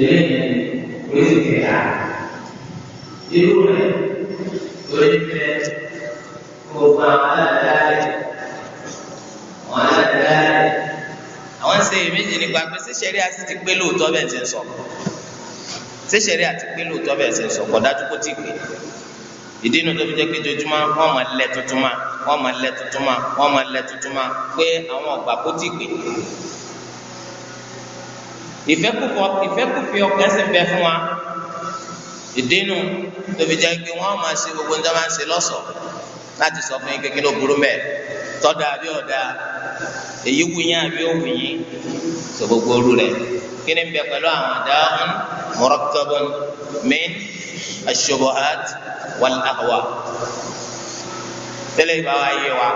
tẹ̀lé yẹn orí ti kẹ̀yà irú rẹ̀ orí fẹ́ gbogbo àwọn aládàáyé àwọn aládàáyé àwọn ń ṣe ìmíjì nípa pé ṣíṣẹ́rí àti ti pé lóòótọ́ bẹ́ẹ̀ ti ń sọ ṣíṣẹ́rí àti pé lóòótọ́ bẹ́ẹ̀ ti ń sọ kọ̀ dájú kó ti pè ìdí inú tó fi jẹ́ pé ojoojúmọ́ wọ́n máa lẹ tuntun máa wọ́n máa lẹ tuntun máa wọ́n máa lẹ tuntun máa pé àwọn ọ̀gbà kó ti pè ìfẹ́kùfẹ́ ọkàn sì bẹ fún wa ìdínú tóbi jẹ́ pé wọ́n máa ṣe gbogbo ní dáná ṣe lọ́sọ̀ọ́ láti sọ fún yín kékeré òkúrú mẹ́ tọ́da àbí ọ̀dà èyí wù yín àbí òwù yín sọ gbogbo orú rẹ̀ kí ni bẹ pẹ̀lú àwọn àdáhùn mọ́rọ́kítọ́bùn min aṣ-ṣubuhat wal-ahwa tẹ́lẹ̀ ìbáwá yé wa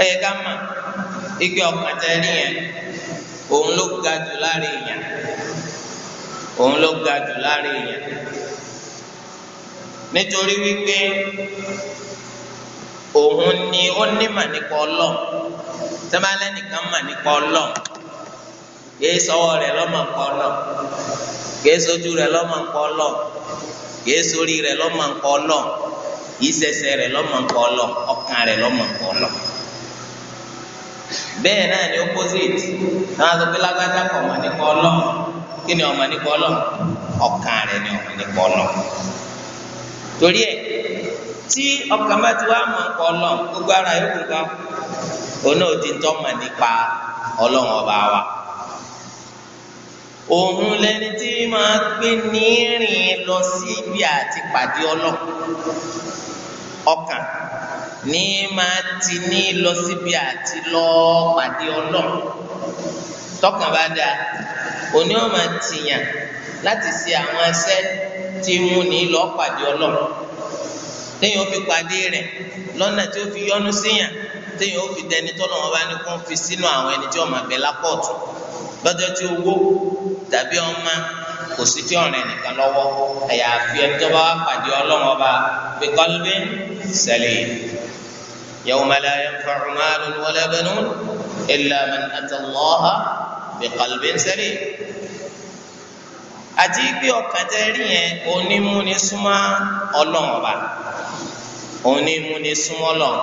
ó ká mọ̀ ike ọkàn tẹ́ níyẹn. òun ló ga jù láàrin èèyàn òun ló ga jù èèyàn nítorí wípé òun ni ó nímà nípa ọlọ tẹmálẹ nìkan mà nípa ọlọ kìí sọwọ rẹ lọmọ ọlọ kìí sojú rẹ lọmọ ọlọ kìí rẹ lọmọ ọlọ rẹ lọmọ ọlọ ọlọ. bẹ́ẹ̀ náà ni opposite náà sọ pé lágbájá kò mà nípa kí ni nípa rẹ̀ ni nípa torí ẹ̀ tí ọkàn bá ti wá mọ̀ nípa gbogbo ara yóò kú ká òun náà ti tọ́ mọ̀ nípa ọlọ́run ọba wa òun lẹni tí máa gbé lọ sí ibi àti pàdé ọkàn ní máa ti ní lọ síbi àti lọ pàdé ọlọ́run tọkàn bá da òní ọmọ tìyàn láti ṣe àwọn ẹsẹ tí mú ní lọ pàdé ọlọ́run téèyàn ó fi pàdé rẹ̀ lọ́nà tí ó fi yọ́nú síyàn téèyàn ó fi dẹni tọ́nà wọn bá ní kó fi sínú àwọn ẹni tí ọmọ abẹ lápọ̀tù lọ́jọ́ tí owó tàbí ọmọ kò sí tí ọ̀rẹ́ nìkan lọ́wọ́ àyàfi ẹni tó bá wà pàdé ọlọ́run ọba bí qalbin salim yawma la yanfa'u malun wala banun illa man ata Allaha bí qalbin salim. àti pé ọkàn tẹ rí yẹn onímúni súnmọ́ ọlọ́run ọba onímúni súnmọ́ ọlọ́run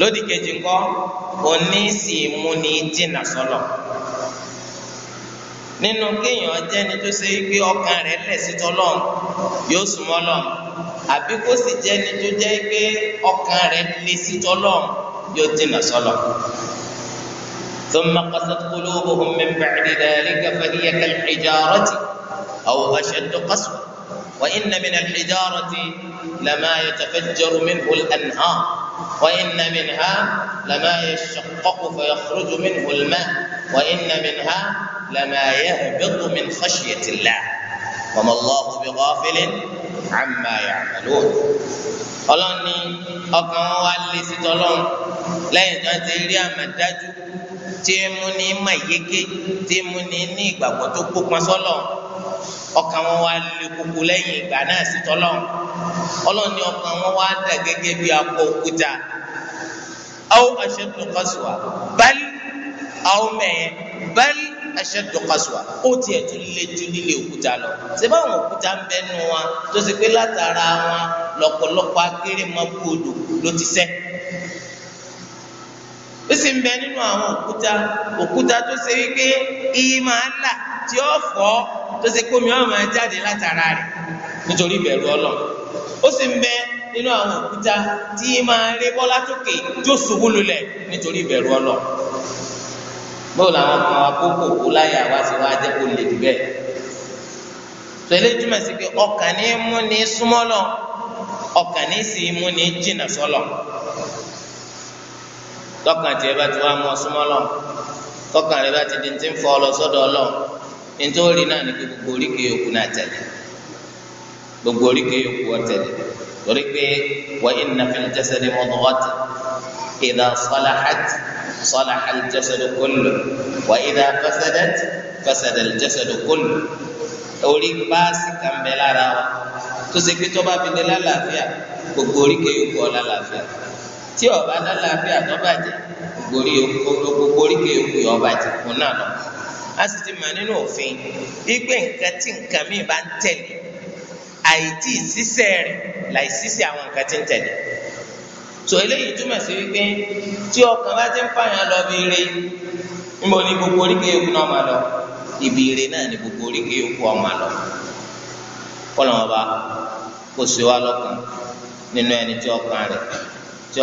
lódì kejì ńkọ́ onísìmúni dínà sọ́lọ̀. nínú kéèyàn jẹ́ni tó ṣe pé ọkàn rẹ̀ lẹ̀ sí tọ́lọ́n yóò súnmọ́ lọ́n àbí kó sì jẹ́ni tó jẹ́ pé ọkàn rẹ̀ lẹ̀ sí tọ́lọ́n yóò dènà sọ́lọ́. ثم قست قلوبهم من بعد ذلك فهي كالحجارة أو أشد قسوة وإن من الحجارة لما يتفجر منه الأنهار وإن منها لما يشقق فيخرج منه الماء وإن منها لما يهبط من خشية الله وما الله بغافل عما يعملون ọlọ́ni ọkàn wa lè sí tọ́lọ́n lẹ́yìn tó ń ti rí àmàdájú tí ń mú ní mọ̀ yéké tí ń mú ní ní ìgbàgbọ́ tó kópa sọ́lọ̀ ọkàn wọn wá lè kúkú lẹ́yìn ìgbà náà sí tọ́lọ́n ọlọ́ni ọkàn wọn wá dà gẹ́gẹ́ bí akọ òkúta aw ashaddu qaswa bal aw mẹ́yẹn bal ashaddu qaswa ó tiẹ̀ tún lé ju nílé òkúta lọ ṣèbá àwọn òkúta ń bẹnu wa tó ṣe pé látara wọn lọ́pọ̀lọpọ̀ akéré máa kú odò ló ti sẹ́ ó sì ń bẹ nínú àwọn òkúta òkúta tó ṣe wípé iye máa ń là tí ó fọ́ tó ṣe kó mi ó máa jáde látara rẹ̀ nítorí ìbẹ̀rù ọlọ́run ó sì ń bẹ nínú àwọn òkúta tí máa rí bọ́lá tókè tó ṣubú lulẹ̀ nítorí ìbẹ̀rù ọlọ́run. bó làwọn kan wá kókó kó láyà wá sí wá jẹ́ kó lè jù bẹ́ẹ̀ sí pé ọkàn ní mú ní lọ ọkàn ní sì mú ní tọkàn bá ti wá mú ọ súnmọ́ tọkàn rẹ ti di ti ń fọ nítorí náà ní gbogbo oríkèé náà gbogbo oríkèé ọ torí pé إذا صلحت صلح الجسد كله وإذا فسدت فسد الجسد كله orí paasi kan bẹ lára wa tó ṣe pé tọ́ba fi lé lálàáfíà gbogbo oríkèé yòókù ọ lálàáfíà tí ọba lálàáfíà tó bàjẹ́ gbogbo oríkèé yòókù yọ bàjẹ́ kún náà lọ. a sì ti mọ̀ nínú òfin gbígbé nǹkan tí nǹkan míì bá ń tẹ̀lé àìtí ìsísẹ́ rẹ̀ láìsísẹ́ àwọn nǹkan tí ń tẹ̀lé so eléyìí túmọ̀ sí wípé tí ọkàn bá ti ń pààyàn lọ bí ire níbo ni gbogbo oríkè yòókù náà máa lọ ibi ire náà ni gbogbo oríkè yòókù ọmọ lọ kọlọ̀ wọn bá kó sí wa nínú ẹni tí ọkàn tí ire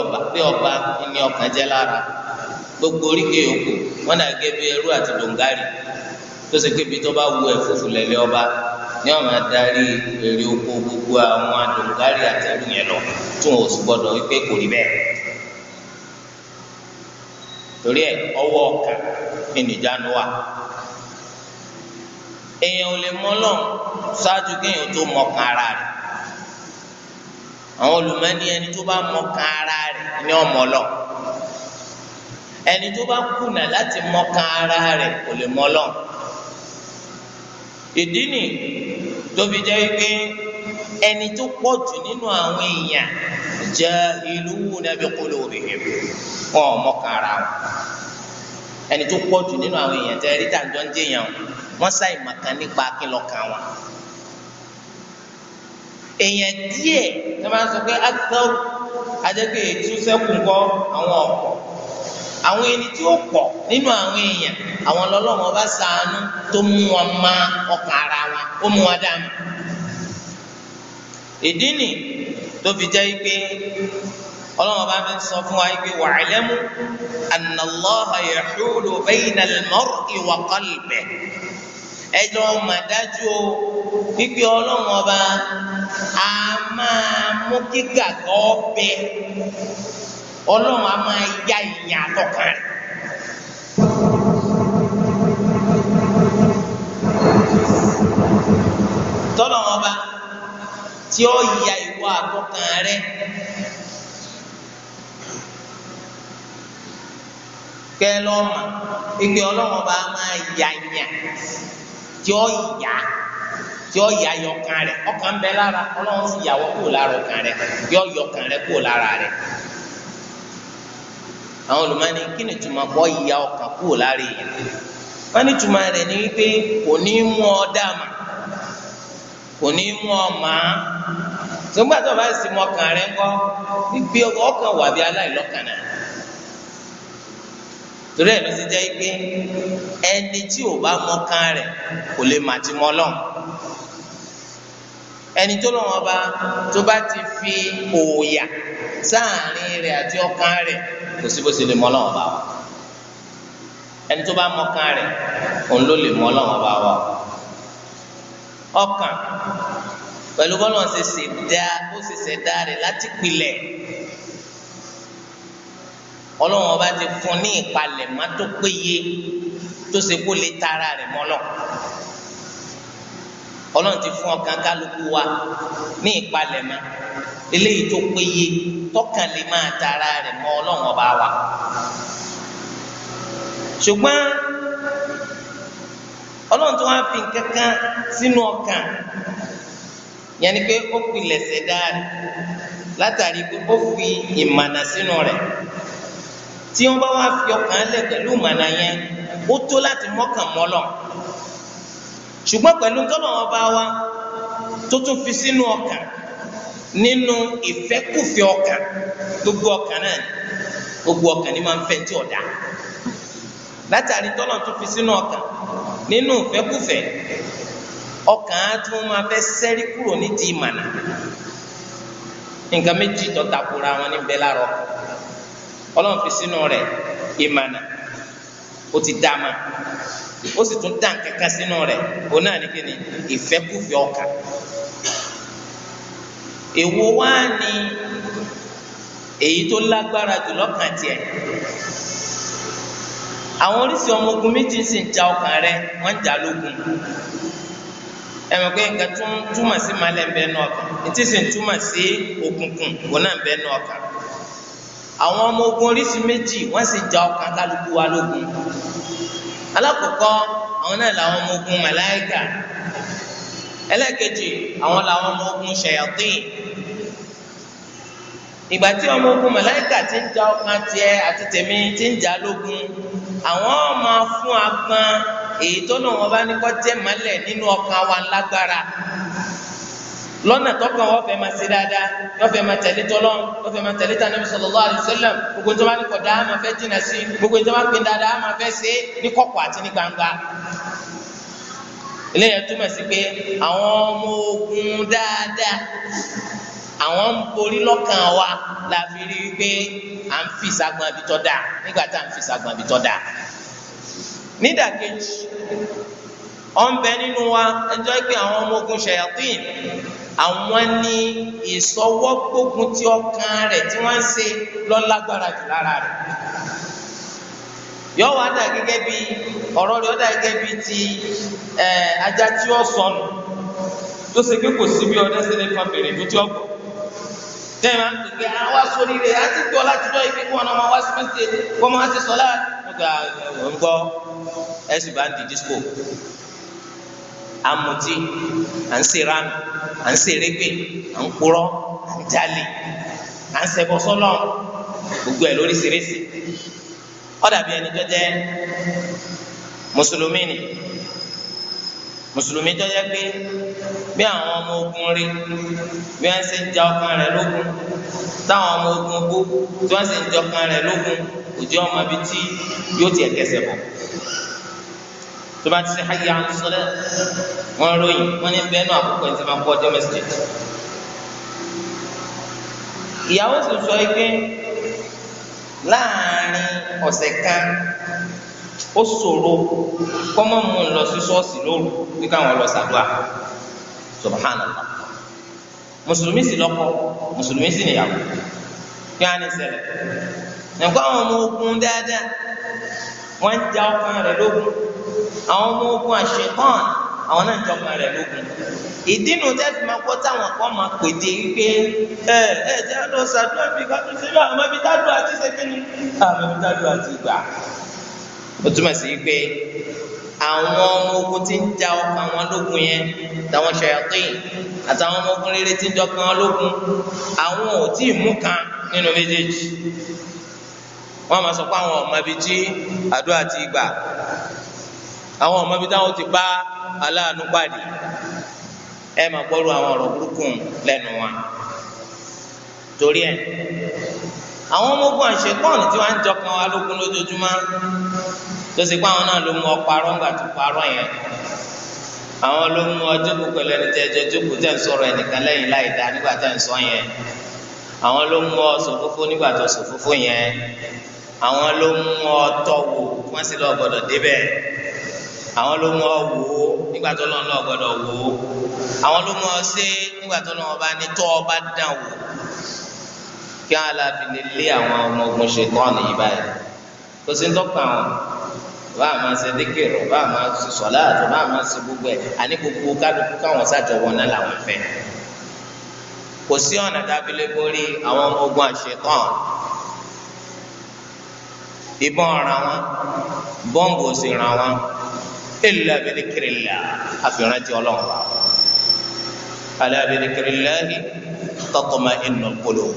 ọba ọba bí ọba ni ọkàn lára gbogbo oríkè yòókù wọn náà gé bí tó ṣe kébi tó bá wu ẹ̀fúfù lẹ́lẹ́ ọba ní ọ̀nà adarí èrè oko gbogbo àwọn adùnkárì àtẹ̀rù yẹn lọ tó wọn ò sì gbọdọ̀ wípé kò rí bẹ́ẹ̀ torí ẹ ọwọ́ ọ̀kà ìnìjánu wà èèyàn ò lè mọ Ọlọ́run ṣáájú kéèyàn tó mọkàn ara rẹ̀ àwọn olùmọ́ni ẹni tó bá mọkàn ara rẹ̀ ni ọmọ lọ ẹni tó bá kùnà láti mọkàn ara rẹ̀ kò lè mọ Ọlọ́run ìdí nì tóbi jẹ́ pé ẹni tó pọ̀ jù nínú àwọn èèyàn jahiluna bi qulubihim wọn ò mọ̀kàn ara wọn ẹni tó pọ̀ jù nínú àwọn èèyàn tẹ́ ẹ̀rí tàǹjọ́ ń jẹyàn wọ́n ṣàì mọ̀kàn nípa akínlọ́kàn wọn. èèyàn díẹ̀ tó máa ń sọ pé akitọ́ adẹ́gbẹ̀ẹ́ tún sẹ́kùn kọ́ àwọn ọ̀pọ̀ àwọn ẹni tí ó pọ̀ nínú àwọn èèyàn àwọn lọ́lọ́wọ́n bá ṣàánú tó mú wọn má ọkàn ara wọn ó mú wọn dànù. ìdí nì tó fi jẹ́ pé ọlọ́wọ́n bá fi sọ fún wa pé wa'lamu anna Allaha yahulu bayna al-mar'i wa qalbihi ẹjọ́ o pípé ọlọ́wọ́n bá a máa mú kíkà kọ́ bẹ́ẹ̀ ọlọ́run a máa ya ìyìn àtọ̀kàn rẹ̀. tọ́lọ̀ wọn bá tí ó ya ìwọ àtọ̀kàn rẹ̀ kẹ́ lọ́mà ìgbé ọlọ́run bá máa ya ìyìn tí ó yà á tí ó yà yọkàn rẹ ọkàn bẹ lára Ọlọ́run sì yàwọ kúrò lára ọkàn rẹ yọ yọkàn rẹ kúrò lára rẹ àwọn olùmọ̀ọ́ni kí ni tuma kọ́ ya ọkàn kúrò lára èèyàn wọ́n ni wípé kò ní mú ọ dáàmà kò ní mú ọ màá sọgbà tó o bá sì mọ ọkàn rẹ ńkọ́ gbígbé ọkàn wà bí aláìlọ́kàn náà torí ẹ̀ ló ti jẹ́ pé ẹni tí kò lè ti mọ ẹni tó lọ́wọ́ bá tó bá fi òòyà sáàrin rẹ̀ àti ọkàn rẹ̀ kò sí bó ṣe lè mọ Ọlọ́run bá wa ẹni tó bá mọ ọkàn rẹ̀ òun ló lè mọ Ọlọ́run bá wa ọkàn pẹ̀lú bọ́lọ̀ ṣe ṣe dá ó ṣe ṣe dá rẹ̀ láti pilẹ̀ ọlọ́run ọba ti fún ní ìpalẹ̀mọ́ tó péye tó ṣe kó lè tara rẹ̀ mọ́lọ̀ ọlọ́run ti fún ọkàn kálukú wa ní ìpalẹ̀mọ́ eléyìí tó péye tọkàn lè máa tara rẹ̀ mọ́ ọlọ́run ọba wa ṣùgbọ́n ọlọ́run tó wáá fi nǹkan kan sínú ọkàn yẹn ni pé ó pilẹ̀ ṣẹ̀dá rẹ̀ látàrí pé ó fi ìmànà sínú rẹ̀ tí wọ́n bá wáá fi ọkàn lẹ̀ pẹ̀lú ìmànà yẹn ó tó láti mọ́kàn mọ́lọ̀ ṣùgbọ́n pẹ̀lú tọ́lọ́wọ́n bá wa tó tún fi sínú ọkàn nínú ìfẹ́kùfẹ́ ọkàn gbogbo ọkàn náà gbogbo ọkàn ni máa ń fẹ́ tí ọ̀dà látàrí tọ́lọ̀ tó fi sínú ọkàn nínú ìfẹ́kùfẹ́ ọkàn á tún máa fẹ́ sẹ́rí kúrò nídìí ìmànà nǹkan méjì tọ́takura wọn níbẹ̀ lárọ ọlọ́run fi sínú rẹ̀ ìmànà ó ti dá ma ó sì tún dá kankan sínú rẹ̀ òun náà ní kíni ìfẹ́kùfẹ́ ọkàn èwo wá ní èyí tó lágbára jù lọ́kàn tiẹ̀ àwọn oríṣi ọmọ ogun méjì sì ń ja ọkàn rẹ̀ wọ́n ń jà lógun ẹmọ pé nǹkan tún túmọ̀ sí malẹ̀ ń bẹ nù ọkàn etí sì ń túmọ̀ sí òkùnkùn òun náà ń bẹ nù ọkàn àwọn ọmọ ogun oríṣi méjì wọ́n sì ja ọkàn kálukú wa lógun alákọ̀ọ́kọ́ àwọn náà làwọn ọmọ ogun màláìkà ẹlẹ́ẹ̀kejì àwọn làwọn ọmọ ogun ṣayatin ìgbà tí ọmọ ogun màláìkà ti ń ja ọkàn tiẹ̀ àti tèmi ti ń jà lógun àwọn ọmọ fún agbọn èyí tó náà wọn bá ní kọ́ jẹ́ mọ́lẹ̀ nínú ọkàn wa lágbára lọ́nà tọ́kàn wọ́n fẹ́ máa ṣe dáadáa wọ́n fẹ́ máa tẹ̀lé tọ́lọ́n wọ́n fẹ́ máa tẹ̀lé tà nàbì sallallahu alaihi wasallam gbogbo ìjọba ní kọ̀dá á máa fẹ́ jìnnà sí gbogbo ìjọba pé dáadáa á máa fẹ́ ṣe ní kọ̀kọ̀ àti ní gbangba. eléyà túmọ̀ sí pé àwọn ọmọ ogun dáadáa àwọn ń borí lọ́kàn wa la fi rí i pé à ń fi ìsagbọn àbítọ́ dáa nígbà tá à ń fi ìsagbọn àbítọ́ dáa nídàkejì ọ̀nbẹ nínú wa ẹjọ́ pé àwọn ọmọ ogun ṣayatin àwọn ní ìsọwọ́ gbógun ti ọkàn rẹ̀ tí wọ́n ń ṣe lọ́lágbára jù lára rẹ̀ yọ wá dà gẹ́gẹ́ bí ọ̀rọ̀ rẹ̀ dà gẹ́gẹ́ bí ti ajá tí ó sọnù tó ṣe pé kò sí bí ọdẹ sílẹ̀ kan bèrè lójú ọgbọ̀n tẹ́lẹ̀ máa ń pè pé àwa sórí rẹ̀ á ti gbọ́ láti lọ ibi wọn máa wá sí mẹ́tẹ̀ẹ́ kó máa ti sọ láàrin. ń gbọ́ ẹ̀ sì bá ń di disco. Amuti, ń mutí à ń ṣe ránù à ń ṣe régbè gbogbo ẹ lóríṣiríṣi ó dàbí ẹni tó jẹ́ ni mùsùlùmí tó jẹ́ pé bí àwọn ọmọ ogun rí bí wọ́n ṣe ń ja ọkàn rẹ̀ lógun táwọn ọmọ ogun bú tí wọ́n ṣe ń jọkàn rẹ̀ lógun òjò ọmọ bíi yóò tiẹ̀ kẹsẹ̀ bọ̀ tó bá ti ṣe hayya ala salat wọn ròyìn wọn ní bẹ́ẹ̀ náà àkókò ẹni tí wọn kọ́ ọjọ́ mẹ́sìtì. ìyàwó sì sọ pé láàárín ọ̀sẹ̀ kan ó ṣòro kọ́mọ́ mu lọ sí ṣọ́ọ̀ṣì lóru bí káwọn lọ ṣàdúrà subhanallah mùsùlùmí sì lọ́kọ mùsùlùmí sì níyàwó kí á ní ṣẹlẹ̀ nǹkan ọmọ ogun dáadáa wọ́n ń ja ọkàn rẹ̀ lógun àwọn ọmọ ogun àṣetán àwọn náà jọba rẹ̀ lógun ìdínú tẹ́sí máa kọ́ táwọn kan máa pèdè wípé ẹ ẹ jẹ́ àlọ́ sàdúrà bíi káfí sílẹ̀ àmọ́ ibi tádùn àti ṣẹ́kẹ́ni àmọ́ ibi tádùn àti gbà. ó túmọ̀ sí pé àwọn ọmọ ogun ti ń ja ọkàn wọn lógun yẹn táwọn ṣayàtìn àtàwọn ọmọ ogun rere ti ń jọkàn wọn lógun àwọn ò tí ì mú kan nínú méjèèjì wọn máa sọ pé àwọn ọmọ ibi tí àdúrà ti gbà àwọn ọmọ bíi táwọn ti bá aláàánú pàdé ẹ máa gbọ́rọ̀ àwọn ọ̀rọ̀ burúkú lẹ́nu wa torí ẹ àwọn ọmọ ogun àṣekọ́ọ̀nù tí wọ́n ń jọkan wa lógun lójoojúmọ́ tó ṣe pé àwọn náà ló mú ọ parọ́ ńgbà tó parọ́ yẹn àwọn ló mú ọ jókòó pẹ̀lú ẹni tẹ́ jókòó tẹ́ ń sọ̀rọ̀ ẹnìkan lẹ́yìn láì dá nígbà tẹ́ ń sọ yẹn àwọn ló mú ọ sòfófó nígbà tó sòfófó yẹn àwọn ló mú ọ tọ̀wò wọ́n sì lọ gbọ́dọ̀ débẹ̀ àwọn ló mú ọ wò ó nígbà tó lọ́nà náà gbọ́dọ̀ wò ó àwọn ló mú ọ ṣe nígbà tó lọ́nà ọba ní tó ọba dàn wò kí wọn aláfi lè lé àwọn ọmọ ogun ṣe tán nìyí báyìí kò sí ń tọ́ka wọn bá a máa ṣe dékèrò bá a máa ṣe sọ̀lá àti bá a máa ṣe gbogbo ẹ̀ àní gbogbo kálukú káwọn ṣàjọ wọn náà làwọn fẹ́ kò sí ọ̀nà dábìlẹ̀ borí àwọn ọmọ ogun àṣetán ìbọn ràn wọn bọ́ǹbù ò sì ràn wọn illa bi dhikrillah àfihànàtì ọlọ́run ala bi dhikrillah tatma'innul qulub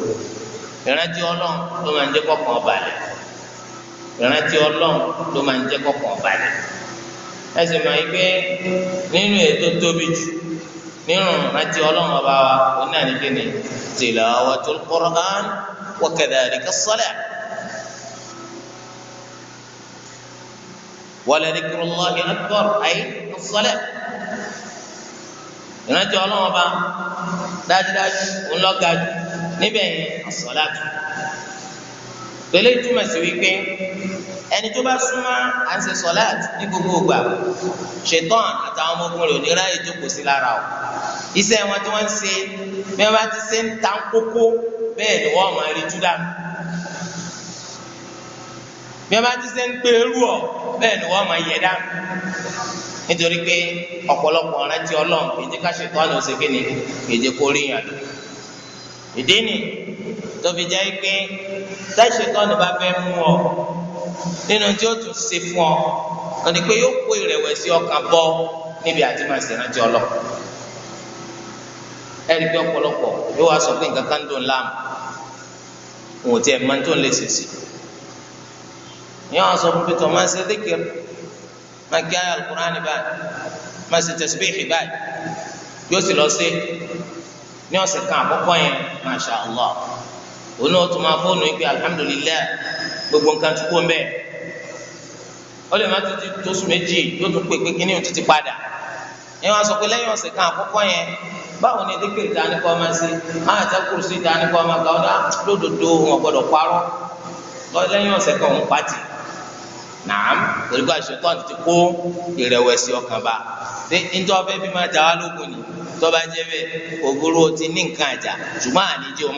ìrántí ọlọ́run ló máa ń jẹ́ kọ́kàn balẹ̀ ìrántí ọlọ́run ló máa ń jẹ́ kọ́kàn balẹ̀ ẹsẹ̀ máa ń gbé nínú ètò tóbi jù nínú ìrántí ọlọ́run ọba wa oní àníkè ni tilawatul Qur'an wa kadhalika as-salat. ولذكر الله أكبر أي الصلاة ìrántí ọlọ́run ọba dájúdájú ńlọ́gàjú níbẹ̀ yẹn àsọ̀láàtù pẹ̀lú ìtumọ̀ sí wípé ẹni tó bá súnmọ́ à ń ṣe sọ̀láàtù ní gbogbo ìgbà ṣetán àtàwọn ọmọkùnrin òníra ètò kò sí lára o iṣẹ́ wọn tí wọ́n ń ṣe bí wọ́n bá ti ṣe ń ta kókó bẹ́ẹ̀ ni wọ́n máa rí júdà bí wọn bá ti ṣe ń pé eru ọ bẹ́ẹ̀ ni wọn máa yẹ dànù nítorí pé ọ̀pọ̀lọpọ̀ ọ̀rántí ọlọ́run èdè káṣí tó àná ṣe kéde èdè kò rí yàn lò èdè ni tóbi jẹ́ pé táṣe tó àná bá fẹ́ mú ọ nínú tí ó tún ṣe fún ọ wọn ni pé yóò kó ìrẹ̀wẹ̀sì ọkàn bọ́ níbi àti máa ṣe rántí ọlọ́run ẹ̀rí pé ọ̀pọ̀lọpọ̀ yóò wá sọ pé nǹkan kan dùn láàmú òun ò tiẹ̀ máa ń tó lè ṣèṣì yẹn wọn sọ fún pété ọmọ ẹsẹ dìkìrì máa kí ayé alukurani báyìí máa ṣe tẹsibíhì báyìí yóò sì lọ sí ní ọ̀sẹ̀ kan àkọ́kọ́ yẹn masha allah òun náà tún máa fóònù yìí pé alhamdulilayi gbogbo nǹkan tó kó ń bẹ́ẹ̀ ó lè má tó ti tó sùn méjì yóò tún pè pé kíní òun ti padà yẹn sọ pé lẹ́yìn ọ̀sẹ̀ kan àkọ́kọ́ yẹn báwo ni dípè dání kọ́ máa máa tẹ́ kùrùsì dání kọ́ máa gbà wọn gbọ́dọ̀ parọ́ lẹ́yìn ọ̀sẹ̀ kan òun pàtì nàám torí pé ti kó ìrẹ̀wẹ̀sì ọkàn bá ṣé nítorí ọbẹ̀ bí máa jà wá ni tọ́ba jẹ́ bẹ́ẹ̀ ògúrú ti ní nǹkan àjà ṣùgbọ́n àníjọ́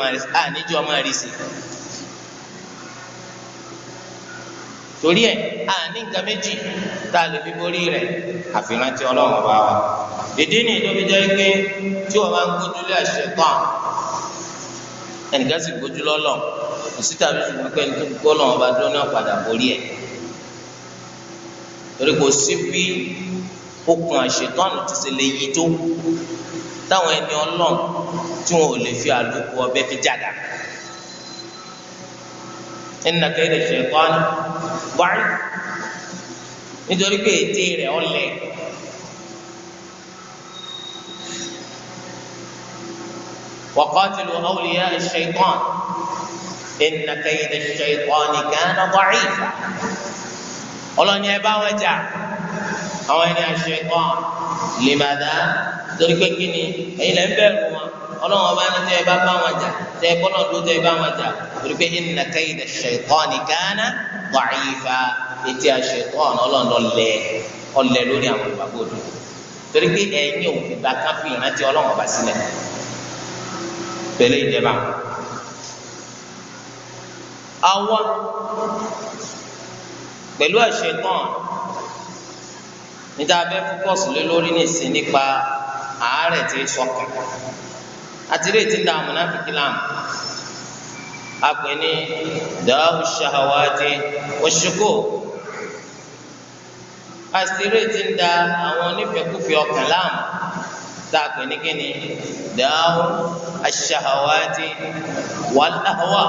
máa rí sí i. torí ẹ̀ àní nǹkan méjì tá a lè fi borí rẹ̀ àfirántí ọlọ́run bá wa. ìdí ni ìdóbi jẹ́ pé tí wọ́n máa ń gbójúlé àṣetán ẹnìkan sì gbójúlọ́lọ́ òsítàbí ṣùgbọ́n pé ẹni tó torí kò sí bí okùn àṣetọ́nù ti ṣe lè yí tó táwọn ẹni ọlọ́run tí wọn ò lè fi àlòkù ọbẹ fi jáda ẹnìna kẹrẹ ṣẹtọ́nù wáyé nítorí pé ète rẹ̀ ọlẹ̀ وقاتلوا أولياء الشيطان إن كيد الشيطان كان ضعيفا ọlọ́ni ẹ bá wọn jà àwọn ẹni àṣẹ kan lè má dá torí pé kí ni ẹ̀yin lẹ́ ń bẹ̀rù wọn ọlọ́run ọba ní tẹ́ ẹ bá bá wọn jà tẹ́ ẹ kọ́nà tó tẹ́ ẹ bá wọn jà torí pé inna kayda ash-shaytani kana da'ifa etí àṣẹ kan ọlọ́run lọ lẹ ọlẹ lórí àwọn ìgbàgbọ́ òdo torí pé ẹ̀yin ò fi gbàgbà fi ìrántí ọlọ́run ọba sílẹ̀ pẹ̀lú ìjẹba pẹ̀lú àṣẹ náà níta abẹ́ fókọ̀sì lé lórí nìsín nípa àárẹ̀ tí ń sọkàn àti ilé tí ń da àmúná kìkìlám àpè ní dàáhù ṣàwádìí oṣùkò àti ilé tí ń da àwọn onífẹ̀kúfẹ̀ ọkàn láàmú tá a pè ní kíni dàáhù aṣàwádìí wàláhùwà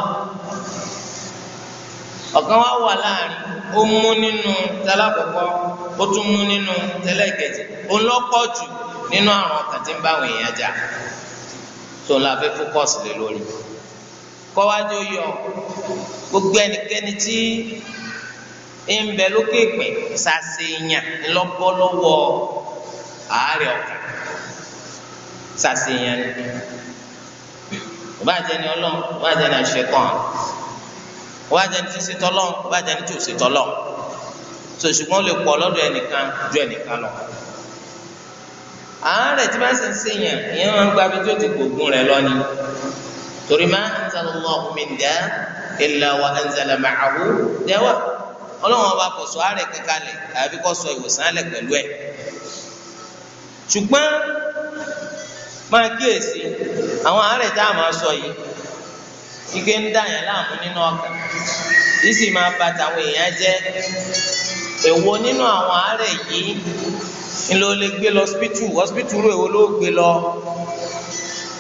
ọ̀kan wá wà láàrin ó mú nínú tẹlákọ̀ọ́kọ́ ó tún mú nínú tẹlẹ́kẹ̀jì ó lọ́pọ̀ jù nínú àrùn ọkàn tí ń bá àwọn èèyàn jà tó ń la fẹ́ fókọ̀sì lé lórí kọ́wájú yọ gbogbo ẹnikẹ́ni tí ń bẹ lókè pẹ̀ sàṣeyàn ńlọ́gbọ́lọ́wọ́ àárẹ̀ ọkàn sàṣeyàn ni ìbáàjẹ́ ni ọlọ́run ìbáàjẹ́ ni àṣetán wọ́n á jẹni tí ń ṣe tọ́lọ́ wọ́n á jẹni tí ò ṣe tọ́lọ́ so ṣùgbọ́n ó lè pọ̀ lọ́dọ̀ ẹnìkan ju ẹnìkan lọ. àárẹ̀ tí bá ń sìn sí yẹn ìyẹn máa ń gba abẹ́jọ́ ti gbòògùn rẹ̀ lọ ni torí ma anzala Allahu min da illa wa anzala ma'ahu dawa ọlọ́run ọba kò sọ àárẹ̀ kankan lẹ̀ àbí kò sọ ìwòsàn lẹ̀ pẹ̀lú ẹ̀ ṣùgbọ́n máa kíyèsí àwọn àárẹ̀ tá a máa sọ yìí ike ń dàyàn láàmú nínú ọkàn sísì máa ba tàwọn èèyàn jẹ́ èwo nínú àwọn àárẹ̀ yìí ń lọ lè gbé lọ hospital hospital rú èwo ló gbé lọ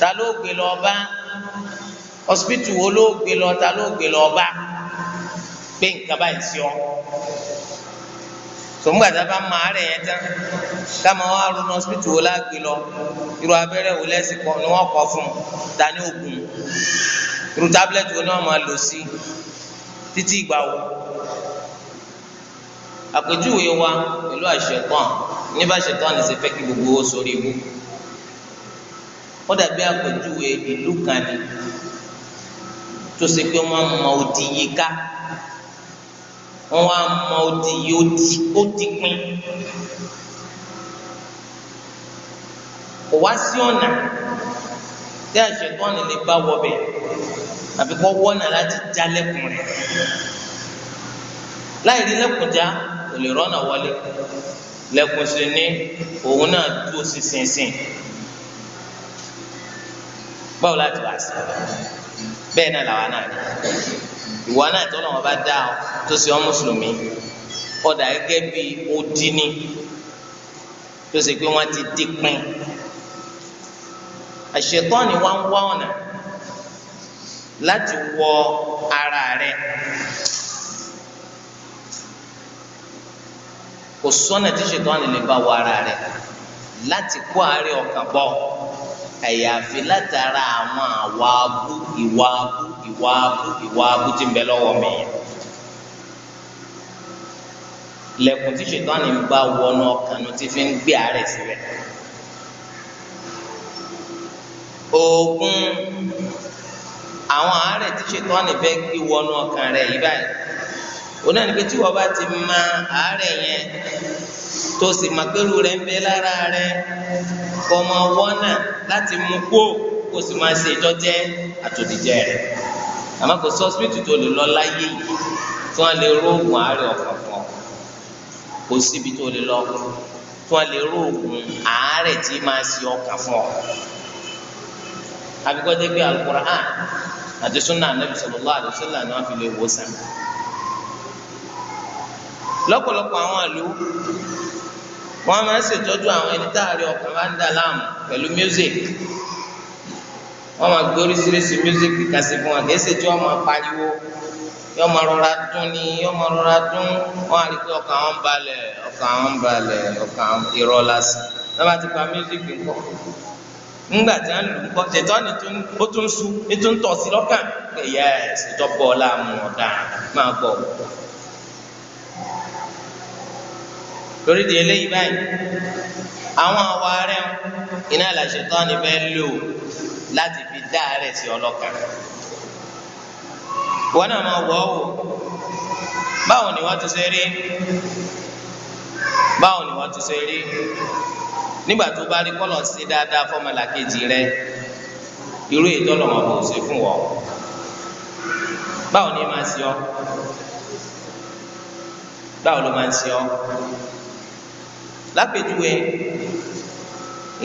ta ló gbé lọ bá hospital wo ló gbé lọ ta ló gbé lọ bá pé nǹkan báyìí sí ọ sọmúgbàtà bá ma àárẹ̀ yẹn tán káma wá ronú hospital wo lágbè lọ irú abẹ́rẹ́ wo lẹ́sìn kan ni wọ́n kọ́ fún un ta ní oògùn irú tablet wo ni wọ́n máa lò sí títí ìgbà wo àpèjúwe wa pẹ̀lú àṣetán ní bá àṣetán ní ṣe fẹ́ kí gbogbo owó sórí ibú ó dàbí àpèjúwe ìlú kan ni tó ṣe pé wọ́n mọ odi yìí ká wọ́n wá mọ odi yìí ó ti pín kò wá sí ọ̀nà tí àṣetọ́ni lè bá wọbẹ̀ àbí kọ́ wọ́nà láti já lẹ́kùn rẹ̀ láì rí lẹ́kùn já kò lè rọ́nà wọlé lẹ́kùn sí ní òun náà tó sí sínsìn báwo láti wá sí bẹ́ẹ̀ náà làwa náà rí ìwà náà tọ́nà wọn bá dá ọ tó sì ọ mùsùlùmí ọ̀dà gẹ́gẹ́ bíi odi ni tó sì pé wọ́n ti dín pín àṣetọ́ni wá ń wá ọ̀nà láti wọ ara rẹ kò sọ́nà tí ṣetọ́ni lè bá wọ ara rẹ láti kó àárẹ̀ ọkàn bọ̀ àyàfi látara àwọn àwa abú ìwà abú ìwà abú ìwà abú tí ń bẹ lọ́wọ́ mi lẹ́kùn tí ṣetọ́ni bá wọnú ọkàn ní ti fi ń gbé àárẹ̀ síbẹ̀ oògùn àwọn àárẹ̀ tí ṣètọ́ni fẹ́ gbé wọnú ọkàn rẹ̀ yí báyìí òun náà ní pé tí wọ́n bá ti ma àárẹ̀ yẹn tó sì mọ̀ pẹ̀lú rẹ̀ ń bẹ lára rẹ̀ kọ́ ọmọ wọ́nà láti mú kó kó sì máa ṣe ìtọ́jẹ́ àtòdìjẹ́ rẹ̀ àmọ́ kò sọ́sibítù tó lè lọ láyé tí wọ́n lè róògùn àárẹ̀ ọ̀fọ̀n fún ọ kò síbi tó lè lọ tí wọ́n lè róògùn àárẹ̀ tí máa ṣe ọkàn fún ọ àbíkọ́jẹ́ pé alukur'an àti sunna anabi sallallahu alaihi wasallam ni wọ́n fi lè wò sàn. lọ́pọ̀lọpọ̀ àwọn àlù wọ́n máa ń ṣètọ́jú àwọn ẹni táàrí ọkàn bá ń dà láàmú pẹ̀lú music wọ́n máa gbé oríṣiríṣi music fún ṣe tí wọ́n máa pariwo yọ máa rọra dún yọ máa rọra dún pé ọkàn àwọn ń balẹ̀ ọkàn àwọn ń balẹ̀ ọkàn ìrọ̀ lásán ti pa music ńgbà tí a ń lù ń kọ́ ṣètọ́ni ó tún su ó tún tọ̀ sí lọ́kàn pé yẹ́s ìjọba ọ̀la mu ọ̀dà máa bọ̀. torí di eléyìí báyìí àwọn àwa rẹ iná làṣetọ́ni bẹ́ẹ̀ lò láti fi dá rẹ̀ sí ọlọ́kàn. wọn náà máa wọ̀ ọ́ wò báwo ni wọ́n ti ṣe rí báwo ni wọ́n ti ṣe rí nígbà tó bá rí kọ́lọ̀ sí dáadáa fọmọlàkejì rẹ irú ètò ọlọ́mọ kò sí fún wọn báwo ni máa ṣe ọ báwo ló máa ṣe ọ lápèjúwe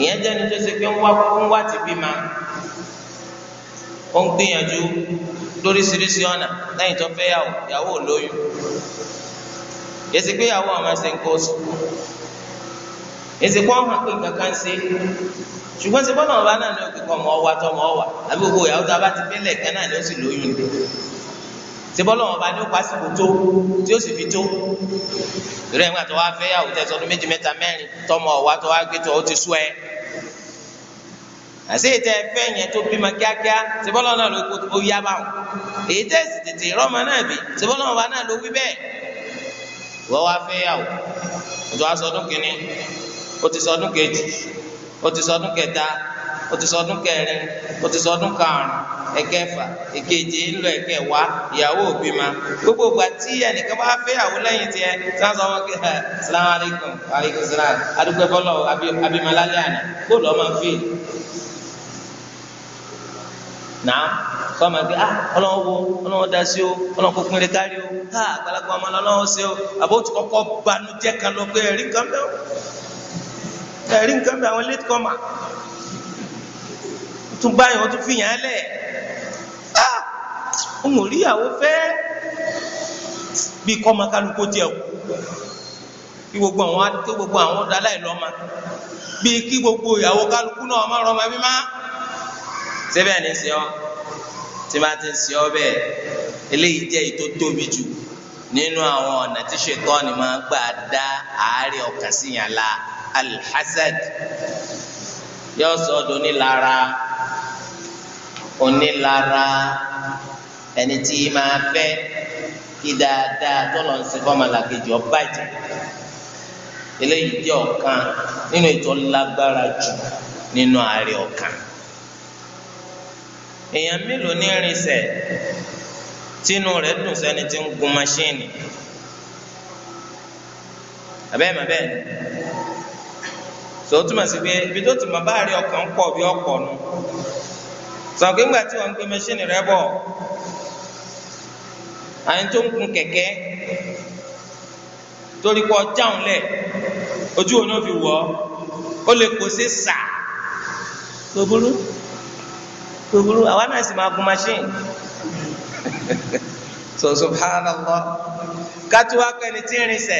ìyẹn jẹ́ ní tó ṣe pé ń wá ń wá ti bímọ ó ń gbìyànjú lóríṣiríṣi ọ̀nà lẹ́yìn tó fẹ́ yàwó lóyún èsì pé yàwó ọmọ ṣe ń kó sùn ezekwa ọhún àpò kankan ṣe ṣùgbọ́n ṣe bọ́lá ọba náà ní òkè kọ́ ọmọ ọwa tó ọmọ ọwa àbí gbogbo bá ti kan náà ó sì lóyún ọba ní òkú àsìkò tó tí ó sì fi tó tó wá fẹ́ ọdún méjì mẹ́ta mẹ́rin ọwa tó wá gbé tó ó ti sú ẹ àti ìtẹ ẹfẹ yẹn tó bímọ kíákíá ṣe bọ́lá náà ó ti sọdún kejì ó ti sọdún kẹta ó ti sọdún kẹrin ó ti sọdún karùn ẹ̀kẹfà èkeje ńlọ ẹ̀kẹwàá ìyàwó òbí ma gbogbo ìgbà tí ẹnìkan bá fẹ́ ìyàwó lẹ́yìn tiẹ̀ sáńsọ wọn kí ẹ salamu alaykum alaykum salam adúgbò bọlọ abimalali àná kó lọ máa fi náà fọmọ gbé ah ọlọ́wọ́ wo ọlọ́wọ́ da sí o ọlọ́wọ́ kó pinne kárí o ha ah, àgbàlagbà ọmọ ọlọ́wọ́ sí o àbótukọ̀kọ̀ banújẹ́ kan lọ pé ẹ̀rí kan bẹ́ẹ̀ o ẹ̀rí nǹkan bí àwọn late comer tún báyìí wọ́n tún fi yàn án lẹ̀ ah òun ò rí ìyàwó fẹ́ bí kọ́mọ kálukú tiẹ̀ o. kí gbogbo àwọn kí gbogbo àwọn aláìlọ́mọ bí kí gbogbo ìyàwó kálukú náà má rọmọ bí má síbẹ̀ ní sí ọ tí bá ti ń sí ọ bẹ́ẹ̀ eléyìí jẹ́ èyí tó tóbi jù nínú àwọn ọ̀nà tí ṣètọ́ ni máa gbà dá àárẹ̀ ọkàn síyàn la alḥasad yóò sọ ọdún nílara onílara ẹni tí máa fẹ́ kí dáadáa tọ́lọ̀ ń sin fọ́mọlàkejì ọ̀bàjẹ́ eléyìí jẹ́ ọ̀kan nínú ètò lágbára jù nínú ààrẹ ọ̀kan èèyàn mélòó ní irinṣẹ́ tínú rẹ̀ dùn sẹ́ni tí ń gun maṣíìnì abẹ́ẹ̀mọ́ bẹ́ẹ̀ ni. tó túmọ̀ sí pé ibi tó ti mọ̀ bá rí ọkàn pọ̀ bí ọ̀pọ̀ nu sọ̀rọ̀ pé ńgbà tí wọ́n ń gbé mẹ́ṣíìnì rẹ bọ̀ àyìn tó ń kun kẹ̀kẹ́ torí kọ́ jáun lẹ̀ ojú fi wọ̀ ó lè kó sí sà gbogbo gbogbo àwa náà sì máa gun so subhanallah kátúwá kẹni tí ìrìn sẹ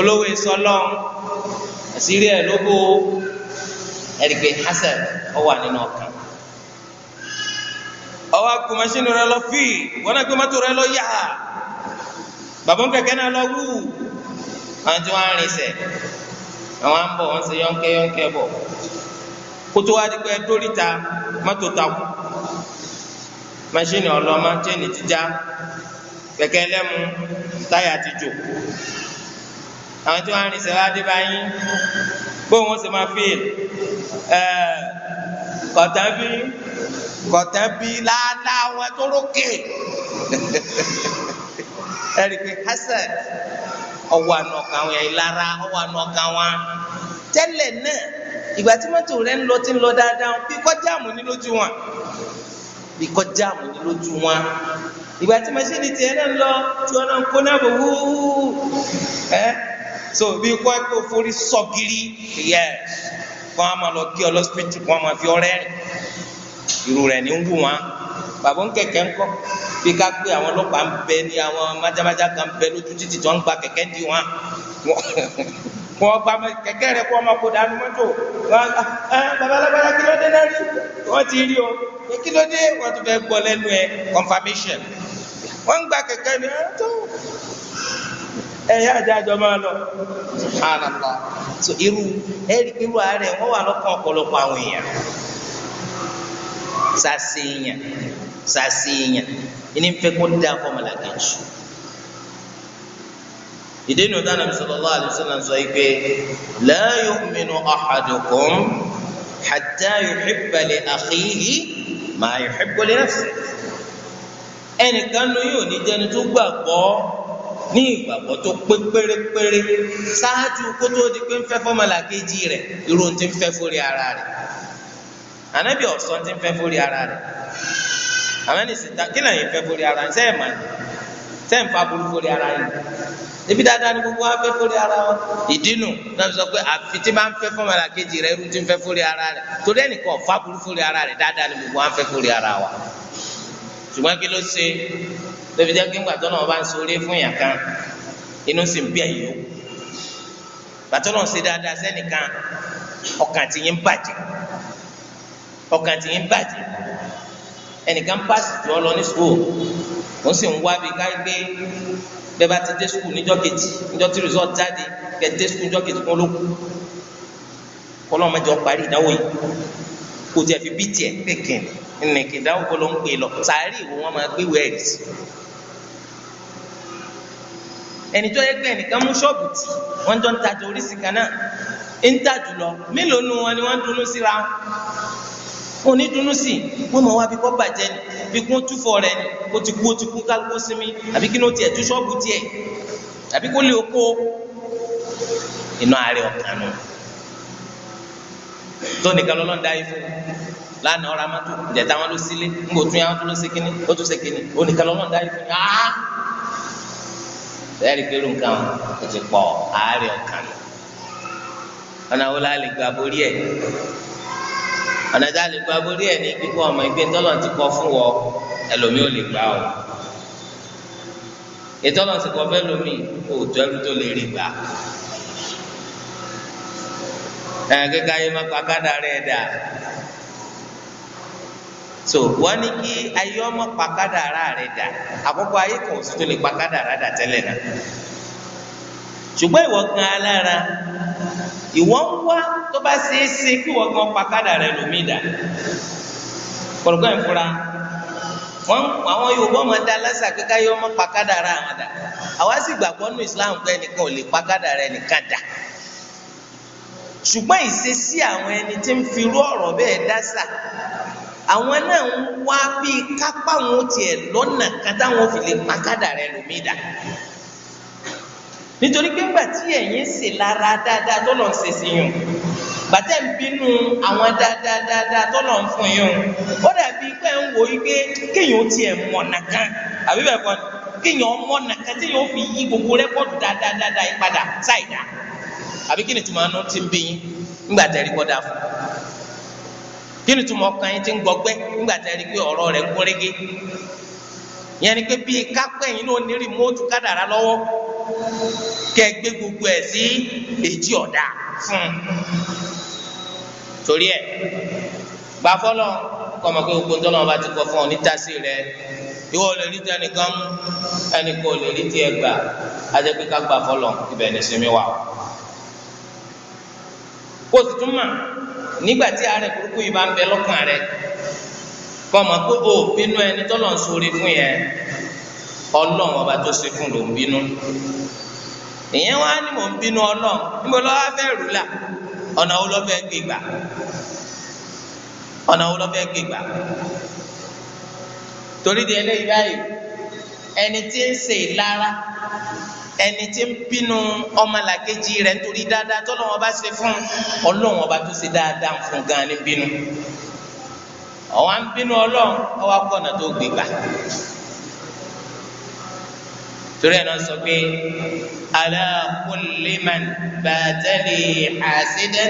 olówó ìsọlọ́n àṣírí ẹ̀ ló kó ẹ̀rìgbẹ́ hasan ọ nínú ọkàn ọwọ́ akùnmọ́sínú rẹ lọ fíì wọn rẹ lọ yá náà lọ wú àwọn tí wọ́n á rìn àwọn ń bọ̀ wọ́n ṣe yọ̀ǹkẹ́ yọ̀ǹkẹ́ kótó dórí ta ta kẹ̀kẹ́ lẹ́mu táyà ti jò àwọn tí wọ́n á rìn sẹ́wọ́n adé báyìí bóun ó sì máa fíìl kọ̀tàbí kọ̀tàbí láàlá wọn tó rókè ẹ̀rí pé hasad ọwọ́ àna ọ̀kan wọn ìlara ọwọ́ àna ọ̀kan wọn tẹ́lẹ̀ náà ìgbà tí mọ́tò rẹ̀ ń lọ tí ń lọ dáadáa bí kọjá àmú ní bí kọjá àmọ́ ní lójú wọn ìgbà tí machine tiẹ̀ náà lọ tí wọn náà ń kó náà bò wúwú ẹ so bí kọ́ ẹ kó forí sọ gírí yẹ kọ́ a máa lọ kí ọ kọ́ a máa fi ọrẹ́ irú rẹ̀ ní ń wù wọn bàbá ń kẹ̀kẹ́ ń kọ́ bí ká pé àwọn ọlọ́pàá ń bẹ ní àwọn májámájá kan bẹ lójú títì tó ń gba kẹ̀kẹ́ di wọn wọn gba kẹ̀kẹ́ rẹ̀ kó ọmọ dànù mọ́tò ah, bàbá alágbára kí ló dé náà rí wọn ti rí o. pé kí ló dé wọ́n tún fẹ́ gbọ́ lẹ́nu ẹ̀ confirmation wọ́n gba kẹ̀kẹ́ ni tó máa lọ so irú ẹ̀rí irú ààrẹ wọ́n wà lọ́kàn ọ̀pọ̀lọpọ̀ àwọn èèyàn sàṣeyàn sàṣeyàn ẹni fẹ́ kó dá fọmọlá kejì ìdí nu حتى يحب لأخيه ما يحب لنفسه. li nafsihi ẹnìkan ló yóò ní jẹni tó gbàgbọ́ ní ìgbàgbọ́ tó pé pérépéré ṣáájú kó tó di pé ń fẹ́ fọ́mọlà kejì rẹ̀ irun ti ń fẹ́ fórí ara rẹ̀ ànábì ọ̀sán ti ń fẹ́ fórí ara rẹ̀ àmọ́ ní sèta kí lẹ́yìn fẹ́ fórí ara ń sẹ́yìn màá sẹ́ǹ fa burú forí ara yìí níbi dáadáa ni gbogbo wa fẹ́ forí ara wa ìdínú náà sọ pé àfi tí máa ń fẹ́ fún ọmọlá kejì rẹ irú tí ń fẹ́ forí ara rẹ torí ẹnìkan fa burú forí ara rẹ dáadáa ni gbogbo wa fẹ́ forí ara wa ṣùgbọ́n kí ló ṣe lóbi jẹ́ kí ńgbà tó náà bá ń sọrí fún yàn kan inú sì ń bí ẹ̀yọ́ bàtọ́ náà ṣe dáadáa sẹ́nìkan ọkàn tí yín bàjẹ́ ọkàn tí yín bàjẹ́ ẹnìkan pàṣẹ jọ lọ ní sùkúl ó sì ń wá bí káyí pé bẹ́ẹ̀ bá ti dé sukùl níjọ́ kejì níjọ́ tí result jáde kẹ́ dé sukùl níjọ́ kejì kún ló kù kọ́lọ́ mẹ́jọ parí ìdánwò yìí kò tiẹ̀ fi bí tiẹ̀ kéèké nìkì ìdánwò kọ́ ló ń pè lọ sàárì ìwò wọn máa gbé wẹ́ẹ̀rì sí ẹnìjọ́ yẹ pé ẹnìkan mú ṣọ́ọ̀bù tì wọ́n jọ ń tajà oríṣi kan ń tà jùlọ mélòó nu wọn ni wọ́n dunú síra onídùnnú sí wọn mọ wá bí kò bàjẹ́ ni bí kò túfọ̀ rẹ ni kò ti kú ó ti kú kálukú sinmi àbí kí ni ó tiẹ̀ tú ṣọ́ọ̀bù tiẹ̀ àbí kò lè kó iná àárẹ ọkàn nù tó nìkan lọ́nà dá yìí fún lánàá ọ̀rọ̀ amátó ìjẹta wọn ló sílé ńgbò tún yà wọn tó ló ṣe kínní ó tún ṣe kínní ó nìkan lọ́nà dá yìí fún yà á sẹ́yìn pẹ̀lú nǹkan kò ti pọ̀ àárẹ ọkàn nù ọ̀nà wo la lè gbà borí ẹ̀ ọ̀nà tá a lè gba borí ẹ̀ ní kíkọ́ ọmọ ìgbé tọ́lọ̀ ti kọ́ fún wọ ẹlòmíì ò lè gbà ọ́ ìtọ́lọ̀ ti kọ́ fẹ́ lómi òòtú ẹrú tó lè rí gbà ẹ̀ kíkà yìí má pa kádà rẹ̀ dà so wọ́n ní kí ayé ọmọ pa kádàrá rẹ̀ dà àkọ́kọ́ ayé kan òsì tó lè pa kádàrá dà tẹ́lẹ̀ náà ṣùgbọ́n ìwọ gan alára ìwọ ń wá tó bá ṣe é ṣe kí wọ́n gan pàkádà rẹ lómi dà kọ̀ọ̀kan ìfura wọn àwọn Yorùbá ọmọ dá lásà kíkà yọ ọmọ pàkádà rẹ àwọn dà àwa sì gbàgbọ́ nínú Islam pé ẹnìkan ò lè pàkádà rẹ nìkan dà ṣùgbọ́n ìṣesí àwọn ẹni tí ń firú ọ̀rọ̀ bẹ́ẹ̀ dásà àwọn náà ń wá bíi kápá wọn tiẹ̀ lọ́nà kátà wọn fi lè pàkádà rẹ lómi nítorí pé ńgbà tí ẹ̀yin ṣe lára dáadáa tó lọ ṣe sí yàn gbàtẹ́ ń bínú àwọn dáadáa dáadáa tó ń fún yàn ó dàbí pé ń wò yí pé kéèyàn ó tiẹ̀ mọ̀nà kan àbí bẹ́ẹ̀ kọ́ kéèyàn tí yóò fi yí gbogbo rẹ́kọ̀dù dáadáa dáadáa yìí padà ṣáìdá àbí kí ni yẹn ni pé bíi kápẹ́ yìí ló ní rìmóòtù kádàrá lọ́wọ́ kẹ́ gbé gbogbo ẹ̀ sí èjì ọ̀dà fún torí ẹ̀ gbà fọlọ́ kọ́mọ pé gbogbo ńtọ́ lọ́wọ́ bá ti kọ́ fún ọ ní tásì rẹ ìwọ lè rí tẹ nìkan ẹnìkan ò lè rí tiẹ̀ gbà ajẹ́ ká gbà fọlọ́ ibẹ̀ ní sinmi wà o kó o sì tún mà nígbà tí àárẹ̀ burúkú yìí bá ń bẹ lọ́kàn rẹ kọ́mọ pé o bínú ẹni tọ́lọ̀ ń sori fún yẹn ọlọ́run ọba tó ṣe fún ló ń bínú ìyẹn wá ní mò ń bínú ọlọ́run níbo lọ́wọ́ là ọ̀nà wo lọ́fẹ́ gbé gbà ọ̀nà wo lọ́fẹ́ gbé gbà torí di eléyìí báyìí ẹni tí ń ṣe ìlara ẹni tí ń bínú ọmọlàkejì rẹ̀ ọba ṣe fún ọlọ́run ọba tó ọwọ à ń bínú Ọlọ́run ọwọ akọọnà tó gbégbá torí ẹ̀ náà sọ pé ala kulli man bàtẹ́lì àṣìdẹ́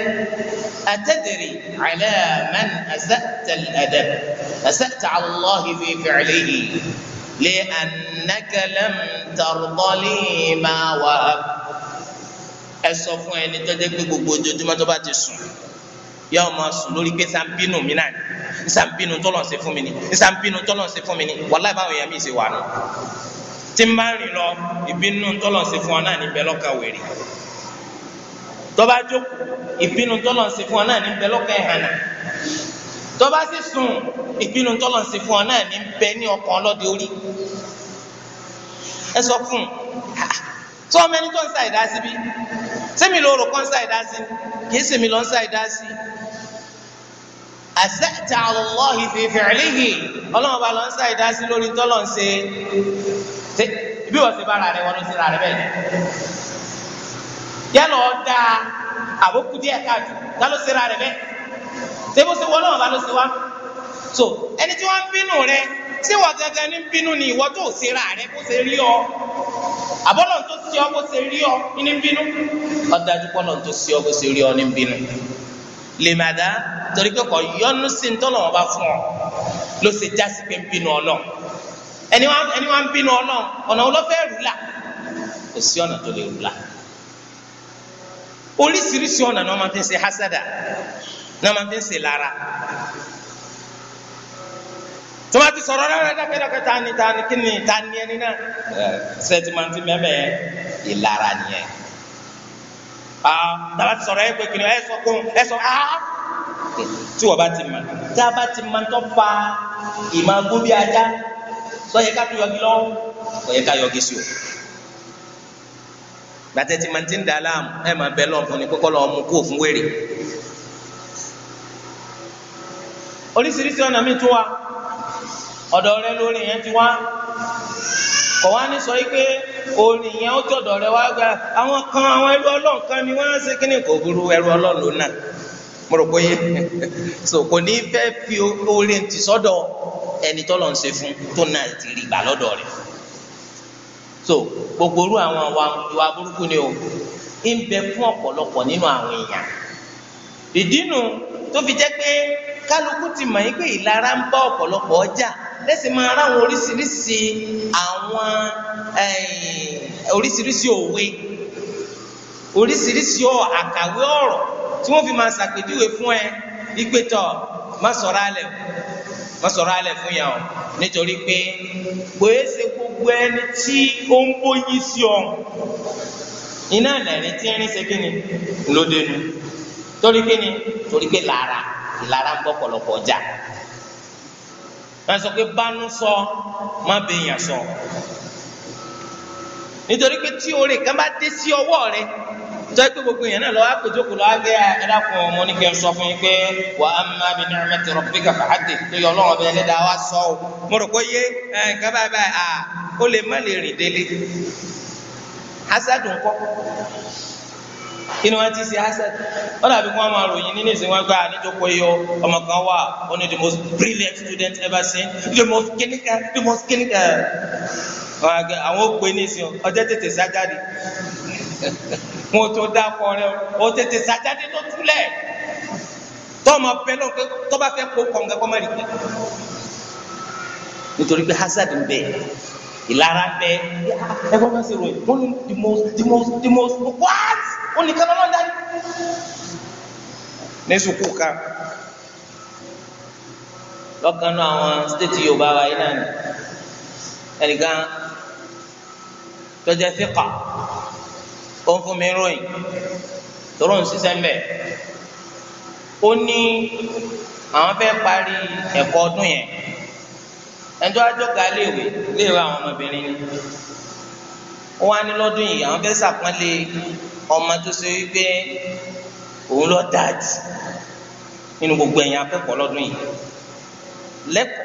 àtẹ́tẹ̀rì ala man asa'ta al-adab asa'ta Allahi fi fi'lihi li'annaka lam tarda li ma wahab ẹ sọ fún ẹni tó jẹ́ pé gbogbo ojoojúmọ́ tó bá ti sùn yà ọ máa sùn lórí pé sàǹpínù mi náà ni sàǹpínù tọ́lọ̀ ṣe fún mi ni sàǹpínù tọ́lọ̀ ṣe fún mi ni wàláhì báwọn èèyàn mi ṣe wà nù tí n bá rìn lọ ìbínú tọ́lọ̀ ṣe fún ọ náà níbẹ̀ lọ́ka wèrè tọ́ba jókòó ìbínú tọ́lọ̀ ṣe fún ọ náà níbẹ̀ lọ́ka ẹ̀hánà tọ́ba sì sùn ìbínú tọ́lọ̀ ṣe fún ọ náà níbẹ̀ ní ọkàn ọlọ́dẹ orí ẹ sọ fún un ah, sọ ọmọ ẹni tó ń sa ìdá sí bí sẹ́mi ló rò kọ́ ń sa ìdá sí kì í sèmi ló ń sa ìdá sí. àṣẹ́tà ọlọ́hìn fèèfèé léyìí ọlọ́run bá lọ ń sa ìdá lórí tọ́lọ̀ ń ṣe bí wọ́n ṣe bára rẹ̀ wọ́n ló ṣe ra rẹ̀ bẹ́ẹ̀ yálà ọ̀dà àbókù díẹ̀ káàdù tá ló ṣe ra rẹ̀ bẹ́ẹ̀ ṣé ṣe wọ́n náà bá ló ṣe wá so ẹni tí wọ́n ń bínú rẹ̀ ṣé wà gẹ́gẹ́ ní bínú ni ìwọ tó ṣe ra rẹ kó ṣe rí ọ àbọ̀lọ̀ tó ṣe ọ kó ṣe rí ọ ní bínú ọ̀dájú pọ̀lọ̀ tó ṣe ọ kó ṣe rí ọ ní bínú lèmàdá torí pé kò yọnu sí ń tọ́lọ̀ wọn bá fún ọ ló ṣe jásí pé ń bínú ọlọ́ ẹni wá ń bínú ọlọ́ ọ̀nà olófẹ́ rúlà kò sí ọ̀nà tó lè rúlà oríṣiríṣi ọ̀nà ni wọ́n máa fi ń ṣe hásádà ni wọ́n máa fi ń ṣe lára tí wọ́n ti dake dake tani tani kini tani ni kí ni ta ni ẹni náà sẹ́tìmọ́ntì mẹ́mẹ́ ìlara nìyẹn. tá a bá ti sọ̀rọ̀ ẹ pé kìnìún ẹ sọ kún ẹ sọ áá tí wọ́n bá ti mọ̀ tá a bá ti mọ̀ tó fa ìmọ̀gbó bí ajá sọ̀yẹ ká tó yọgi lọ́wọ́ sọ̀yẹ ká yọgi sí o. gbàtẹ́ ti máa ti ń da aláàmù ẹ̀ máa bẹ lọ́ọ̀ fún ni kókó lọ́ọ́ mú kó fún wèrè. oríṣiríṣi ọ̀nà mi tún wa. ọ̀dọ̀ rẹ lórí yẹn ti wá kọ̀ ní sọ orin yẹn ó tọ̀dọ̀ rẹ wá gba àwọn kan àwọn ẹrú ọlọ́run kan ni wọ́n á ṣe kí ni kò burú ẹrú ọlọ́run náà mo rò so kò ní fẹ́ fi orin tì sọ́dọ̀ ẹni tọ́lọ̀ ń ṣe fún tó so gbogbo orú àwọn ìwà burúkú ni o ń fún ọ̀pọ̀lọpọ̀ nínú àwọn èèyàn tó fi kálukú ti mọ̀ yín pé ìlara ọjà lẹ́sìn máa ráwọn oríṣiríṣi àwọn oríṣiríṣi òwe oríṣiríṣi àkàwé ọ̀rọ̀ tí wọ́n fi máa ṣàpèjúwe fún ẹ ìpè tọ̀ má sọ̀rọ̀ alẹ̀ má sọ̀rọ̀ alẹ̀ fún yà ọ́ nítorí pé kò é ṣe gbogbo ẹni tí ó ń bóyin sí ọ iná ìlẹ̀rín tí ń rí ṣe kí ni lóde nu torí kí ni torí pé lára ìlara ń bọ́ pọ̀lọpọ̀ ọjà wọ́n sọ pé bánú sọ má bèèyàn sọ nítorí pé tí oore kan bá dé sí ọwọ́ rẹ tọ́ pé gbogbo èèyàn náà lọ́wọ́ àpèjókòó lọ́wọ́ àgbẹ̀ ẹ̀dàkùn ọmọ oníkẹ́ ń sọ fún yín pé wà á má bi ní ọmọ tẹ̀rọ pé kàkà á dé pé ọlọ́run ọbẹ̀ ẹlẹ́dàá wá sọ ọ́ mo rò pé yé nǹkan báyìí báyìí à ó lè má lè rìn délé hasadu ńkọ́ inú wọn ti ṣe asset wọn dàbí kí wọn máa ròyìn nínú ìsìn wọn gba àníjọpọ yọ ọmọ kan wà wọn ni the most brilliant student ever seen the most clinical the most clinical àwọn ò pè ní ìsìn ọjọ tètè sájáde wọn ò tó dákọ rẹ o tètè sájáde tó túlẹ̀ tọ́ọ̀mù ọbẹ̀ náà tọ́ba fẹ́ kó kọ̀ǹgà kọ́ mẹ́rin pé nítorí pé hazard ń bẹ ìlara ń bẹ ẹgbẹ́ wọn sì ròyìn wọn ni the most the most the most what onìkan lọ́lọ́ dá ní sùkúù kan lọ́kàn náà àwọn stéètì yorùbá wa yìí náà ni ẹnìkan tọ́jà fíkà ó ń fún mi ròyìn tọ́rọ̀ ń ṣiṣẹ́ mbẹ́ ó ní àwọn fẹ́ parí ẹ̀kọ́ ọdún yẹn ẹjọ́ àjọkà léèwé léèwé àwọn ọmọbìnrin ni wọn á ní lọ́dún yìí àwọn fẹ́ẹ́ ṣàpọ́nlé ọmọ tó ṣe wípé òun lọ dáa jù nínú gbogbo ẹ̀yin akẹ́kọ̀ọ́ lọ́dún yìí lẹ́kọ̀ọ́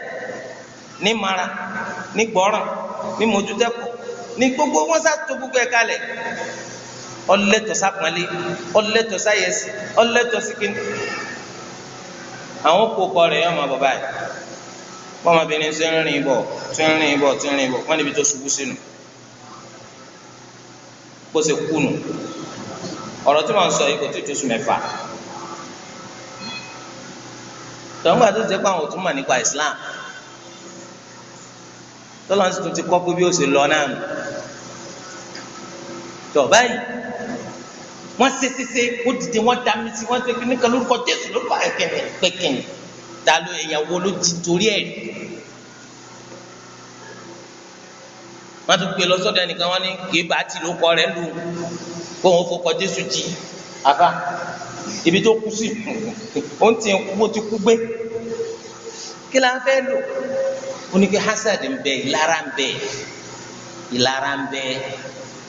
ní mara ní gbọ́ràn ní mójútẹ́kọ̀ ní gbogbo wọn ṣàtò gbogbo ẹ̀ kalẹ̀ ọlẹ́tọ̀ sápọ́nlé ọlẹ́tọ̀ sáyẹ̀sì ọlẹ́tọ̀ síkínì àwọn kó kọ rẹ̀ yọ̀ ọmọ bàbá yìí bọ́mọbìnrin tí ń rìn bọ̀ tí ń rìn bọ̀ tí ń rìn bọ̀ wọ́n níbi tó ṣubú sínú bó ṣe kùnù ọ̀rọ̀ tí wọ́n sọ yìí kò tí tó sùn mẹ́fà tọ́ngbà tó ti pa àwọn òtún mọ̀ nípa Islam tọ́lọ́n sì tún ti kọ́ pé bí ó ṣe lọ náà nù tọ́ báyìí wọ́n ṣe ṣeṣe ó dìde wọ́n dá mi sí wọ́n ṣe kí ní kan lórúkọ Jésù lórúkọ ẹ̀kẹ́ni pẹ́kẹ́ni ta ló ẹ̀yàwó ló ti torí ẹ̀ rí. wọn tún gbé lọsọdọ ẹnìkan wọn ní kì í bá tì ló kọ rẹ lù kó wọn fọkọ jésù jì àbá ibi tó kú sí ó ń tiẹ̀ kú ó ti kú gbé kí la fẹ́ lò ó ní kí hasad ń bẹ ìlara ń bẹ ìlara ń bẹ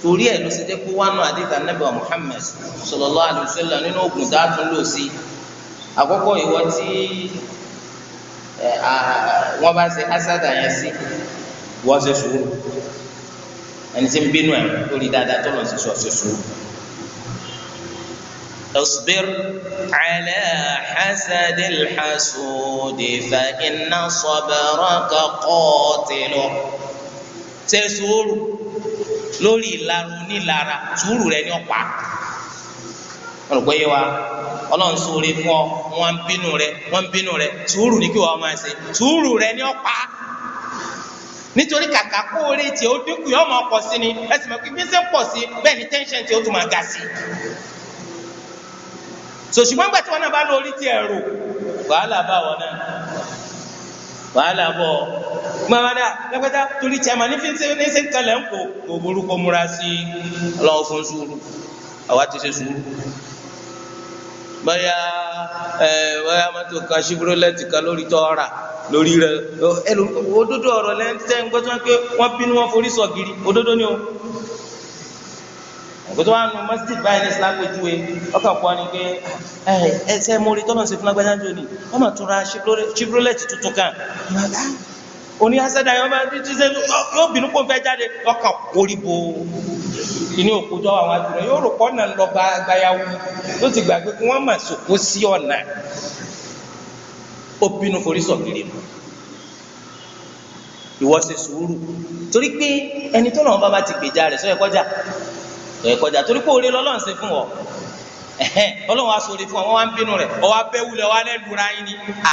torí ẹ ló ṣe jẹ kó wánú àdìgbà nàbẹ Muhammad sallallahu alaihi wasallam nínú oògùn tá a tún lò sí àkọ́kọ́ ìwọ tí eh, ah, wọn bá ṣe hasad àyẹn sí ṣe sùúrù ẹni tí ń bínú ẹ lórí dáadáa tó lọ sí sọ sí sùúrù. اصبر على حسد الحسود فإن صبرك قاتله ṣe sùúrù lórí ìlara onílara sùúrù rẹ ni ó pa olùkọ́ yé wa ọlọ́run sóore fún ọ wọ́n ń bínú rẹ wọ́n ń bínú rẹ sùúrù ni kí wọ́n máa ṣe sùúrù rẹ ni ó pa nítorí kàkà kó o retí o dínkù yóò máa pọ̀ sí ni ẹ sì mọ̀ pé bí ṣe ń pọ̀ sí bẹ́ẹ̀ ni tẹ́ńṣẹ̀n tí o tún máa ga sí. sòṣùgbọ́n gbà tí wọn náà bá lọ orí ti ẹ̀rù wàhálà bá wọn náà wàhálà bọ̀ gbọ́nmọ́dá lẹ́gbẹ́dá torí chairman ní fi ní ṣe ń kalẹ̀ ń kó kó burúkú múra sí ọlọ́run fún sùúrù àwa ti ṣe sùúrù báyà. wọ́n á máa tó kan ṣíbúrọ́lẹ́tì kan lórí tó lórí rẹ̀ ẹlò òdodo ọ̀rọ̀ lẹ́ńtẹ́ ń gbọ́dọ̀ pé wọ́n bínú wọn forí sọ gírí òdodo ni o. òkúta wa nu masjid báyìí ní islam péjú ọkàn pọ̀ ni pé ẹsẹ̀ mórí tọ́lọ̀ sí fúnagbájá jòní wọ́n máa ra tuntun kan. oní asẹ́dá yẹn máa ti ṣe yóò bínú kó n fẹ́ jáde lọ́kàn kórìbó ìní òkújọ́ àwọn àtúrọ̀ yóò rò pọ́nà lọ gbayawu ló ti gbàgbé kí wọ́n mà sòkó sí ọ̀nà ó bínú forí sọ̀kiri mu ìwọ ṣe sùúrù torí pé ẹni tó náà bá ti gbèjà rẹ̀ sọ ẹ̀kọ́jà ẹ̀kọ́jà torí pé òre lọ́lọ́run ṣe fún ọ ọlọ́run aṣọre fún ọ wọ́n wá ń bínú rẹ̀ ọwọ́ abẹ́wulẹ̀ wà lẹ́lura yín ni à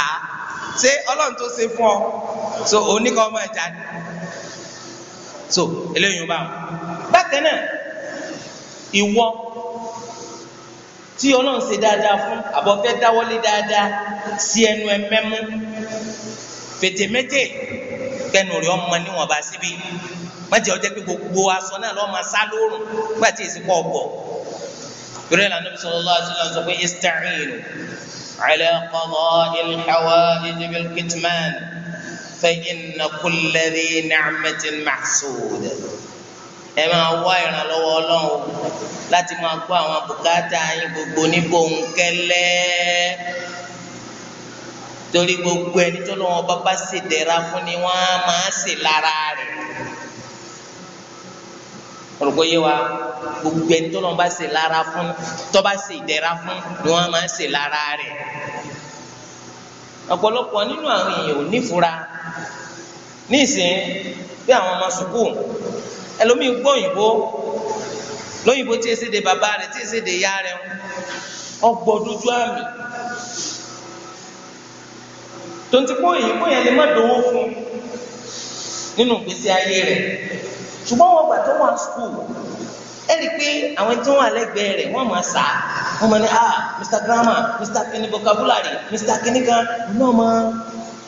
ṣé ọlọ́run tó ṣe fún ọ so oníkan ọmọ ìjà ni so eléyìí bá wọn. bákan náà ìwọ tí ọlọ́run ṣe dáadáa fún àbọ̀fẹ́ dáwọ́lé dáadáa sí ẹnu ẹ mẹ́mú fètèmétè kẹnu rẹ ọmọ níwọ̀n bá síbi mọ̀jẹ̀ ọjọ́ pé gbogbo aṣọ náà lọ́ọ́ máa sá lóorùn gbàtí èsì pọ̀ ọ̀gbọ̀n torí ẹ̀ lànà sallallahu alaihi wasallam sọ pé ista'inu ala qada'il hawa'ij bil kitman fa inna kulla dhi ni'matin mahsuda ẹ máa wá ìrànlọ́wọ́ ọlọ́run láti máa gbọ́ àwọn bùkátà yín gbogbo ní bòńkẹ́lẹ́ torí gbogbo ẹni tó lọ́wọ́ bá bá ṣèdẹ́ra fún ni wọ́n á máa ṣe lára rẹ̀ orúkọ yé wa gbogbo ẹni tó lọ́n bá ṣe lára fún tó bá ṣe ìdẹ̀ra fún ni wọ́n máa ń ṣe lára rẹ̀ ọ̀pọ̀lọpọ̀ nínú àwọn èèyàn ò nífura nísìnyí bí àwọn ọmọ sùkúù ẹlòmíín gbọ́ òyìnbó lóyìnbó tí èsì de bàbá rẹ̀ tí èsì de ìyá rẹ̀ ọgbọ́ dúdú àmì tontikó èyí kó yẹn lè má dòwó fún nínú ìgbésí ayé rẹ̀ ṣùgbọ́n wọ́n gbà tó wà skul ẹ rí i pé àwọn tí wọ́n alẹ́gbẹ̀ẹ́ rẹ̀ wọ́n máa sà wọ́n máa ní ah mr grammar mr kini vocabulary mr kini kan náà máa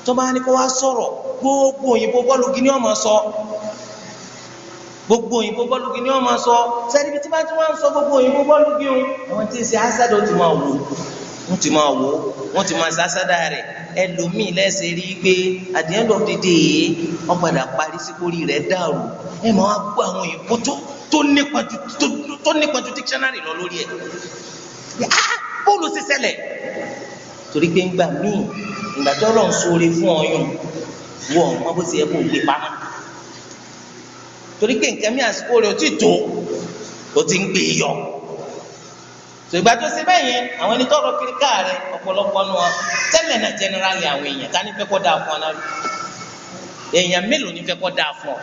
tó bá ní kó wá sọ̀rọ̀ gbogbo òyìnbó bọ́ọ̀lù gíní ọ̀ máa sọ gbogbo òyìnbó bọ́ọ̀lù gíní ọ̀ máa sọ sẹ́ni bí tí bá tí wọ́n sọ gbogbo òyìnbó bọ́ọ̀lù gíní àwọn tí ń ṣe ásádà ti máa wò ó ti máa wò wọ́n ti máa ṣe ásádà rẹ̀ ẹlòmíì lẹ́sẹ̀ rí i pé at the end of the day wọ́n padà parí sí kórìí rẹ̀ dàrú ẹ máa wá gbọ́ àwọn èèpo tó nípa ju dictionary lọ lórí ẹ̀ ah, ah, bóòlù sì ṣẹlẹ̀ torí pé ńgbà míì ìgbà tí ọlọ́run sóore fún ọyún wọ ọmọ bó ti yẹ kó o gbé pamọ́ torí pé nǹkan mi àsìkò rẹ̀ ò tí tó o ti ń gbé yọ. sògbà tó ṣe bẹ́ẹ̀ yẹn àwọn ẹni tọrọ kiri káàrẹ ọ̀pọ̀lọpọ̀ nu wọn tẹ́lẹ̀ náà jẹnẹrali àwọn èèyàn ta ni fẹ́ da fún ọ ni da ọ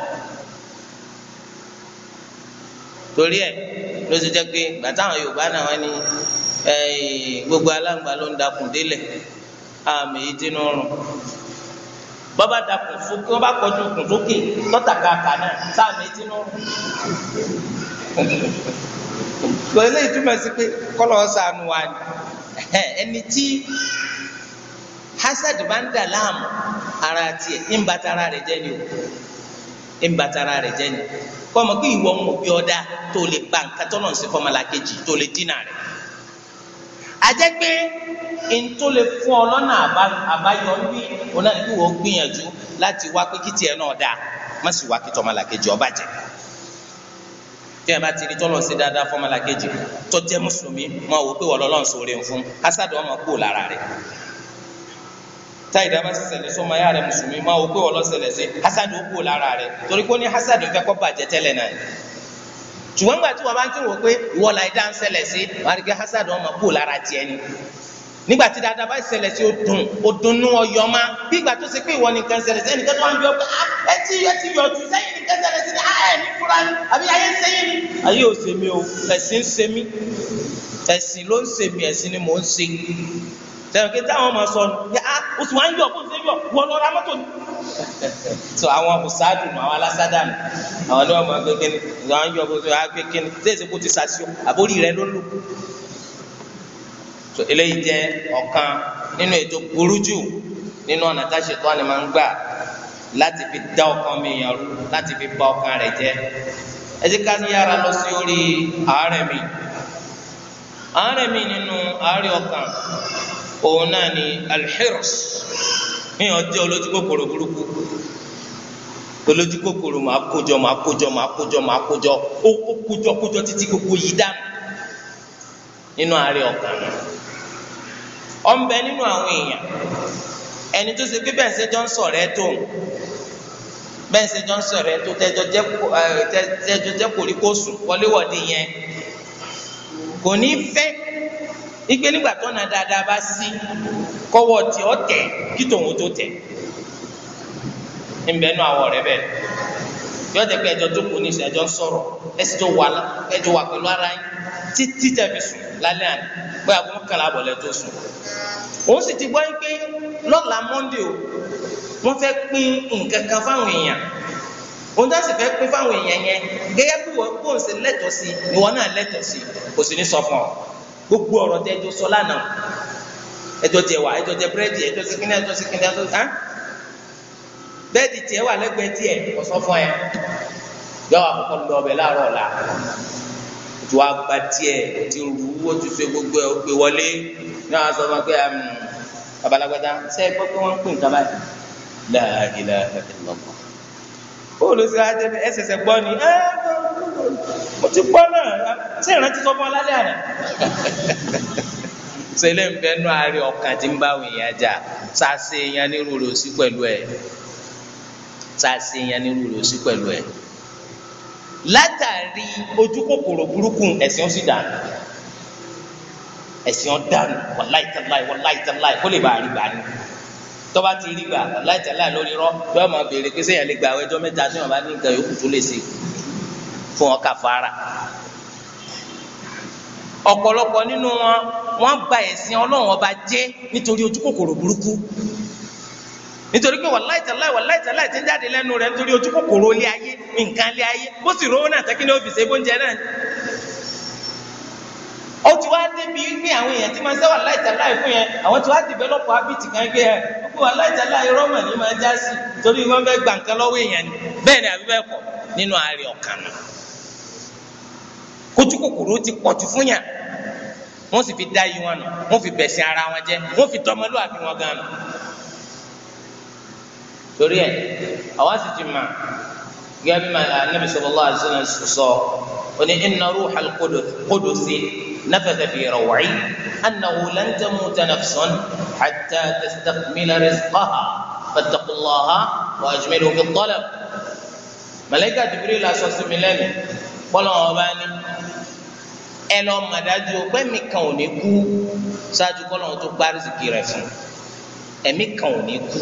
torí ẹ ló ṣe jẹ pé gbàtà àwọn Yorùbá náà wọn ni gbogbo aláǹgbá ló a àmì ìdínú bọ́bá dakùn sókè bọ́bá kọjú kùn sókè lọ́tàkàkà náà sáà méjì náà kò eléyìí sí pé kọ́lọ̀ ọ̀sánù wa ni ẹni tí hasad bá ń dà láàmú ara tiẹ̀ ń batara rẹ̀ jẹ́ o ń batara rẹ̀ jẹ́ ni kọ́mọ kí ìwọ ń mú bí tó lè nǹkan kejì tó lè dínà a jẹ́ pé ntó lè fún ọ lọ́nà àbáyọ bí ọ̀nà ìlú wọ́n gbìyànjú láti wá pé kí tiẹ̀ náà dáa má sì wá kí tọmọlàkejì ọba jẹ tí a bá ti rí tọ́lọ̀ sí dáadáa fọmọlàkejì tó jẹ́ mùsùlùmí máa wò pé wọ́n lọ́lọ́ sóore ń fún kásádù ọmọ kú lára rẹ̀ táyì dábàá sì ṣẹlẹ̀ sọ́mọ ayá rẹ̀ mùsùlùmí máa wò pé wọ́n lọ́ ṣẹlẹ̀ sí kásádù ó kú lára rẹ̀ torí pé ó ní kásádù ń fẹ́ kọ́ bàjẹ́ tẹ́lẹ̀ náà ṣùgbọ́n gbà tí wọ́n bá ń ti wò pé ìwọ la ìdá ń ṣẹlẹ̀ sí wọn àti pé hasad wọn máa kú lára tiẹ̀ ni nígbà tí bá ṣẹlẹ̀ sí o dùn o dunnú ọyọ ma bí ìgbà tó ṣe pé ìwọ nìkan ṣẹlẹ̀ sí ẹnìkan tó wà yọ pé ah, ẹ ti yọ ti yọ tù sẹ́yìn nìkan ṣẹlẹ̀ sí ni ah, ẹ ní fura ni àbí ayé sẹ́yìn ni. ayé ò ṣe mí o ẹ̀sìn ń ṣe mí ẹ̀sìn ló ń ṣe mí ẹ̀sìn ni mò ń ṣe sẹ́yìn kí táwọn máa sọ ni ó ni so àwọn ọ̀sádù nù àwọn alásádà nù àwọn ní ọmọ gbé kíni àwọn yọ gbogbo àwọn gbé kíni tẹ́sí kò ti sàṣọ àbórí rẹ ló lù so eléyìí jẹ́ ọ̀kan nínú ètò burú jù nínú ọ̀nà tá a ṣe tó àná máa ń gbà láti fi dá ọkàn mi yàn rú láti fi bà ọkàn rẹ̀ jẹ́ ẹ jẹ́ ká ní yára lọ sí orí àárẹ̀ mi àárẹ̀ mi nínú àárẹ̀ ọkàn òun náà ni alhirs kéèyàn jẹ́ olójú burúkú olójú máa kójọ máa kójọ máa kójọ máa kójọ ó kójọ kójọ títí gbogbo yìí dànù nínú àárẹ̀ ọkàn ọ̀nbẹ nínú àwọn èèyàn ẹni tó ṣe pé bẹ́ẹ̀ ṣe jọ ń tó bẹ́ẹ̀ ṣe jọ ń tó tẹ́jọ jẹ́ sùn wọléwọ̀de yẹn igbe nígbà tó na dáadáa bá sí kọ́wọ́ tí ọ tẹ̀ kí tòun tó tẹ̀ ńbẹ nú àwọ̀ rẹ bẹ́ẹ̀ yọ jẹ pé ẹjọ́ tó kù ní ìṣẹ́jọ́ sọ̀rọ̀ ẹsì tó wà lá ẹjọ́ wà pẹ̀lú ara yín títí tẹ̀bi sùn lálẹ́ àná pé àbúrò kan láàbọ̀ tó sùn òun sì ti gbọ́ yín pé lọ́la Monday o wọ́n fẹ́ pín nǹkan kan fáwọn èèyàn òun dá sì fẹ́ pín fáwọn èèyàn yẹn gẹ́gẹ́ bí wọ́n kó òun sì lẹ́tọ̀ọ́ sí ni wọ́n náà lẹ́tọ̀ọ́ sí kò sì ní sọ fún ọ gbogbo ọ̀rọ̀ tẹ ẹjọ́ sọ lánàá ẹjọ́ jẹ wà ẹjọ́ jẹ búrẹ́dì ẹjọ́ sikini ẹjọ́ sikini ẹjọ́ hàn bẹ́ẹ̀dì tiẹ̀ wà lẹ́gbẹ̀ẹ́ tiẹ̀ ọsọ fún ẹ yọ àkọ́kọ́ lọ ọbẹ láàárọ̀ ọ̀la tó a gba tiẹ̀ ti rú owó tó ṣe gbogbo ẹ ó gbé wọlé náà a sọ fún pé hmm, babalagbada sẹ ẹ gbọ́ pé wọn ń pè nǹkan báyìí láàyè láàyè lọkọ bóòlù sí ajé ẹsẹ̀sẹ̀ gbọ́ ni ẹ́ mo ti gbọ́ náà ṣé ìrántí sọ fún ọ lálẹ́ àná. ṣe ilé ìfẹ́ nú àárẹ̀ ọkàn tí ń bá àwọn èèyàn jà ṣàṣe èèyàn ní rúurú sí pẹ̀lú ẹ̀ ṣàṣe èèyàn ní rúurú sí pẹ̀lú ẹ̀ látàrí ojú kòkòrò burúkú ẹ̀sìn ó sì dànù ẹ̀sìn ó dànù wàláìtàláì wàláìtàláì kó lè bá a rí gbà ní tọ́ba ti rí gbà láìtẹ́lá lórí rọ́ yọ ọmọ béèrè pé sẹ́yìn lè gba àwọn ẹjọ́ mẹ́ta tí wọ́n bá ní nǹkan yòókù tó lè ṣe fún wọn kàfàrà. ọ̀pọ̀lọpọ̀ nínú wọn wọ́n bà ẹ̀sìn ọlọ́run ọba jẹ́ nítorí ojú kòkòrò burúkú nítorí pé wàláì tàláì wàláì tàláì ti ń jáde lẹ́nu rẹ̀ nítorí ojú kòkòrò ilé ayé nǹkan ilé ayé bó sì rówó náà tẹ́kí ni ó fi ṣe bóúnjẹ náà ó ti wá débi pé àwọn èèyàn tí máa ń sẹ́wà láìta láì fún yẹn ti wá dìbẹ́lọ́pù kan gbé ẹ ó pé wà láìta láì rọ́mà ní máa já sí torí wọ́n fẹ́ gbà nǹkan lọ́wọ́ èèyàn ni bẹ́ẹ̀ ni nínú ààrẹ ọ̀kan nù kòkòrò ti pọ̀jù fi dá wọn nù wọ́n fi bẹ̀sẹ̀ ara wọn jẹ́ wọ́n fi wọn gan nù torí ẹ àwa sì ti mà gẹ́gẹ́ bí نفذ في روعي أنه لن تموت نفس حتى تستكمل رزقها فاتقوا الله وأجملوا في الطلب ملائكة جبريل أساس ملاني قالوا أباني ẹ lọ mọ̀ dájú pé ẹ̀mí kan ò ní kú ṣáájú kọ́lọ́n tó gbá rìsìkì rẹ̀ fún ẹ̀mí kan ò ní kú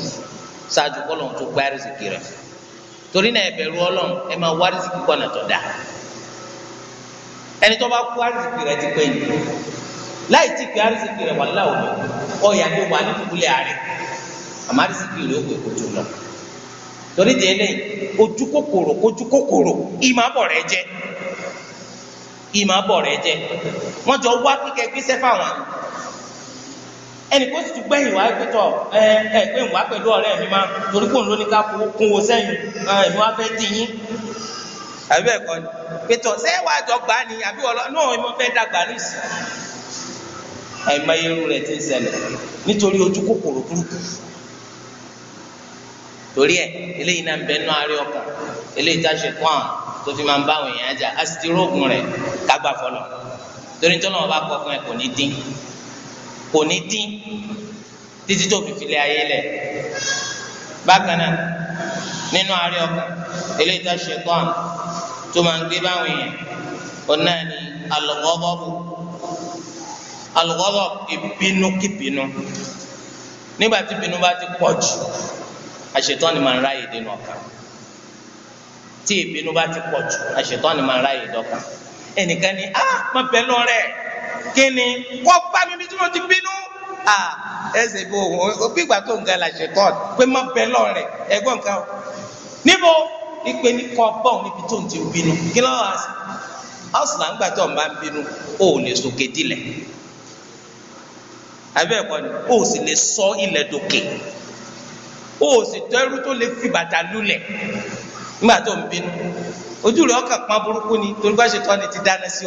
ṣáájú kọ́lọ́n tó gbá rìsìkì rẹ̀ fún torí náà ẹ bẹ̀rù Ọlọ́run ẹ máa wá rìsìkì kọ́nà tó dáa. ẹni tó bá kú àrísìkì rẹ̀ ti pé ní láì tí pé àrísìkì rẹ̀ wà láwùjọ ọyà ló wà nípìnlẹ̀ ààrẹ àmọ́ àrísìkì rẹ̀ ó pè kó lọ torí di eléyìí ojú kòkòrò ojú kòkòrò ìmọ̀ bọ̀ wọ́n jọ wá kíkẹ́ sì tún gbẹ̀yìn wá pé ẹ ẹ pé ń wá pẹ̀lú ọ̀rẹ́ mi máa torí kò àbí ẹ̀kọ́ ni pétọ́ ṣé wàá jọ gbà ni àbí wọ́n lọ náà mo fẹ́ dàgbà nísì àìmọye irú rẹ̀ ti ń ṣẹlẹ̀ nítorí ojú kòkòrò burúkú torí ẹ eléyìí náà ń bẹ nú àárẹ̀ ọkàn eléyìí tá a ṣe kọ́ àwọn tó fi máa ń bá àwọn èèyàn jà á sì ti róògùn rẹ̀ kágbà fọlọ̀ torí tí ọlọ́wọ́ bá kọ fún ẹ kò ní dín kò ní dín títí tó fi filẹ̀ ayé lẹ̀ bákan náà nínú àárẹ̀ ọkàn eléyìí tá ṣẹtọ́n tó máa ń gbé báwọn èèyàn òun náà ni alùpọ̀bọ̀bù alùpọ̀bọ̀ ìbínú kìbínú nígbà tí ìbínú bá ti pọ̀ jù àṣetọ́ ni máa ń ráyè dènà ọkàn tí ìbínú bá ti pọ̀ jù àṣetọ́ ni máa ń ráyè dọ́kàn ẹnìkan ni ah mo bẹ̀ lọ rẹ̀ kí ni kọ́ bá mi bí tí mo ti bínú. ẹsẹ̀ ibo òun òbí opi tó ń la ṣe tọ́ pé má bẹ lọ rẹ ẹgbọ́n e nǹkan níbo ìpè ní kọ́ bọ́ọ̀ níbi tó ń ti bínú kí lọ́wọ́ àṣì ọ̀sùn là ń gbà tó ń bá ń bínú ó lè sókè abẹ́ ẹ̀kọ́ ni sì lè sọ ilẹ̀ dòkè ó sì tẹ́rú tó lè fi bàtà lulẹ̀ nígbà tó ń bínú ojú rẹ̀ pọ́n burúkú ni torí bá ṣe ti dáná sí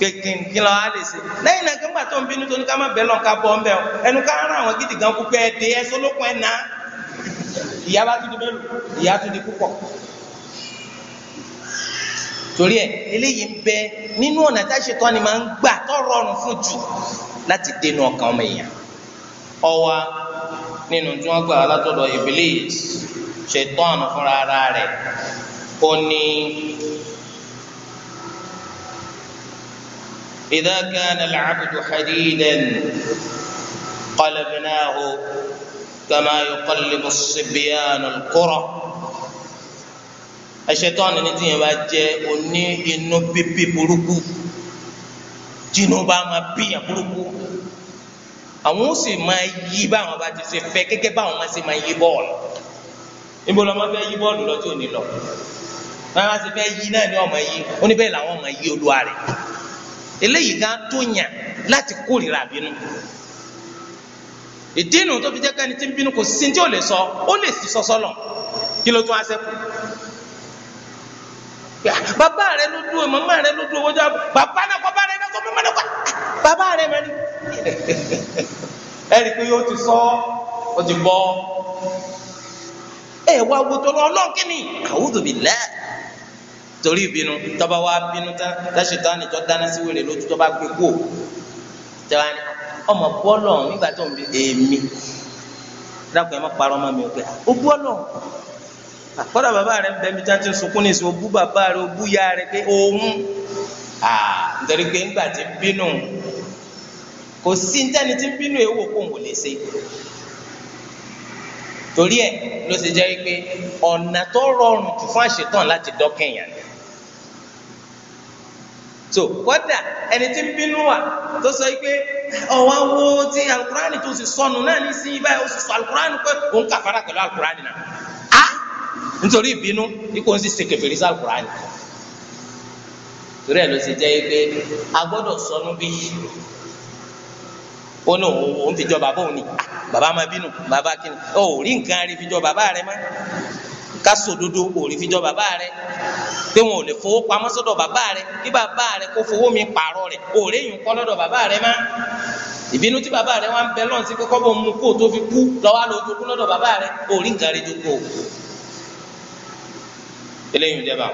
gbẹ̀gìn kí lọ́ọ́ á lè ṣe lẹ́yìn náà gbẹ́ngbà tó ń bínú tó ní ká má bẹ́ẹ̀ lọ ká bọ́ ńbẹ́ o ẹnu ká rán àwọn gidi gan kú ẹdẹ ẹsọ lókun ẹ̀ ìyá bá tún di mélòó ìyá tún di púpọ̀ torí ẹ eléyìí ń bẹ nínú ọ̀nà tá a ṣe tán ni máa ń gbà tó rọrùn fún jù láti dènà ọkàn ọmọ èèyàn ọwa nínú tí wọ́n gbà látọ̀dọ̀ Iblis ṣètọ́ọ̀nù fúnra ara rẹ̀ ó ní. إذا كان العبد حديدا قلبناه كما يقلب الصبيان القرى الشيطان ní tí yẹn bá jẹ oní inú pípí burúkú tínú bá máa bíyàn burúkú àwọn ó sì máa yí báwọn bá ti ṣe fẹ́ gẹ́gẹ́ báwọn máa ṣe máa yí bọ́ọ̀lù níbo lọmọ fẹ́ yí bọ́ọ̀lù lọ ò ní lọ báwọn bá ṣe fẹ́ yí náà ni ọmọ yí ó ní bẹ́ẹ̀ làwọn ọmọ yí olúwa rẹ̀ eléyìí gan tó yàn láti kórìíra àbínú ìdí inú tó fi jẹ́ kẹ́ni tí ń bínú kò sí tí ò lè sọ ó lè sì sọ sọ́lọ̀ kí ló tún á sẹ́kù ah, bàbá rẹ ló dúró màmá rẹ ló dúró wọ́jọ́ bàbá náà bàbá rẹ náà sọ màmá náà ah, bàbá rẹ mẹ́rin ẹ̀rí pé yóò ti sọ ó ti bọ́ ẹ̀ wá wo lọ ọlọ́ọ̀kí ni a'udhu billah torí ìbínú tọba wa bínú tẹsítọ́ni tó dáná sí wèrè lójú tọba gbé kú o tẹwa ni ọmọ bọ́ọ̀lọ̀ nígbà tó ń bí èmi dákun ẹ má parọ́ mọ́ mi pé ó bọ́ọ̀lọ̀ àkọ́dà bàbá rẹ bẹ́ẹ̀mi tí wọ́n ti ń sunkún ní ìsìn ó bú bàbá rẹ ó bú ya rẹ pé òun nítorí pé nígbà tí ń bínú kò sí níjẹ́ni tí ń bínú èèwọ̀ kó wò lè ṣe torí ẹ̀ ló ṣe jẹ́ pé ọ̀nà tó rọrùn jù fún àṣetàn láti dọ́kẹ̀yàn ni so kódà ẹni tí ń bínú wà tó sọ pé ọwọ́ wo ti alukurani tó sì sọnù náà ní sí ibà ó sì sọ alukurani pé òun kàfàrà pẹ̀lú alukurani náà a nítorí ìbínú ikú ń sì ṣe kẹfìrí sí alukurani torí ẹ ló ṣe jẹ́ pé a gbọ́dọ̀ sọnù bí ó ní òun òun fi jọ bàbá òun ni bàbá máa bínú bàbá kí ni ó rí nǹkan rí fi jọ bàbá rẹ mọ́ kásò dodo kò rí fíjọ bàbá rẹ pé wọn ò lè fowó pamọ́ sọ́dọ̀ bàbá rẹ bí bàbá rẹ kó fowó mi pààrọ̀ rẹ kò réyìn kọ́ lọ́dọ̀ bàbá rẹ má ìbínú tí bàbá rẹ wá ń bẹ lọ́n sí pé kọ́bọ̀ mú kó tó fi kú lọ́wọ́ lójú kú lọ́dọ̀ bàbá rẹ kò rí nǹkan rí dúkú o eléyìí jẹba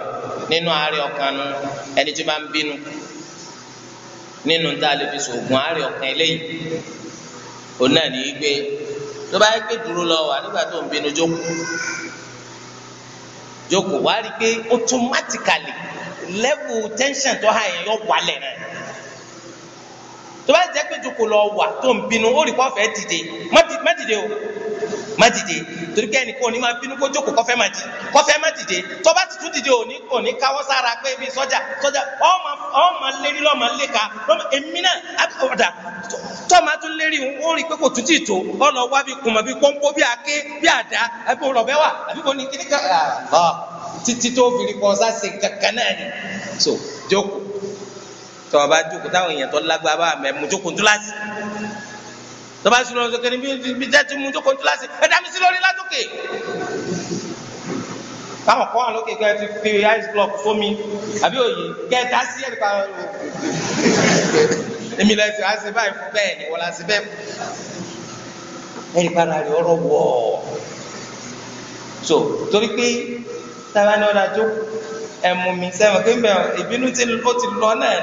nínú àárẹ̀ ọkàn nu ẹni tí máa ń bínú nínú tá a lè fi sòògùn àárẹ̀ ọkàn eléyìí òun náà ní gbé tó bá yẹ Joko wa rí i automatically level tension tó hàn yẹn yọ wálẹ̀ náà tó bá jẹ́ pé jókòó lọ wà tó ń bínú ó rí kó fẹ́ dìde má dìde o má dìde torí kẹ́ni kò ní máa bínú kó jókòó kọ́fẹ́ má dìde kọ́fẹ́ má dìde tó bá ti tún dìde òní kò ní káwọ́ sára pé bí sọ́jà sọ́jà ọmọ ọmọ lérí lọ́mọ léka èmi náà ọ̀dà tó máa tún lérí ó rí i pé kò tún tì tó ọ̀nà wá bí kùmọ̀ bí pọ́npọ́ bí aké bí àdá àbí rọ̀bẹ́ wà àbí kò ní kíní ká títí tó fi kọ́ sáṣe kankan náà ni so jókòó tó o bá jókòó táwọn èèyàn tó lágbá bá mẹ́mú jókòó ńdúlásì tọ́ba sí lọ́wọ́ sókè ní bí jẹ́ ti mú jókòó kíláàsì ẹ̀dá mi sí lórí látòkè. káwọn kọ́ àlókè kẹ́ ti fi ice block fómi àbí òye kẹ́ ẹ dá sí ẹ̀rí pa èmi lẹ́sìn á ṣe báyìí fún bẹ́ẹ̀ ni wọ́n la ṣe bẹ́ẹ̀ ẹ̀rí padà rí ọ̀rọ̀ wọ̀ ọ́ so torí pé táwa ní ọ̀dà tó ẹ̀mú mi sẹ́wọ̀n kí n bẹ̀ ìbínú tí ó ti lọ náà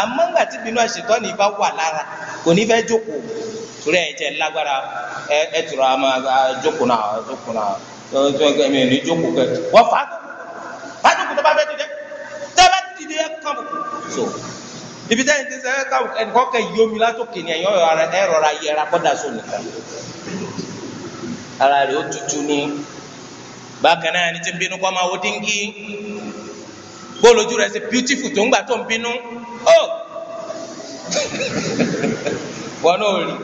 àmọ́ ńgbà tí ìbínú àṣetọ́ ni ìbá wà lára kò ní fẹ́ jókòó torí ẹ̀yin tẹ lágbára ẹ ẹ tura ama jókòó náà jókòó náà tó ẹgbẹ́ mi ní jókòó kẹ wọ́n fà á fà á jókòó tó bá fẹ́ tó jẹ tẹ́ bá ti di ẹ kàn bùkù so ibi tẹ́yìn ti sẹ́ ẹ kàn bùkù ẹnìkan kẹ yí omi látòkè ni ẹ̀yin ẹ rọra yẹra kọ́ da so nìkan ara rẹ̀ ó tutù ní bákan náà ẹni tí ń bínú kọ́ máa wo díngí bóòlù ojú ṣe bíútífù tó ń gbà tó ń bínú ó oh! wọn náà rí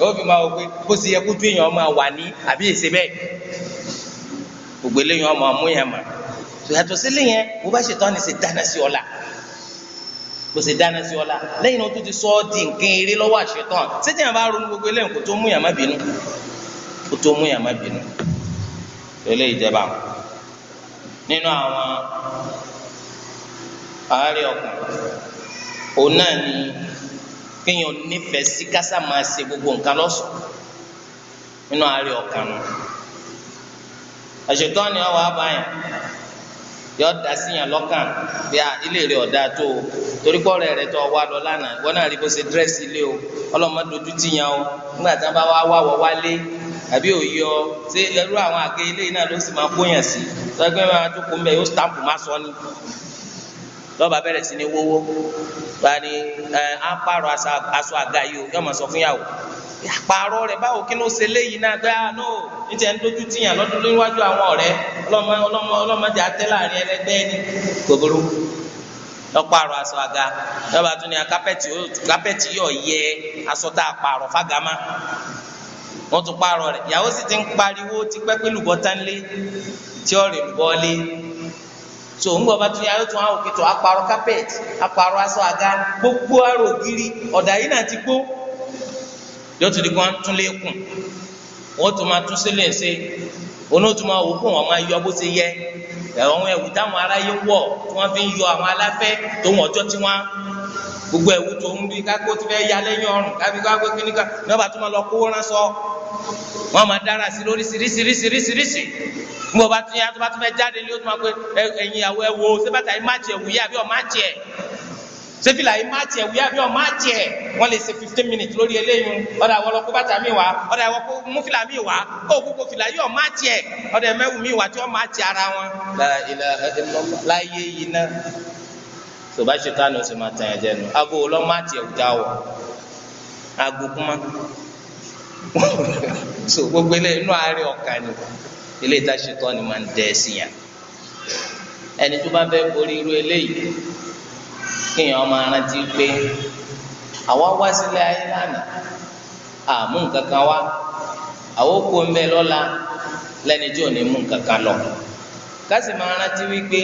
ó fi máa wọ pé bó ṣe yẹ kó tó èèyàn máa wà ní àbí èsè bẹ́ẹ̀ gbogbo eléyìí ọmọ ọmú yẹn mà yàtọ̀ sí léyìn bó bá ṣe tán ni ṣe dáná sí ọ la bó ṣe dáná sí ọ la lẹ́yìn náà tó ti sọ ọ́ di nǹkan eré lọ́wọ́ àṣetán ṣètì àwọn bá ronú gbogbo eléyìí kò tó mú yàn má bínú kò tó mú yàn má bínú eléyìí jẹba nínú àwọn àárẹ̀ ọkàn òun náà ni kéèyàn nífẹ̀ẹ́ sí kásá máa ṣe gbogbo nǹkan lọ́sọ̀ nínú àárẹ̀ ọ̀kan nù. àṣetán ni ọwọ́ abáyàn yọ da síyàn lọ́kàn bí a ilé rẹ̀ ọ̀dà tó o torí pọ́ ọ̀rẹ́ rẹ̀ tó ọ wá lọ lánàá ìwọ náà rí bó ṣe dírẹ́sì ilé o ọlọ́mọdójú tìyàn o nígbà tí wọ́n bá wá wá wọ wálé àbí òye ọ ṣé ẹrú àwọn àgé ilé náà ló sì máa kóyàn sí lọ́gbẹ́ máa tó kó mbẹ́ yóò stamp má sọ ni lọ́ba bẹ̀rẹ̀ sí ní wówó báyìí ẹ á pààrọ̀ aṣọ àga yìí o yọ máa sọ fún yàwó àpààrọ̀ rẹ̀ báwo kí ló ṣe léyìí náà gbé àánú ah, ní tiẹ̀ ń dojú tìyàn lọ́dún níwájú àwọn ọ̀rẹ́ ọlọ́mọdé àtẹ láàrin ẹlẹgbẹ́ ni gbogbo lọ́pààrọ̀ aṣọ àga lọ́ba tún ní kápẹ́tì yóò yẹ aṣọ tá a pààrọ̀ fágàmá wọ́n tún pààrọ̀ rẹ̀ ìyàwó sì ti ń pariwo tipẹ́ pé lùbọ́ tán lé tí ọ̀rẹ́ lùbọ́ lé tò ń gbọ́ bá tún yàrá tún àwọn òkè tó apàrọ̀ carpet apàrọ̀ aṣọ àga gbogbo àrò ògiri ọ̀dà yìí náà ti gbó yóò tún di kó tún lé kùn wọ́n tún máa tún sílẹ̀ ṣe onótùú máa wò kó wọn máa yọ bó ṣe yẹ àwọn ẹ̀wù táwọn aráyé wọ̀ tí wọ́n fi ń yọ àwọn aláfẹ́ tó ń ọjọ́ tí wọ́n gbogbo ẹ̀wù tó ń bí kápẹ́ ó ti fẹ́ ya lẹ́yìn ọrùn kábí kápẹ́ kí nìkan náà bá tún máa lọ kówó rán sọ wọn máa dára sí lórí sírísírísírísírísí níbo bá tún yá tó bá tún fẹ́ jáde ní o tún máa pé ẹ̀yìn ìyàwó ẹ̀ wo ṣé bàtà yìí má tiẹ̀ wù yá àbí ọ̀ má tiẹ̀ ṣé fìlà yìí má tiẹ̀ wù yá àbí ọ̀ má tiẹ̀ wọ́n lè ṣe fifteen minutes lórí eléyìí ọ̀dà àwọn ọlọ́kú bàtà mi wá ọ̀dà àwọn ọkọ̀ mú fìlà mi wá kó gbogbo fìlà yìí ọ̀ má tiẹ̀ ọ̀dà ẹ̀mẹ́wù mi wá tí ọ̀ má tiẹ̀ ara wọn. láyé yìí náà tòbá ṣètánù sì máa tàn yẹn jẹnu abo ọlọ́màtì ẹ̀wùjá wọ̀ agokuma so gbogbo ilé inú àárẹ̀ ọ̀kan ni ilé ìta ṣètọ́ ni máa ń dẹ́ sí yàn ẹni tó bá fẹ́ borí irú eléyìí kéèyàn máa rántí pé àwa wá sílé ayé lánàá àmú nǹkan wá àwọn kó ń bẹ lọ́la lẹ́ni tí ò ní mú nǹkan lọ ká sì wípé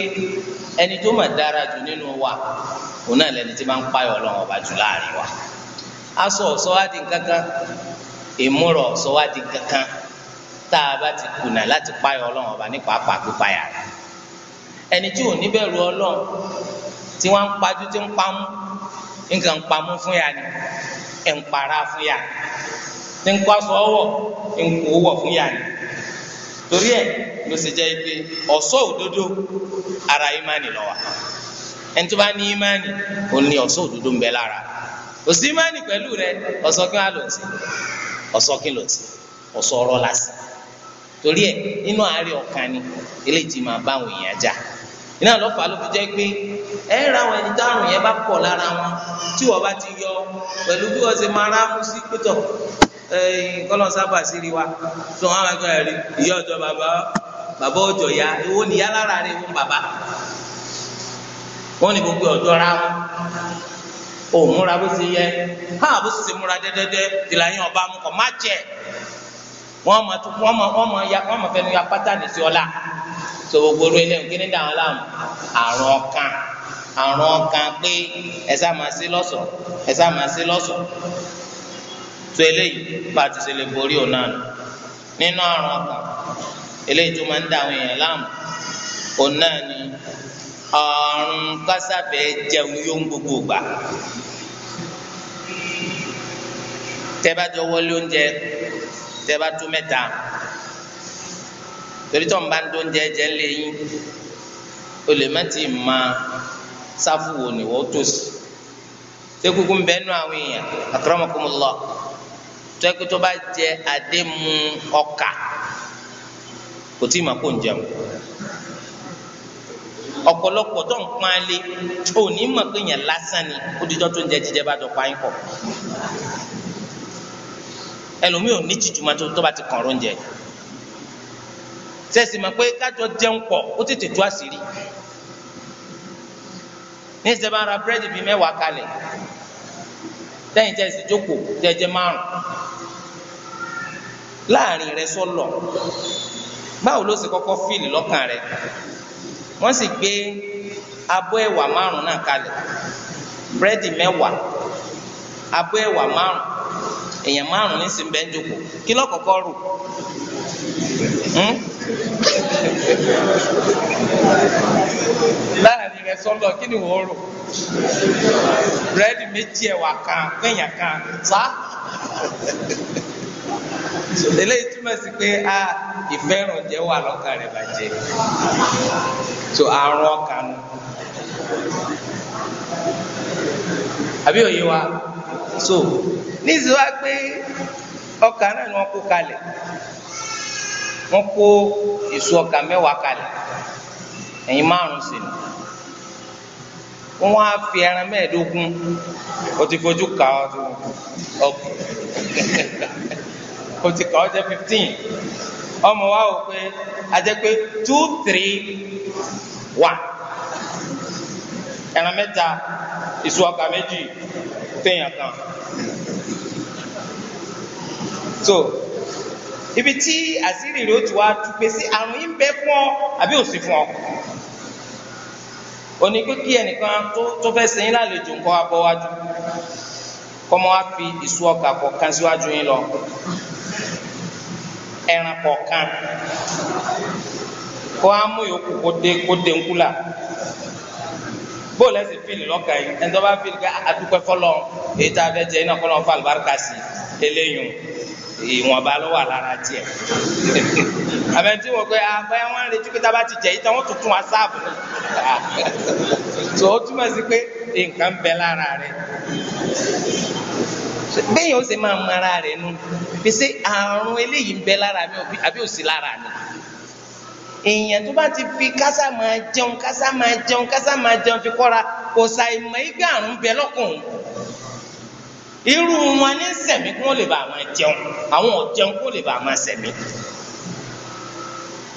ẹni tó mà dára jù nínú wa òun náà lẹni tí máa ń payọ̀ Ọlọ́run ọba jù láàrin wa aṣọ ọ̀sọ́wádì kankan ìmúrọ̀ ọ̀sọ́wádì kankan tá a bá ti kùnà láti payọ̀ Ọlọ́run ọba nípa apá pípayà rẹ̀ ẹni tí ò níbẹ̀rù Ọlọ́run tí wọ́n ń pajú tí ń pamú nǹkan ń pamú fún yà ni ẹ̀ ń para fún yà ni ń kó aṣọ ọwọ́ ń kó wọ̀ fún yà ni torí ẹ ló ṣe jẹ́ pé ọ̀ṣọ́ òdodo ara ìmánì ló wà ẹni tó bá ní ìmánì òun ni ọ̀ṣọ́ òdodo ń bẹ lára kò sí ìmánì pẹ̀lú rẹ ọ̀ṣọ́ kí wọ́n lò sí ọ̀ṣọ́ kí lò sí ọ̀ṣọ́ ọ̀rọ̀ lásán torí ẹ nínú àárẹ̀ ọkàn ni eléyìí máa bá àwọn èèyàn jà iná lọ́fà ló fi jẹ́ pé ẹ ra àwọn ẹni dárùn yẹn bá pọ̀ lára wọn tí wọ́n bá ti yọ pẹ̀lú bí wọ́n ṣe máa ráfún sí pétọ̀ kọlọ́n sábà sí rí wa tó wọn máa gbọ́dọ̀ rí ìyá ọjọ́ bàbá bàbá ọjọ́ ya ìwọ ni yálàrá rẹ fún bàbá wọn ni gbogbo ọjọ́ ra wọn ò múra bó ti yẹ ha bó sì ti múra dẹ́dẹ́dẹ́ ìlà yẹn ọba mu kọ̀ má jẹ wọn mọ wọn mọ wọn mọ ya wọn mọ fẹnu ya pátá nìsí ọlá tó gbogbo orí ẹlẹ́yìn kí ni dà wọn láàmú àrùn ọkàn àrùn ọkàn pé ẹ sá máa ṣe lọ́sọ̀ọ́ ẹ sá máa ṣe lọ́sọ̀ọ́ tó eléyìí bá a ti ṣe lè borí òun náà nínú àrùn ọkàn eléyìí tó máa ń dá àwọn èèyàn láàmú òun náà ni àrùn kásáfẹ́ jẹun yóò ń gbogbo gbà tẹ́bàjọ wọlé oúnjẹ tẹ́bà tó mẹ́ta torí tó ń bá ń dó oúnjẹ jẹ́ ń lé yín o lè má ti ma sáfù wò ni wọ́n tó sí ṣé kúkú ń bẹ́ẹ̀ nù àwọn èèyàn akramakumullah tọ́kí tó bá jẹ adé mu ọkà kò tí ì máa kó ń jẹun ọ̀pọ̀lọpọ̀ tó ń pọn alẹ́ ò ní mọ̀ pé yẹn lásán ni ó dijọ́ tó ń jẹ jíjẹ bá jọ pa yín pọ̀ ẹlòmíì ò ní tìjúmọ́ tó bá ti kàn oúnjẹ sẹ́sì mọ̀ pé kájọ jẹun pọ̀ ó tètè tú àṣírí ní ìsẹ́bàára búrẹ́dì bíi mẹ́wàá kalẹ̀ lẹ́yìn tẹ́ sì jókòó jẹjẹ ẹ jẹ́ márùn láàrin rẹ sọlọ báwo ló sì kọ́kọ́ fíìlì lọ́kàn rẹ wọ́n sì gbé abọ́ ẹ̀wà márùn náà kalẹ̀ búrẹ́dì mẹ́wàá abọ́ ẹ̀wà márùn èèyàn márùn nísìn bẹ́ẹ̀ ń jókòó kí lọ́kọ̀ọ́kọ́ rò hmm? láàrin rẹ sọlọ kí ni wọ́n rò búrẹ́dì méjì ẹwà kan péyàn kan sá eléyìí túmọ̀ sí pé a ìfẹ́ràn jẹ́ wà lọ́kàn rẹ̀ bàjẹ́ tó àrùn ọkàn nù àbí òye wa. so níṣẹ́ wá pé ọkà náà ni wọ́n kó kalẹ̀ wọ́n kó èso ọkà mẹ́wàá kalẹ̀ ẹ̀yin márùn-ún sí ni wọ́n á fi ẹran mẹ́ẹ̀ẹ́dógún o ti fojú kà ọ́ tó ọkọ o ti kà ọ́ jẹ́ fifteen ọmọ wa wò pé a jẹ́ pé two three one ẹran mẹ́ta èso ọkà méjì téèyàn kan so ibi tí àṣírí rẹ ó ti wá dúpẹ́ sí àrùn yìí ń bẹ fún ọ àbí ò sí fún ọ òní kíkí ẹnìkan tó fẹ́ sẹ́yìn lálejò nǹkan abọ́wájú kọ́mọ wa fi ìṣù ọkà kọ̀ọ̀kan síwájú yín lọ ẹran kọ̀ọ̀kan kó a mú yòókù kó dé kó dé ńkú là bóòlù ẹsẹ fíìlì lọkàn yìí ẹni tó bá fíìlì ká adúpẹ́ ah, fọlọ èyí tá a fẹ́ jẹ iná kọlọ fún alùbáríkà sí eléyìn ìwọ̀nba ló wà lára tiẹ̀ àbẹ tí wọn pé abẹ́yẹ ah, wọn retí pé tábà ti jẹ yìí táwọn tuntun wá sáàbù tó o túmọ̀ sí pé nǹkan bẹ lára rẹ bẹ́ẹ̀ o sì máa mọ ara rẹ nu fi ṣe àrùn eléyìí ń bẹ lára mi àbí òsì lára mi èèyàn tó bá ti fi kásá máa jẹun kásá máa jẹun kásá máa jẹun fi kọ́ra kò sa ìmọ̀ igbe àrùn bẹ lọ́kùn irú wọn ní sẹ̀mí kí wọ́n lè bá àwọn jẹun àwọn ọ̀jẹun kó lè bá àwọn sẹ̀mí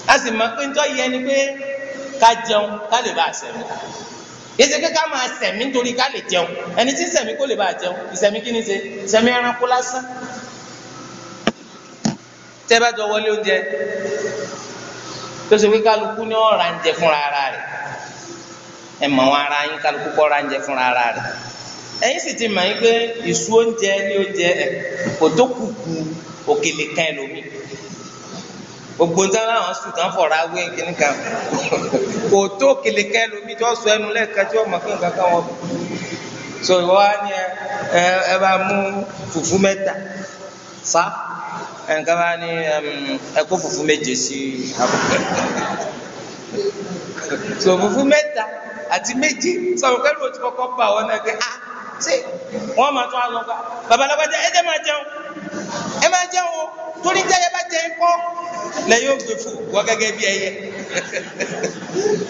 a sì mọ̀ pé ń tọ́ yẹ ni pé ká jẹun ká lè bá sẹ̀mí yẹsẹ kí ká máa sẹ̀mí nítorí ká lè jẹun ẹni tí sẹ̀mí kó lè bá jẹun ìsẹ̀mí kí ni ṣe ìsẹ̀mí ẹranko lásán tẹ́ bá jọ wọlé oúnjẹ tó ṣe pé kálukú ní ọ̀rá ń jẹ fúnra ara rẹ̀ ẹ mọ̀ wọn ara yín kálukú kọ́ ọ̀rá ń jẹ fúnra ara rẹ̀ ẹ̀yin sì ti mọ̀ yín pé ìṣú oúnjẹ ní oúnjẹ ẹ̀ kò tó kùkù òkèlè kan ẹlòmíì gbogbo ń tán láwọn sùn tán fọ̀rọ̀ awé kìíní kan kò tó òkèlè kan ẹlòmíì tí wọ́n sọ ẹnu lẹ́ẹ̀kan tí wọ́n mọ̀ pé nǹkan kan wọ́n bù so ìwọ́n á ní ẹ ẹ bá mú fùfú mẹ́ta sá. So, ẹnìkan bá ní um, ẹkọ fùfú méje sí àbùkù so fùfú mẹ́ta àti méje sọ̀rọ̀ o òtún kọ́kọ́ bá wọn náà kẹ́ ah ṣé wọ́n máa tún àlọ́ gbà babalábá jẹ́ ẹ̀jẹ̀ máa jẹun ẹ máa jẹun o torí jẹ́yẹ bá jẹ kọ́ lẹ́yìn ògbè fò wọ́n gẹ́gẹ́ bí ẹyẹ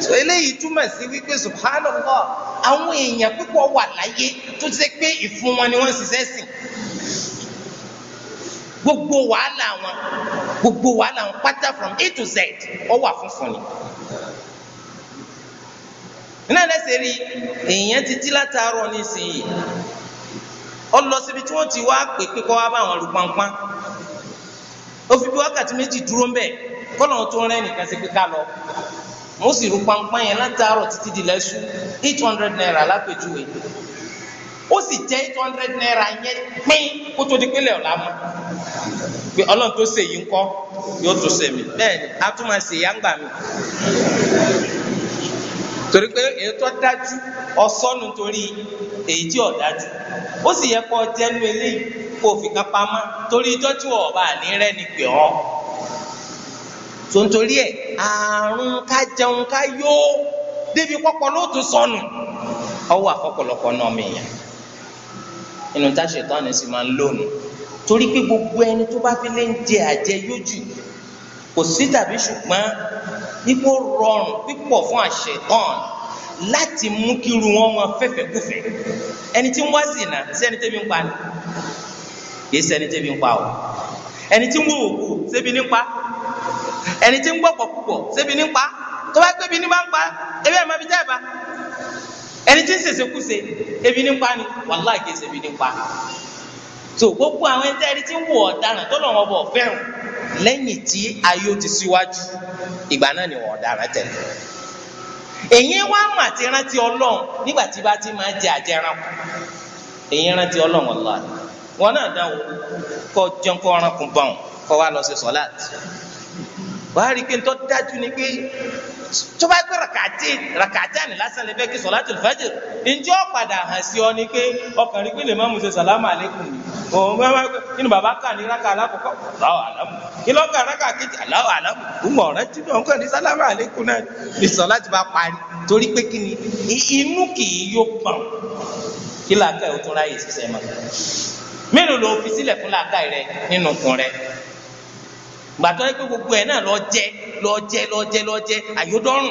so eléyìí túmọ̀ sí wípé subhanallah àwọn èèyàn púpọ̀ wà láyé tó ṣe pé ìfún wọn ni wọ́n ṣiṣẹ́ sìn gbogbo wàhálà wọn gbogbo wàhálà wọn pátá from A to Z ọ wà funfun ni nínú ẹlẹ́sẹ̀ rí èèyàn ti dí látàárọ̀ nísìnyí ọ lọ síbi tí wọ́n ti wá pè pé kọ́ wá bá àwọn olùpọ̀npọ̀n ó fi bí wákàtí méjì dúró mbẹ kọ́nà tó rẹ́ nìkan sí kíkà lọ mo sì rú pọnpọ́n yẹn látàárọ̀ títí di lẹ́sùn eight hundred naira lápèjúwe ó sì jẹ́ eight naira yẹn pín kó tó di pínlẹ̀ ọ̀la mu pé ọlọ́run tó ṣe yìí ń kọ́ yóò tó ṣe mí bẹ́ẹ̀ ni a tún máa ṣe ìyá ń gbà mí torí pé èyí tó dájú ọsọ́nu torí èyí tí ò dájú ó sì yẹ kó jẹ́nu eléyìí kó fi kan pamọ́ torí ijọ́ tí inú tá ṣètọ́ni sì máa ń lónìí torí pé gbogbo ẹni tó bá fi lè ń jẹ àjẹyójú kò sí tàbí ṣùgbọ́n nípò rọrùn pípọ̀ fún àṣetán láti mú kí irú wọn máa fẹ́fẹ́ kúfẹ́ ẹni tí ń wá sí iná sẹ́ni tẹ́bi ń pa ni kì í sẹ́ni tẹ́bi ń pa o ẹni tí ń wò òkú sẹ́bi ní pa ẹni tí ń gbọ́ pọ̀ púpọ̀ sẹ́bi ní pa tó bá gbẹ́bi ní bá ń pa ẹbí ẹ̀ máa fi jẹ́ ẹ̀ bá ẹni tí ń sèse kúse ebi ní pa ni wàláì kì í ṣe ní pa so gbogbo àwọn ẹni tí ẹni tí ń wò ọ̀daràn tó lọ́wọ́ bọ̀ fẹ́ràn lẹ́yìn tí ayé ti síwájú ìgbà náà ni wọ́n ọ̀daràn tẹ̀lé èyí wá mà ti rántí ọlọ́run nígbà tí bá ti máa jẹ àjẹrán èyí rántí ọlọ́run ọ̀la wọn náà dáwọ́ kọ́ jẹun kọ́ ọ̀ràn kún bọ́ọ̀n kọ́ wa lọ sí sọ́láàtì wàá rí i pé ntọ́ dájú ni pé tó bá gbé rakàtí rakàtí àní lásán lè fẹ́ kí sọ̀lá tòlù fẹ́jì ǹjẹ́ ó padà hàn sí ọ ni pé ọkàn rí pé lè má mu ṣe sàlámù àlékún òun bá wáyé kí ni bàbá kà ní rákà alákọ̀ọ́kọ́ Allahu àlámù kí ló kà rákà kejì Allahu àlámù ìmọ̀ ọ̀rẹ́ tí wọn kàn ní sàlámù àlékún náà ní sọ̀lá ti bá parí torí pé kí ni inú kì í yó pọ̀n kí làákà ẹ̀ ó tún ráyè ṣiṣẹ́ mọ́ mélòó ló fi sílẹ̀ gbàtọ́ yẹ pé gbogbo ẹ̀ náà lọ jẹ lọ jẹ lọ jẹ lọ jẹ àyọdọ́rùn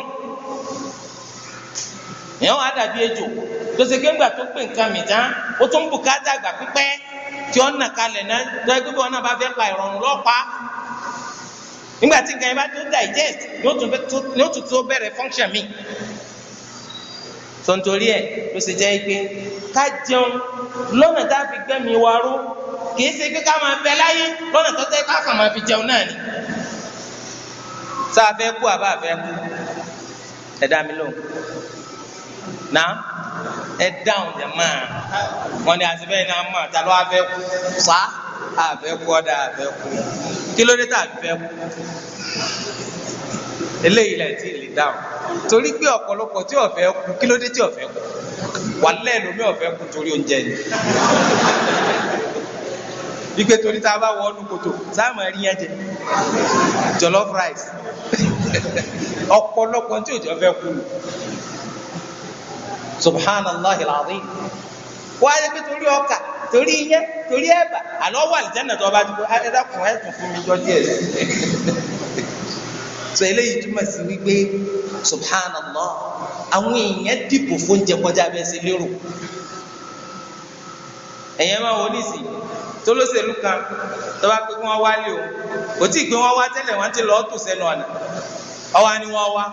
èèyàn wà ejò tó kéńgbà tó pè nǹkan mì tán ó tún bùkátà àgbà pípẹ́ tí ó nà kalẹ̀ náà tó yẹ pé bí wọn náà bá fẹ́ pa ìrọ̀rùn lọ́pàá nígbà tí nǹkan yẹn bá tó digest ni ó tún tó bẹ̀rẹ̀ function mi ẹ̀ jẹ́ ká jẹun lọ́nà tá a kì í ṣe pé ká máa bẹ láyé lọ́nà tó tẹ́ ká kàn máa fi jẹun náà ni. sá a fẹ́ kú àbá a fẹ́ kú ẹ dá mi lóhùn náà ẹ dáhùn jẹ máa wọn ni àti bẹ́ẹ̀ ni a máa ta ló wá fẹ́ kú sá a fẹ́ kú ọ̀dà a fẹ́ kú kí ló dé tá a fẹ́ kú eléyìí la ti lè dáhùn torí pé ọ̀pọ̀lọpọ̀ tí ó fẹ́ kú kí ló dé tí ó fẹ́ kú wàlẹ́ lómi ó kú torí oúnjẹ ni wípé torí tá a bá wọ ọdún kòtò sáàmù ẹ̀rí yẹn jẹ jollof rice ọ̀pọ̀lọpọ̀ tí òjò fẹ́ kú subhanallah alazim wọ́n á yẹ pé torí ọkà torí iyẹ torí ẹ̀bà àlọ́ wà lìjánà tó ọba ti kú ẹ dákun ẹ tún fún mi jọ díẹ̀ sọ eléyìí túmọ̀ sí wípé subhanallah àwọn èèyàn dìbò fóúnjẹ kọjá bẹ́ẹ̀ sí lérò ẹ̀yẹ́ máa wò nísì tó lóṣèlú kan tó bá pé kí wọ́n wálé o kò tí ì pé wọ́n wá tẹ́lẹ̀ wọ́n ti lọ́ọ́ tò sẹ́nu ọ̀nà ọwọ́ ni wọ́n wá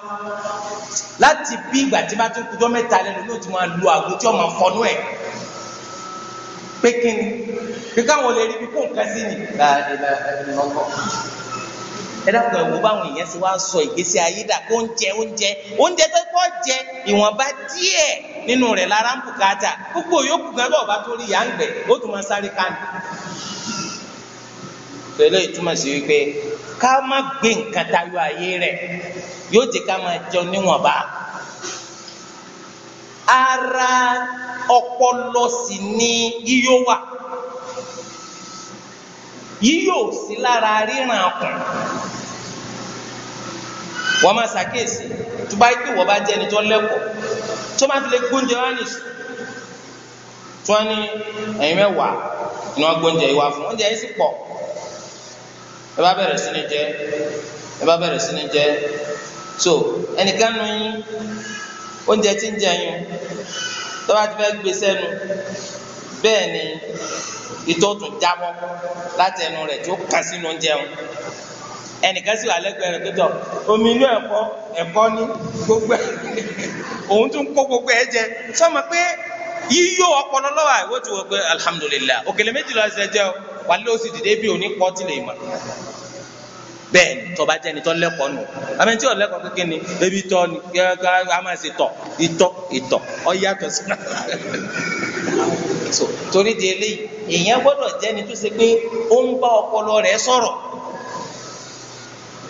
láti bí ìgbà tí bá tún kú mẹ́ta lẹ́nu ló ti máa lu àgbo tí ọmọ fọnú ẹ̀ pé kíni pé káwọn lè rí bí kó nǹkan sí ni. ẹ dàpọ̀ ẹ̀wọ́ báwọn èèyàn ti wá sọ ìgbésí ayé dà kó oúnjẹ oúnjẹ oúnjẹ tó kọ́ jẹ ìwọ̀nba díẹ̀ nínú rẹ̀ lára ń bùkátà gan bọ̀ bá tó rí ìyá ń ó tún máa sáré pẹ̀lú ìtumọ̀ sí wípé ká má gbé nǹkan tayọ ayé rẹ̀ yóò jẹ́ ká máa níwọ̀nba ara ọpọlọ sì ni wà sí lára ríran wọ́n máa ṣàkíyèsí tó bá yẹ wọ́n bá jẹ́ ẹni tó lẹ́kọ̀ọ́ tó máa fi lè gbóúnjẹ wá nìṣó tó wá ní ẹ̀yìn mẹ́wàá ni wọ́n gbóúnjẹ yìí fún oúnjẹ yìí sì pọ̀ ẹ bá bẹ̀rẹ̀ sí ni jẹ ẹ bá bẹ̀rẹ̀ sí ni jẹ so ẹnìkan nu yín oúnjẹ tí ń jẹ yín tó bá ti fẹ́ gbé sẹ́nu bẹ́ẹ̀ ni ìtọ́ tún jábọ́ láti ẹnu rẹ̀ tí kà sínú oúnjẹ wọn ẹnìkan sì wà lẹ́gbẹ̀ẹ́ rẹ̀ pẹtọ omi inú ẹ̀kọ́ ẹ̀kọ́ ní gbogbo ẹ òun tún kó gbogbo ẹ jẹ sọma pé yíyó ọpọlọ lọ́wọ́ àìwọ ti wọ pé alihamudulilayi òkèlè méjì lọ ṣe jẹ wà lé oṣù dìde bí òní pọ tilẹ̀ ìmọ̀ bẹ́ẹ̀ ni tọba jẹ ni tọ lẹkọọ nù àmì tí o lẹkọọ kékeré ni ebi tọ ni gẹ́gẹ́ a máa ṣe tọ ìtọ̀ ìtọ̀ ọyàtọ̀ sí i torí di eléyìí èèyàn gbọ́dọ̀ jẹ ni tó ṣe pé ó ń bá ọpọlọ rẹ̀ sọ̀rọ̀.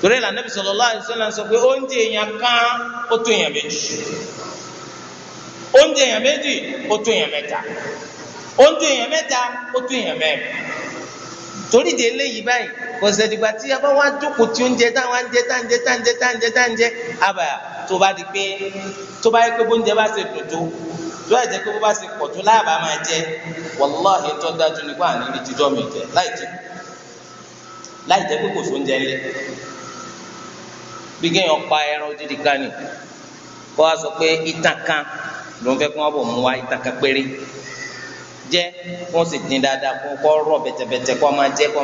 torí ẹ̀ lànà bisalòlá àdìsọ́lá sọ pé oúnjẹ èèyàn kan ó tó èèyàn méjì oúnjẹ èèyàn méjì ó tó èèyàn mẹ́ta oúnjẹ èèyàn mẹ́ta ó tó èèyàn mẹ́rin torí de eléyìí báyìí tí a wá jókòó tí oúnjẹ táwọn á ń jẹ tá ń jẹ tá ń jẹ tá ń jẹ tá ń jẹ àbà tó bá di pé tó bá yẹ pé bóúnjẹ bá ṣe dòdò tó yà bí pa ẹran odidi kan ni kó pé kan ló ń fẹ́ bò mú wa péré jẹ́ wọ́n sì dín dáadáa kó kọ́ rọ̀ bẹ̀tẹ̀bẹ̀tẹ̀ kó máa jẹ́ kó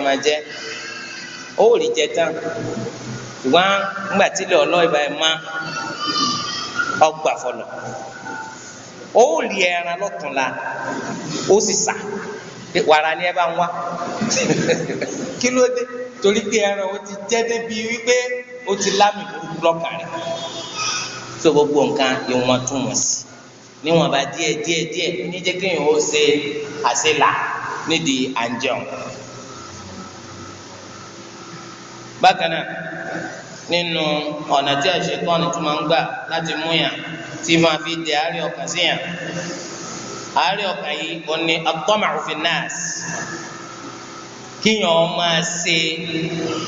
ó jẹ tán ṣùgbọ́n nígbà tí ilé ọlọ́ ìbá ẹ̀ má ọgbà fọlọ̀ ó ẹran torí pé ẹran o ti jẹ́ débi wípé o ti lámì burúkú lọ́kàn rẹ̀ tó gbogbo nǹkan ìwọ̀ntúnwọ̀nsì níwọ̀n bá díẹ̀ díẹ̀ díẹ̀ ní jẹ́ kéèyàn ó ṣe àṣelà nídìí à ń jẹun. bákan náà nínú ọ̀nà tí àṣetọ́ni tún máa ń gbà láti mú yàn tí máa fi dé àárẹ̀ ọkàn sí yàn àárẹ̀ ọkàn yìí ó ní atọ́màrúfin náà kíyàn máa ṣe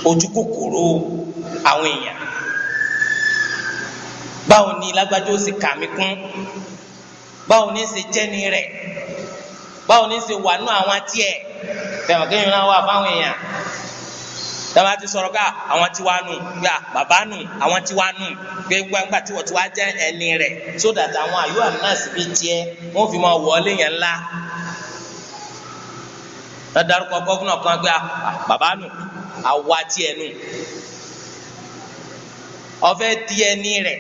ojú kòkòrò àwọn èèyàn báwo ni lágbájá ó sì kà mí kún báwo ni ṣe jẹ́ni rẹ̀ báwo ni ṣe wà nù àwọn àti ẹ̀ fẹ̀mọ̀ kéèyàn náà wà fáwọn èèyàn tẹ́lá ti sọ̀rọ̀ ká àwọn tiwa nù gbà bàbá nù àwọn tiwa nù gbẹgbàgbà tí wọ́n ti wá jẹ́ ẹni rẹ̀ sódà táwọn àyùwà náà sì fi tiẹ̀ wọ́n fi máa wọlé yẹn ńlá ẹ dárúkọ gọvnọ kan gbé ah, ah, bàbá nù àwa tiẹ̀ nù ọfẹ tiẹ̀ ní rẹ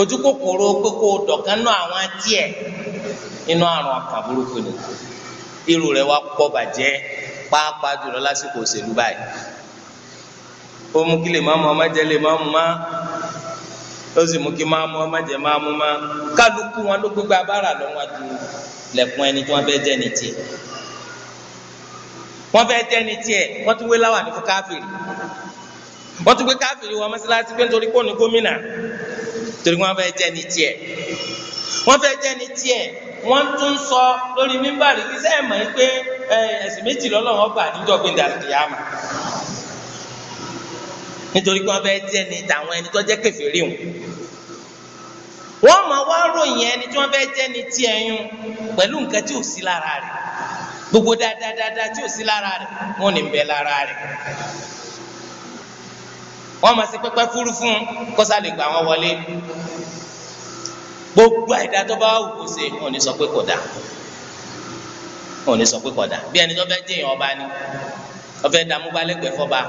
ojú kòkòrò kókó dọkan náà àwọn tiẹ̀ inú àrùn ọkàn burúkú ni irú rẹ̀ wá pọ̀ bàjẹ́ pàápàá jùlọ lásìkò òṣèlú báyìí ó mú kí lè má mú ọmọ jẹ lè má mú má ó sì mú kí má mú ọmọ jẹ má mú má kálukú wọn ló gbégbá bára lọ wájú lẹ̀kùn ẹni tí wọ́n fẹ́ẹ̀ jẹ ní tiẹ̀ wọ́n fẹ́ẹ́ tẹni tiẹ̀ wọ́n tún wé láwà ní fún káfíìrì wọ́n tún gbé káfíìrì pé nítorí ní gómìnà torí wọ́n fẹ́ẹ́ tẹni tiẹ̀ wọ́n wọ́n tún sọ lórí mímbàrí kí sẹ́ẹ̀ mọ̀ pé ẹ̀sìn méjì gbà nítorí wọ́n tàwọn ẹni tó wọ́n wá ròyìn ẹni tí gbogbo dáadáa tí ò sí lára rẹ̀ wọ́n ní ń bẹ lára rẹ̀ wọ́n máa ṣe pẹ́pẹ́ fúru fún kọsá lè gbà wọn wọlé gbogbo àìdá tó bá wù kó ṣe wọ́n ní sọ pé kò dá wọ́n ní sọ pé kò dá bí ẹni tó fẹ́ jẹyàn ọba ni wọ́n fẹ́ dààmú balẹ̀gbẹ́ fọba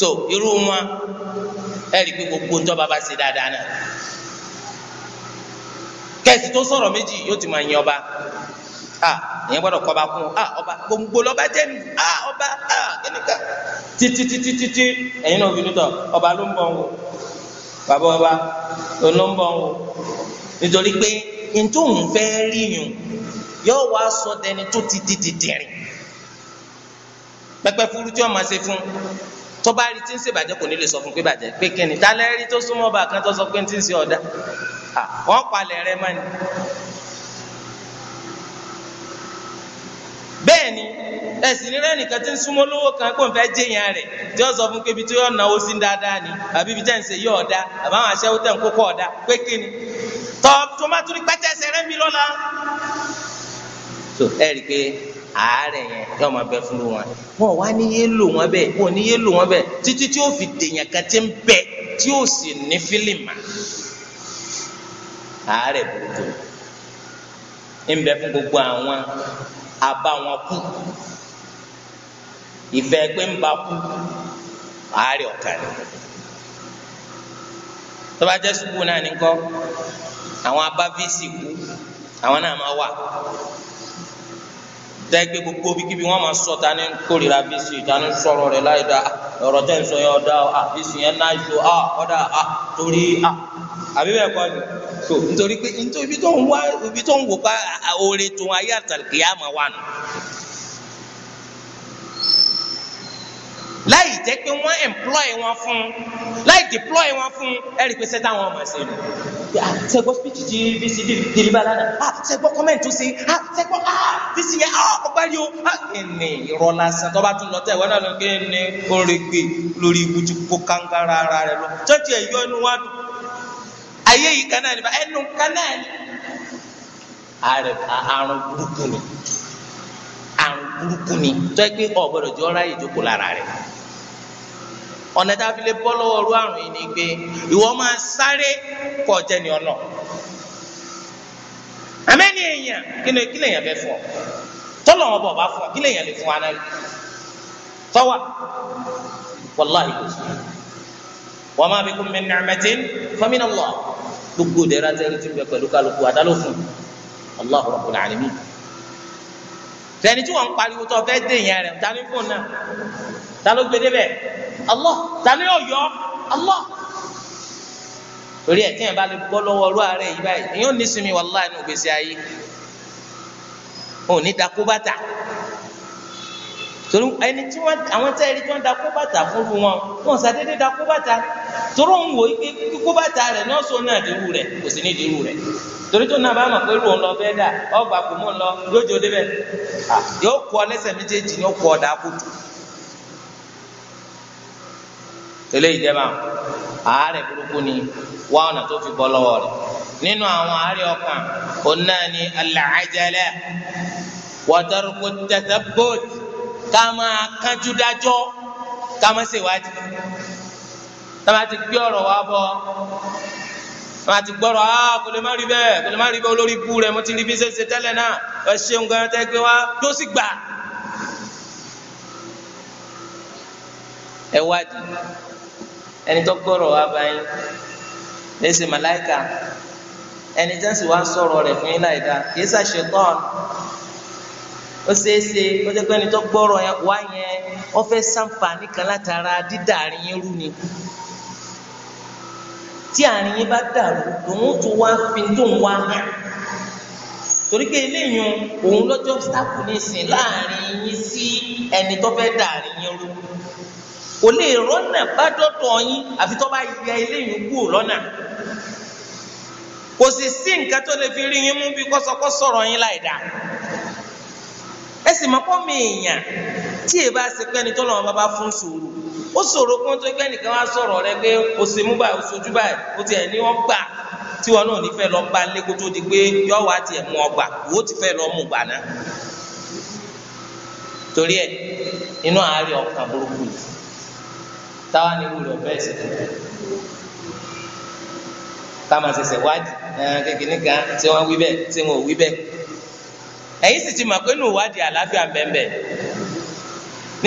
so irú wọn ẹ rí i pé gbogbo ńjọba bá ṣe dáadáa náà kẹsì tó sọ̀rọ̀ méjì yóò ti máa yin ọba Ah, ìyẹn gbọ́dọ̀ kọba kún Ah, a ọba gbogbo lọba jẹ mi ah, ọba a ah, kíníkà títítítítí ẹ̀yin náà obìnrin tọ ọba ló ń bọ̀ wò bàbá ọba ló ń bọ̀ wò nítorí pé ntòun fẹ́ rí yùn yóò wá sọ dẹni tó ti di dìdìrín pẹpẹ fúru tí wọn máa ṣe fún tó bá rí tí ń ṣe bàjẹ́ kò ní lè sọ fún pé bàjẹ́ pé kíni tálẹ́ rí tó súnmọ́ ọba kan tó sọ pé ń ti ń ṣe ọ̀dà ah, wọ́n palẹ̀ rẹ mọ́ni. bẹ́ẹ̀ ni ẹ̀sìn rírẹ́ nìkan tí ń súnmọ́ lówó kan kó n fẹ́ jẹyàn rẹ̀ tí ó sọ fún pé ibi tí yóò náwó sí dáadáa ni àbí ibi tẹ̀ ń ṣe yóò ọ̀dà àbáwọn aṣẹ́wó tẹ̀ ń kókó ọ̀dà pé kí ni tọ́ tomatiri pẹ́tẹ́ ẹsẹ̀ rẹ̀ ń bi lọ́la. so ẹ rí i pé àárẹ̀ yẹn yóò máa bẹ fún wọn wọn wá ní yé lò wọn bẹ́ẹ̀ wọn ní yé lò wọn bẹ́ẹ̀ títí tí ó fi dèèyàn kan ti ń bẹ tí ó sì ní fílìmà àárẹ̀ burúkú a wọn kú ìfẹ́ pé ń ba kú àárẹ̀ ọ̀kan rẹ̀ tó bá náà ní kọ́ àwọn abáfíìsì kú àwọn náà máa wà dẹ́gbẹ́ gbogbo bíkíbi wọ́n máa sọ ta ní kórìíra bíìsì ya sọ̀rọ̀ rẹ̀ láì dá ọ̀rọ̀ tẹ̀ ń sọ ọ̀dà yẹn náà torí àbí bẹ́ẹ̀ so nítorí pé ibi tó ń wá ibi tó ń wò pa oore tó ayé àtàlùkìyà máa wà nù. láì jẹ́ pé wọ́n employ wọn fún láì deploy wọn fún ẹ̀rí pé sẹ́tà wọn máa ṣe nù. sẹ́gbọ́ speech di bc deliver lánàá sẹ́gbọ́ comment tó ṣe sẹ́gbọ́ bc yẹn ọgbà ni o. ẹnì irọ́ lásán tó bá tún lọ tẹ̀ wọ́n náà lọ kí ẹnì orin gbé lórí ibu tí kò kángára ara rẹ lọ. jọ́jì ẹ̀yọ́ inú wa dùn ayé yìí kan náà ni ẹnu kan náà ni àrùn burúkú ni àrùn burúkú ni tó ẹ pé ọ̀gbọ́dọ̀ jọ ọ́ra ìjókòó lára rẹ̀ ọ̀nà tá a fi lè bọ́ lọ́wọ́ ọ̀rú àrùn yìí ni pé ìwọ máa sáré jẹ́ ni ọ̀nà àmẹ́ni èèyàn kí ni kí lèèyàn fẹ́ fún ọ tọ́lọ̀ wọn bọ̀ bá fún ọ wa ma bikum min ni'matin famin Allah gbogbo dẹ̀ra tẹ́lẹ̀ ti bẹ pẹ̀lú kálukú àdálófin Allahu rabbul alamin. tẹni tí wọn ń pariwo tó fẹ́ dé yẹn rẹ̀ ta ni fún náà ta ló gbé débẹ̀ Allah ta ni Allah. torí ẹ̀ tíyẹn bá lè bọ́ lọ́wọ́ ọlọ́ ààrẹ yìí báyìí ìyóò ní sinmi wàláhì nù gbèsè ayé òní dakó bàtà torí ẹni tí wọn àwọn tẹ́ ẹni tí wọn da kó bàtà fúnru wọn wọn sàdédé da kó bàtà wò bàtà rẹ ní ọ̀sán náà rẹ kò sí ní rẹ torí tó náà bá mọ̀ pé lọ bẹ́ẹ̀ dà ọgbà kò mọ̀ lọ débẹ̀ yóò kọ́ lẹ́sẹ̀ méjèèjì kọ́ ọ̀dà kùtù eléyìí àárẹ̀ burúkú ni wá ọ̀nà tó fi bọ́ lọ́wọ́ nínú àwọn àárẹ̀ ọkàn òun náà ni ká máa kánjú dájọ́ ká máa ṣèwádìí tábà ti gbé ọ̀rọ̀ wá bọ wọn àti gbọ́rọ̀ a ah, kò lè má rí bẹ́ẹ̀ kò lè má rí bẹ́ẹ̀ olórí ibu rẹ̀ mo ti rí bí ṣe ṣe tẹ́lẹ̀ náà ẹ ṣeun gan tẹ́ gbé wá tó sì gbà. ẹ wádìí ẹni tó gbọ́rọ̀ wá báyìí léṣe màláìka ẹni tẹ́ wá sọ̀rọ̀ rẹ̀ fún yín láìda kìí ṣàṣetán ó ṣeéṣe ó jẹ́ pé ẹni tó gbọ́rọ̀ wá yẹn ó fẹ́ sàǹfààní kan látara dídà àárín yín rú ni tí àárín yín bá dàrú lòun tó wá fi tóun wá hàn torí pé eléyìí òun lọ́jọ́ sáàpù nísìn láàrin yín sí ẹni tó fẹ́ dà àárín yín rú kò lè rọ́nà bá dọ́tọ̀ yín àfi tó bá yẹ eléyìí kú lọ́nà kò sì sí nǹkan tó lè fi rí yín mú bí kọ́sọ́kọ́ sọ̀rọ̀ yín láì dáa ẹ sì mọ kọ́mi èèyàn tí èèbá ṣe pé ẹni tọ́lọ́ wọn bá fún sòrò ó sòrò kó tó pé ẹnìkan wá sọ̀rọ̀ rẹ pé o sì mú báyìí o sojú báyìí o tiẹ̀ ní wọ́n gbà tí wọn náà nífẹ̀ẹ́ lọ bá lé kó tó di pé yọ wá tiẹ̀ mú ọgbà wo ti fẹ́ lọ mú gbà náà torí ẹ inú àárẹ̀ ọkàn burúkú yìí táwa ní irú rẹ bẹ́ẹ̀ sì ká máa ṣẹ̀ṣẹ̀ wádìí kékeré kan tí wọ́n wí bẹ́ẹ̀ tí wọ́n wí bẹ́ẹ̀. ẹ̀yin sì ti mọ̀ pé nù àlàáfíà bẹ́ẹ̀ ní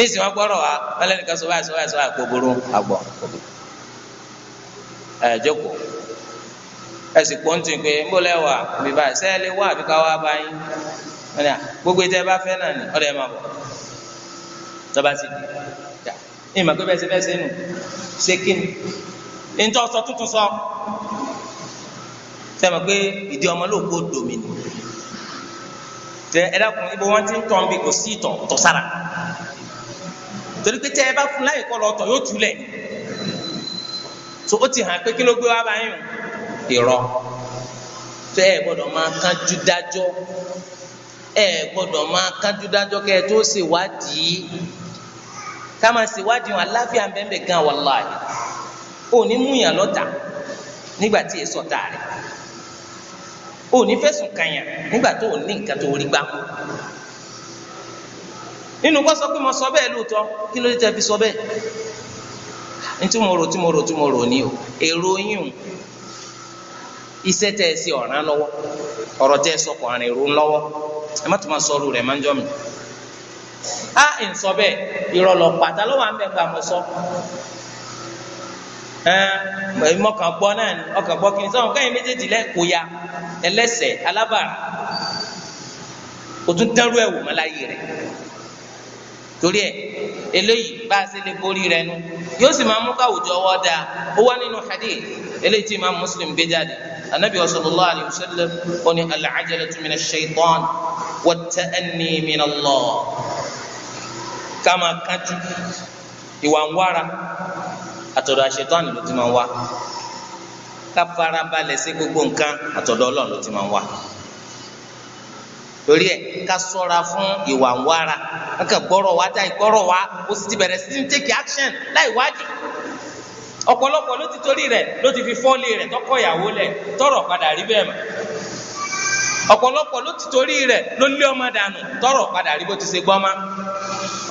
ìsìn wọn gbọ́rọ̀ wa wọn lẹ́nu kan sọ báyìí sọ báyìí sọ báyìí gbogbooro àgbọ̀ ẹ̀ jókòó ẹ̀ sì pọ́n tì pé ńbọ̀ lẹ́wà bí báyìí sẹ́ẹ̀lì wà báyìí gbogbo ìtẹ́ bá fẹ́ náà ni ọ̀dọ̀ ẹ̀ máa bọ̀ tọ́ba sì di ya ní ìmọ̀ pé bẹ́ẹ̀ ṣe bẹ́ẹ̀ ṣe ṣé kí ni ntọ́ sọ tuntun sọ pé ìdí ọmọ dòmìnì tẹ ẹ dákun ibo wọn ti ń tọ̀ nbí kò sí ìtọ̀ tọ̀ sára torí pé tẹ ẹ bá fún láyè kọ́ lọ tọ̀ yóò túlẹ̀ so ó ti hàn pé kí ló gbé wá báyìí irọ́ tẹ ẹ gbọ́dọ̀ máa kánjú dájọ́ ẹ gbọ́dọ̀ máa kánjú dájọ́ kẹ ẹ tó ṣèwádìí ká máa ṣèwádìí wọn aláfíà ń bẹ́ẹ̀ bẹ́ẹ̀ gan wàláhì ò ní mú yàn lọ́tà nígbà tí èso tà rẹ̀ o ní fẹ̀sùn kànyà nígbà tó o ní nǹkan tó o rí gbà nínú kó sọ pé mo sọ bẹ́ẹ̀ lóòótọ́ kí ló dé fi sọ bẹ́ẹ̀ ntí mo rò tí mo rò tí mo rò ní o èrò yín o iṣẹ́ tẹ́ ẹ sí ọ̀ràn lọ́wọ́ ọ̀rọ̀ tẹ́ ẹ sọ àrùn èrò lọ́wọ́ ẹ mi a ń sọ bẹ́ẹ̀ ń mo sọ ẹ mọkàn gbọ́ náà ni ọkàn gbọ́ kí n sọ ọkàn yẹn méjèèjì lẹ kó ya ẹlẹ́ṣẹ̀ alábàárà o tún dẹrù ẹ wò mọláyé rẹ torí ẹ eléyìí bá a ṣe lè borí rẹ nu yóò sì máa mú káwùjọ ọwọ́ da ó wá nínú hadith eléyìí tí Imam Muslim gbé jáde anabi sallallahu alayhi wa sallam ó ní al-ajalatu mina shaytan wat kájú ìwà ń wára. àtọ̀dọ̀ àṣetán ló ti máa wá ká farabalẹ̀ sí gbogbo nǹkan atọ̀dọ̀ ọlọ́run ló ti máa wá torí ẹ ká ṣọ́ra fún ìwà ń wára ká gbọ́rọ̀ wá dá ìgbọ́rọ̀ wá ó sì ti bẹ̀rẹ̀ sí ní take action láì wádìí ọ̀pọ̀lọpọ̀ ló ti torí rẹ̀ ló ti fi fọ́ọ̀lì rẹ̀ tọkọ ìyàwó lẹ̀ tọrọ padà rí bẹ́ẹ̀ mọ́. ọ̀pọ̀lọpọ̀ ló ti torí rẹ̀ ló lé ọmọ dànù tọrọ padà rí bó ti ṣe gbọ́mọ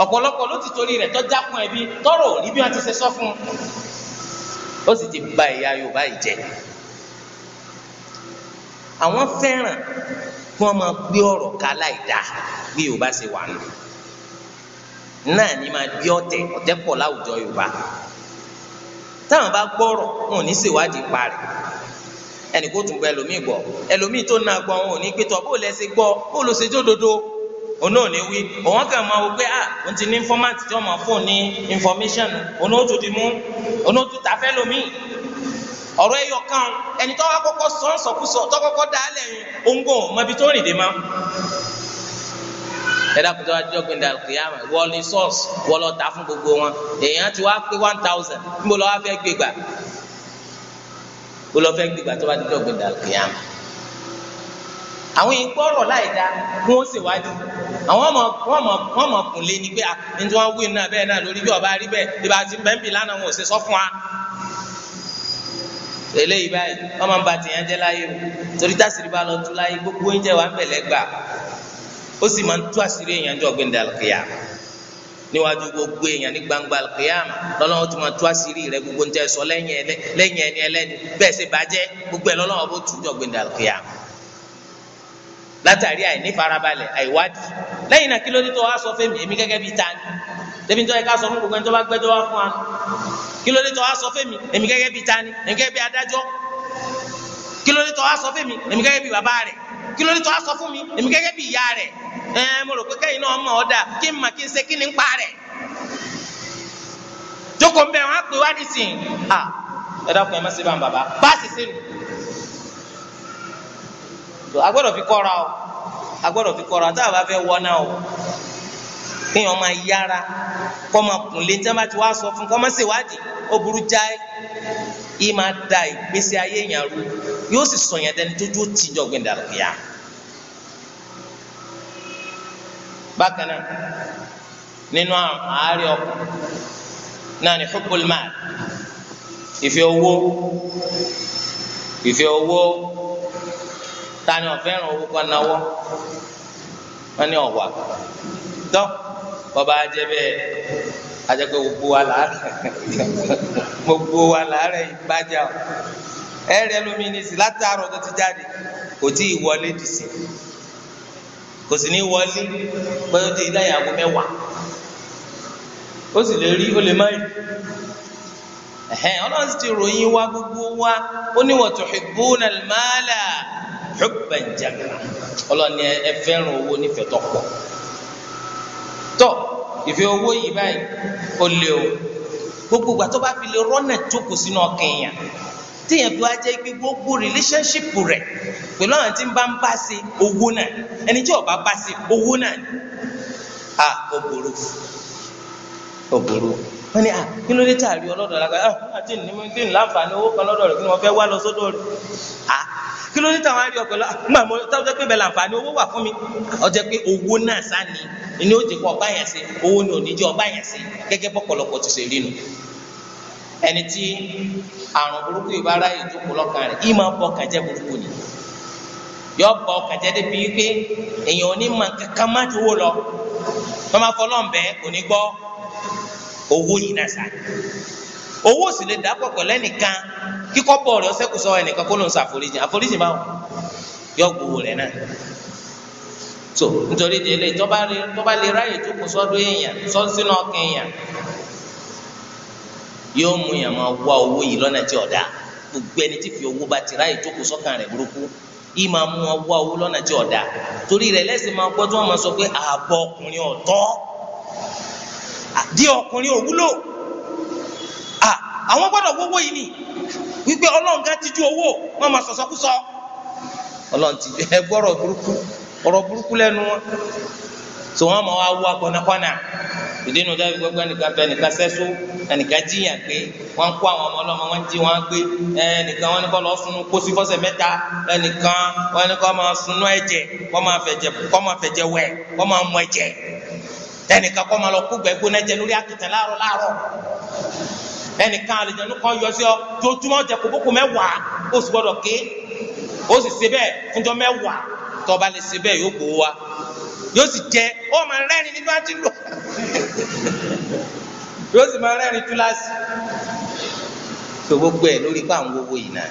ọ̀pọ̀lọpọ̀ ló ti torí rẹ̀ tọ́já kun ẹbí tọrọ rí bí wọ́n ti ṣe sọ fún un ó sì ti ba ìyá Yorùbá yìí jẹ́ àwọn fẹ́ràn kí wọ́n máa gbé ọ̀rọ̀ ká láì dáa bí Yorùbá ṣe wà nù náà ni máa bí ọ̀tẹ̀ ọ̀tẹ̀ pọ̀ láwùjọ Yorùbá táwọn bá gbọ́rọ̀ wọn ò ní ṣèwádìí parí ẹnì kó tún gbọ́ ẹlòmíì gbọ́ ẹlòmíì tó na gbọ́ òun ò ní pétọ bó lẹsẹ gbọ́ bó lọ sejó dodo òun náà ní wí òun kàn máa wò pé à òun ti ní informant tí wọn máa fún ní information òun ó tún di mú òun ó tún ta fẹ́ lòmíì ọ̀rọ̀ ẹyọ kan ẹni tó wá kọ́kọ́ sọ sọkúsọ tó kọ́kọ́ dá lẹ́yìn ongo mọbi tó rìn dé ma ẹ̀dá kùtà wá jọ gbẹ̀ndà kìyàmà wọlé sọ́ọ̀sì wọlọ́ta fún gbogbo wọn èèyàn ti wá pé one thousand níbo lọ́wọ́ fẹ́ gbégbà ó lọ fẹ́ gbígbà tó bá ti dọ̀gbìn dàlùkìyàm àwọn ikú ọ̀rọ̀ láì dá kí wọ́n ṣèwádìí àwọn ọmọ wọn mọ wọn mọ kùn lé ni pé à ní tí wí náà bẹ́ẹ̀ náà lórí bí ọba rí bẹ́ẹ̀ ibà ti bẹ́ńbì lánàá wọn ò ṣe sọ fún wa eléyìí báyìí ń ba o torí tásìrì bá lọ tú láyé gbogbo oúnjẹ wa ń gbà ó sì máa ń tú àṣírí níwájú gbogbo èèyàn ní gbangba alqiyama lọ́lọ́wọ́ tí wọ́n tú àṣírí rẹ gbogbo ń tẹ́ sọ lẹ́yìn ẹni ẹlẹ́ni bẹ́ẹ̀ ṣe bàjẹ́ gbogbo ẹ̀ lọ́lọ́wọ́ bó tùjọ́ gbẹ̀ndẹ̀ alqiyama látàrí àìní farabalẹ̀ àìwádìí lẹ́yìn náà kí tó wá sọ fún mi èmi gẹ́gẹ́ bíi tani débi tó yẹ ká sọ fún gbogbo ẹni tó bá gbẹ́jọ́ wá fún wa kí tó wá sọ fún mi èmi gẹ́gẹ́ bíi tani èmi gẹ́gẹ́ bíi adájọ́ kí tó wá sọ fún mi èmi gẹ́gẹ́ bíi bàbá rẹ̀ kí tó wá sọ fún mi èmi gẹ́gẹ́ bíi ìyá rẹ̀ ẹ mo rò pé kẹ́yìn náà mọ̀ ọ́ dà kí n mà kí n ṣe kí ni ń pa rẹ̀ jókòó ń bẹ̀ wọ́n á pè wá nísìnyí à ẹ dákun ẹ má ṣe bá ń bàbá sínú agbọ́dọ̀ fi kọ́ra o agbọ́dọ̀ fi kọ́ra tá a bá fẹ́ wọ́ná o kéèyàn máa yára kọ́ máa kùn lé bá ti wá sọ fún kọ́ máa ṣèwádìí ó burú da ìgbésí ayé yàn rú yóò sì bákan náà nínú àárẹ̀ ọkọ náà ni hubbul mal ìfẹ́ owó ìfẹ́ owó tani ọ̀fẹ́ràn owó kan náwó wọn ní ọ̀wà tọ́ bọ́ba ajẹ́ bẹ́ẹ̀ ajẹ́ pé gbogbo wa làárẹ̀ gbogbo wa làárẹ̀ ìgbájà ẹ̀rẹ́ lómi ní sí látàárọ̀ tó ti jáde kò tí ì wọlé dì kò sì ní wọlé pẹ̀lú ti ilé ìyàgò mẹ́wàá ó sì lè rí ó lè má rí ọlọ́run sì ti ròyìn wá gbogbo wa ó ní wa tuhibbuna al-mala hubban jamma ọlọ́ni ẹ fẹ́ràn owó nífẹ̀ẹ́ tó pọ̀ tọ́ ìfẹ́ owó yìí báyìí ó lé o gbogbo ìgbà tó bá fi lè rọ́nà jókòó sínú ọkàn èèyàn tíyẹn fi wá jẹ́ pé gbogbo relationship rẹ̀ pẹ̀lú àwọn tí ń bá ń bá ṣe owó náà ẹni tí ọba bá ṣe owó náà ni a ò burú ò burú wọ́n ní à kí ló dé tà ọlọ́dọ̀ lágbàá ah àti nínú tí ń láǹfààní owó kan lọ́dọ̀ rẹ̀ kí ni wọ́n fẹ́ wá lọ sọ́dọ̀ rẹ̀ à kí ló dé tà wọ́n á rí ọ̀pẹ̀lọ́ àgbà ah, mo táwọn jẹ́ pé bẹ́ẹ̀ láǹfààní owó wà fún mi ọjọ́ pé owó náà sá ni ni ó ti kọ́ ọba yẹn sí owó ni ò ẹni tí àrùn burúkú yìí bá ráyè jókòó lọ́kàn rẹ̀ yìí máa bọ burúkú ni yọ bọ ọkàn jẹ́ débi pé èèyàn oní máa kankan má ti wó lọ wọ́n máa fọlọ́ ǹbẹ́ kò ní gbọ́ owó yìí náà sàn owó sì lè dàpọ̀ pẹ̀lú ẹnìkan kíkọ́ bọ̀ rẹ̀ ọ̀sẹ̀ sọ ẹnìkan kó ló ń sọ àforíjì àforíjì máa yọ gbowó rẹ̀ náà so nítorí délé tó bá lè ráyè jókòó sọ́dọ̀ èèyàn sọ́sínú ọkàn èèyàn yóò mú yàn máa wá owó yìí lọ́nà tí ọ̀dà gbogbo ẹni tí fi owó bá ti ráyè jókòó sọ́kàn rẹ̀ burúkú yìí máa mú wọn wá owó lọ́nà tí ọ̀dà torí rẹ̀ lẹ́sìn máa gbọ́ tí wọ́n máa sọ pé ààbọ̀ ọkùnrin ọ̀tọ̀ àdí ọkùnrin òwúlò àwọn gbọ́dọ̀ gbogbo yìí ni wípé ọlọ́run ká tijú owó wọ́n máa sọ̀sọ́kúsọ ọlọ́run tijú gbọ́rọ̀ burúkú ọ̀rọ̀ burúkú lẹ́nu wọn so wọn máa wá wá ìdínú dábì gbogbo ẹnìkan fẹ́ ẹnìkan sẹ́só ẹnìkan jiyàn pé wọn kó àwọn ọmọ ọlọ́mọ wọn jí wọn gbé ẹnìkan wọn ní lọ sunu kóṣí fọ́sẹ̀ mẹ́ta ẹnìkan máa sunu máa máa máa ẹnìkan máa lọ lórí ọ tó túmọ̀ jẹ ó sì ké ó yóò sì jẹ ó máa rẹ́rìn nínú àti lò yóò sì máa rẹ́rìn túláàsì tó gbogbo ẹ̀ lórí pa àwọn owó yìí náà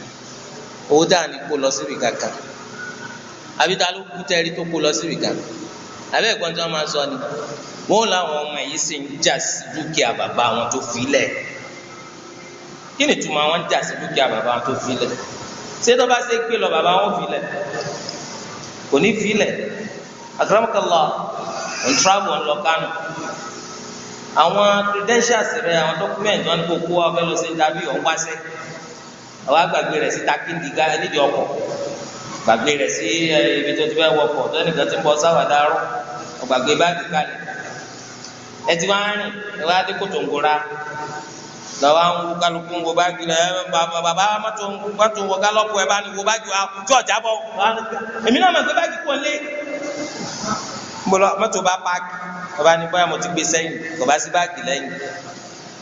owó dáa ní kó lọ síbi kankan àbí ló kú tẹ́rí tó kó lọ síbi kankan àbẹ́ ẹ̀gbọ́n tí wọ́n máa sọ ni wọ́n làwọn ọmọ yìí sì ń jà sí dúkìá bàbá wọn tó filẹ̀ kí ni tùmọ̀ àwọn ń jà sí dúkìá bàbá wọn tó filẹ̀ ṣé tó bá ṣe pé lọ bàbá wọn filẹ̀ kò ní filẹ̀ akramakallah ò ń travel ń lọ kánò àwọn credentials rẹ àwọn document wọn ni kò kó wa fẹ́ lọ sí dàbí ọ̀ ń wáṣẹ́ àwọn agbàgbé rẹ̀ sí takindi gá nídìí ọkọ̀ gbàgbé rẹ̀ sí ibi tó ti fẹ́ wọkọ̀ tó ẹnìkan ti ń bọ sáwàdà rọ ọgbàgbé báàgì kalẹ̀ ẹ ti wá rìn ẹ wá dé kòtò ń lọ́wọ́ ń wo kálukú ń wo báàgì rẹ̀ bàbá mọ́tò ń wo mọ́tò ń wo gálọ́pù ẹ̀ bá ní wo báàgì wa tí ọ̀já bọ̀ èmi náà mọ̀ pé báàgì kò lé mbọlọ mọ́tò bá paaki bàbá ní bóyá mo ti gbé sẹ́yìn bàbá sí báàgì lẹ́yìn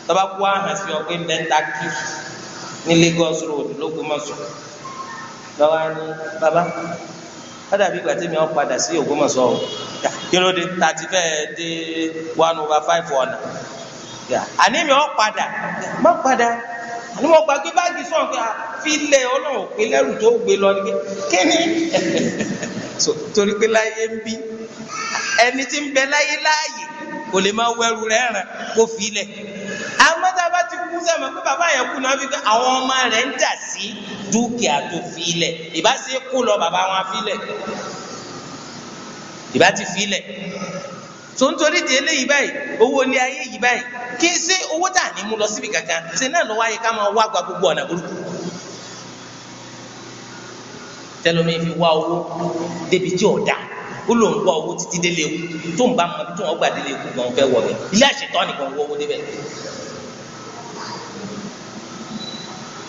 tọ́ba kú àhàn sí ọgbẹ́ mẹ́ta kí ní Lagos road lÓgbómọ̀ṣọ́ lọ́wọ́ ní bàbá kádàbí ìgbà tí mi ọ padà sí Ògbómọ̀ṣọ́ o kí ló dé tàtí fẹ́ẹ́ dé one over five one àní mi ò padà má padà àní mo gbàgbé báàgì sọ̀rọ̀ pé àfilẹ̀ ah, ọlọ́run pé lẹ́rù tó gbé lọ níbi kíni torí pé láyé ń bí ẹni tí ń bẹ láyé láàyè kò lè máa wẹrù rẹ̀ ràn kó filẹ̀ amọ́tàbá ti kú sẹ́mi pé bàbá yẹn kú náà fi ká àwọn ọmọ rẹ̀ ń jà sí dúkìá tó filẹ̀ ìbá ṣe kú lọ bàbá wọn filẹ̀ ìbá ti filẹ̀ tó ń torí di eléyìí báyìí owó ilé ayé yìí báyìí kí n ṣe owó tà ní mú lọ síbi kankan ṣe náà lọ́wọ́ ayé ká máa wá gba gbogbo ọ̀nà burúkú tẹlomi fi wá owó débi tí ọ̀dà ó lò ń wá owó títí délé o tó ń bá mọ tó ń gbà délé o gan fẹ́ wọ̀ bẹ̀ ilé àṣetọ́ nìkan wọ owó débẹ̀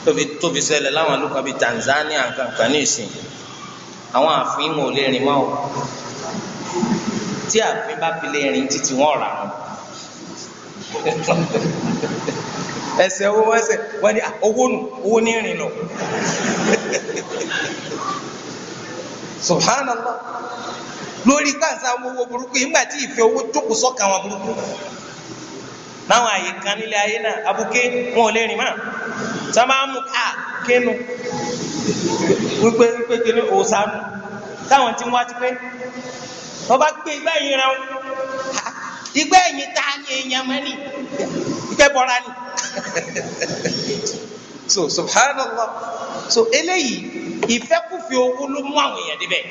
tóbi tóbi ṣẹlẹ̀ láwọn alùpàá bíi Tanzania kankan ní ìsìn àwọn àfihàn ò lè rìn mọ́ tí àfin bá fi lè rìn títí wọn rà wọn ẹsẹ̀ owó wọn ẹsẹ̀ wọn ni ah, owó nù owó ní rìn lọ lórí káàsà owó burúkú yìí ńgbà tí owó jókòó wọn burúkú náwọn àyè kan nílé ayé náà wọn ò lè rìn wọ́n bá gbé igbá ẹ̀yìn rẹ̀ igbá ẹ̀yìn ta ni èèyàn mọ́ ni ìgbẹ́ bọ́ra ni so subhanallah so eléyìí ìfẹ́kùfẹ́ owó ló mú àwọn èèyàn débẹ̀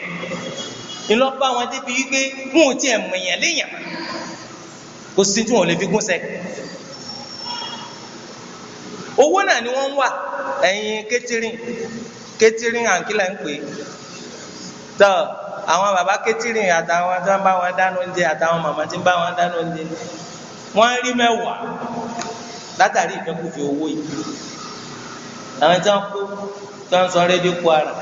ńlọ bá wọn débi wípé wọn ò tiẹ̀ mọ̀ èèyàn léèyàn kò sí tí wọn ò lè fi gúnṣẹ́ owó náà ni wọ́n ń wà ẹ̀yìn kétírìn kétírìn àǹkílẹ̀ ń pè tán àwọn bàbá kétìrìn àtàwọn tó ń bá wọn dáná oúnjẹ àtàwọn màmá tí ń bá wọn dáná oúnjẹ wọ́n rí mẹ́wàá látàrí ìfẹ́kùfẹ́ owó yìí àwọn tí wọ́n kó tó ń sọ rédíò kó ara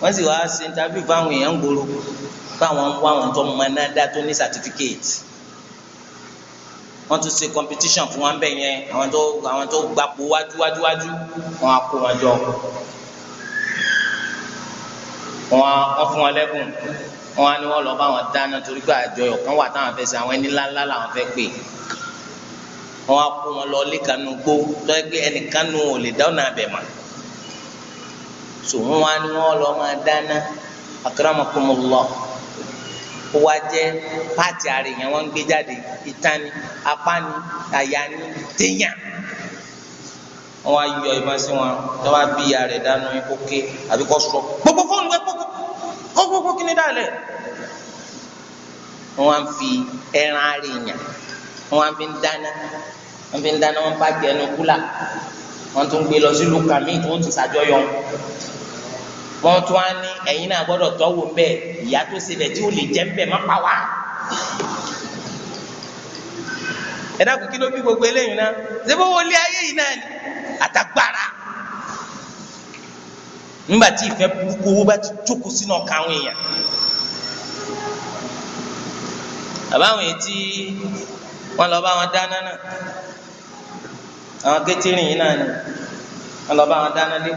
wọ́n sì wáá ṣe interview fáwọn èèyàn gbòòrò fáwọn ń wá àwọn tó mọ iná dá tó ní certificate wọ́n tún ṣe competition fún wọn bẹ́ẹ̀ àwọn tó gbapò wájú wájú á kó wọn jọ wọn fún wọn lẹ́bùn wọn ni wọn lọ bá wọn dáná torí pé àjọyọ̀ kan wà táwọn fẹsẹ àwọn ẹni ńláńlá làwọn fẹ́ pè wọn á kó wọn lọ lé kanu gbó tọ́jú pé ẹnìkan nu ò lè dáná abẹ mọ́ so wọn wá ní wọn lọ máa dáná akramakumullah ó wá jẹ pààtì àríyàn wọn ń gbé jáde ìtani apani àyàní téèyàn wọn á yọ ìbọn sí wọn tó bí ìyá rẹ dánú ikú ké àbíkọ sọ gbogbo fóònù ẹ kó ó kúkú kí ni dálẹ̀ wọn á fi ẹran ara èèyàn wọn á fi ń dáná wọn fi ń dáná wọn bá jẹ ẹnu kúlà wọn tún gbé lọ sílùú kàmí tó ti ṣàjọyọ̀ wọn tún á ní ẹ̀yin náà gbọ́dọ̀ tọ́wò ń bẹ ìyá tó ṣe bẹ tí ò lè jẹ ń bẹ má pa wá ẹ dákun kí ló bí gbogbo eléyìí náà ṣé bó wọlé ayé yìí náà ni àtàgbára nígbà tí ìfẹ́ burúkú owó bá ti jókòó sínú ọkà àwọn èèyàn àbáwọn èyí tí wọ́n lọ bá wọn dáná náà àwọn kékeré yìí náà ni wọ́n lọ bá wọn dáná lé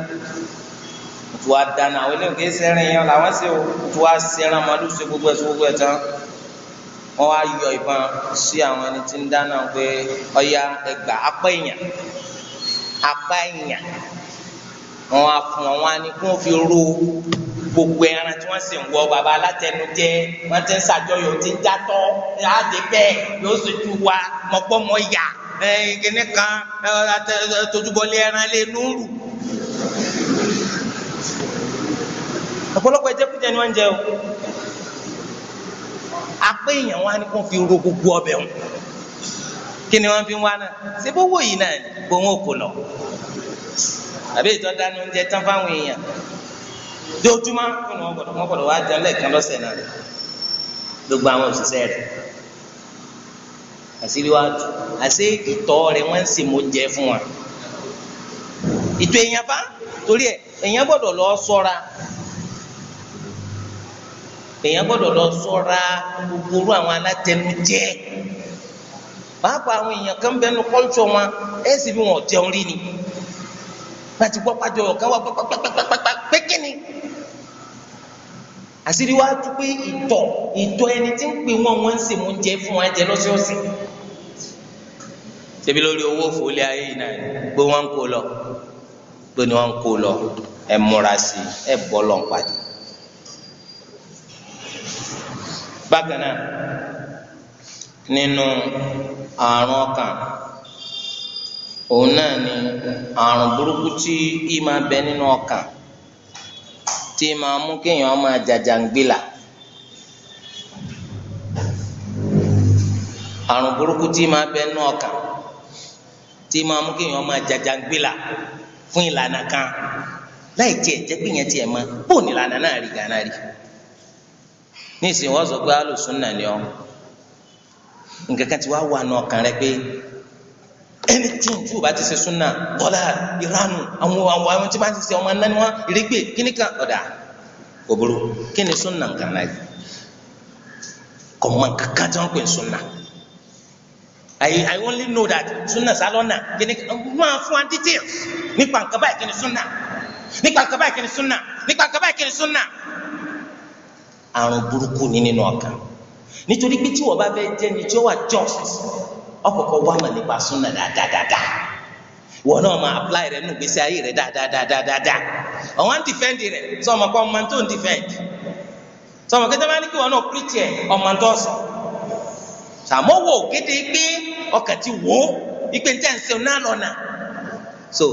tó wá dáná àwọn eléyìí kò sẹ́rìn yẹn làwọn sì tó wá sẹ́rìn màálù ṣe gbogbo ẹ̀ ṣe gbogbo ẹ̀ tán wọ́n wá yọ ìbọn sí àwọn ẹni tí ń dáná pé ọya ẹgbàá apá èèyàn apá èèyàn wọn á fún wọn wọn á ní kí wọn fi ro gbogbo ẹran tí wọn sì ń wọ baba alátẹnu jẹ wọn ti ń ṣàjọyọ̀ ti ń jatọ láti bẹ́ẹ̀ yóò sì tu wa mọgbọmọ yà kíní kan tójúbọlé ẹran lé núrù. ọ̀pọ̀lọpọ̀ ẹjẹkújẹ ni wọ́n ń jẹ o apẹ èèyàn wa ni wọ́n fi ro gbogbo ọbẹ̀ wọn kí ni wọ́n fi ń wá náà ṣé bó wòyí náà ni gbòǹwò kò àbí ìtọ́ dáná oúnjẹ tán fáwọn èèyàn dojúmọ́ fún wọn gbọ́dọ̀ wọn gbọ́dọ̀ wá jẹun lẹ́ẹ̀kan lọ́sẹ̀ náà gbogbo àwọn òṣìṣẹ́ rẹ̀ àṣírí wa tù àṣé ìtọ́ rẹ̀ wọ́n ń sè mọ́ jẹ fún wa ìtọ́ èèyàn bá torí ẹ̀ èèyàn gbọ́dọ̀ lọ ṣọ́ra èèyàn gbọ́dọ̀ lọ ṣọ́ra gbogbo àwọn alátẹnujẹ pàápàá àwọn èèyàn kan bẹnu kọ́ńtò wọn ẹ̀ sì bí wọn jẹun rí ni láti gbọ́ pàjọ ọ̀gá wa pàpàpàpàpà pé kí ni. àṣírí wa tú pé ìtọ̀ ìtọ̀ ẹni tí ń pè wọ́n wọ́n ń sè mú jẹ fún wa jẹ lọ́sọ̀ọ̀sẹ̀. ṣebí lórí owó fòlẹ́ ayé yìí náà gbé wọn kó lọ gbé ni wọn kó lọ ẹ múra sí ẹ bọ́ lọ́n padì. bákan náà nínú àrùn ọkàn. òun náà ni àrùn burúkú tí í máa bẹ nínú ọkàn tí í máa mú kéèyàn máa jàjàngbìlà àrùn burúkú tí ọkàn tí máa mú kéèyàn máa jàjàngbìlà fún ìlànà kan láì tiẹ̀ jẹ́ pé yẹn tiẹ̀ máa bò ní ìlànà náà rí gánà rí ní ìsìn wọ́n sọ pé alùsùn náà ni ọ nǹkan ti wá wà nù ọkàn rẹ pé. anything tí o bá ti ṣe súnà bọ́lá ìranù àwọn àwọn àwọn tí wọ́n ti ṣe ọmọ náà ni wọ́n ìrégbè kíní kan ọ̀dà kò burú kí ni súnà nǹkan náà yìí kò mọ kankan tí wọ́n pè súnà I I only know that súnà sálọ́nà kíní kan máa fún wa details nípa nǹkan báyìí kí ni súnà nípa nǹkan báyìí kí ni súnà nípa nǹkan báyìí kí ni súnà àrùn burúkú ni nínú ọkàn nítorí pé tí wọ́n bá fẹ́ jẹ́ ni tí ó wà justice ọkọkọ wá mà nípa súnà dáadáa náà ma apply rẹ nù gbèsè ayé rẹ̀ dáadáa ọ̀wọ́n ń rẹ rẹ̀ sọmọ kọ́ ọmọ tó ń dìfẹ́ǹdì sọmọ kẹta máa ní kí wọn náà ọmọ tó sọ kéde pé ti wò ó ipe níta ẹ̀sìn lọ́nà so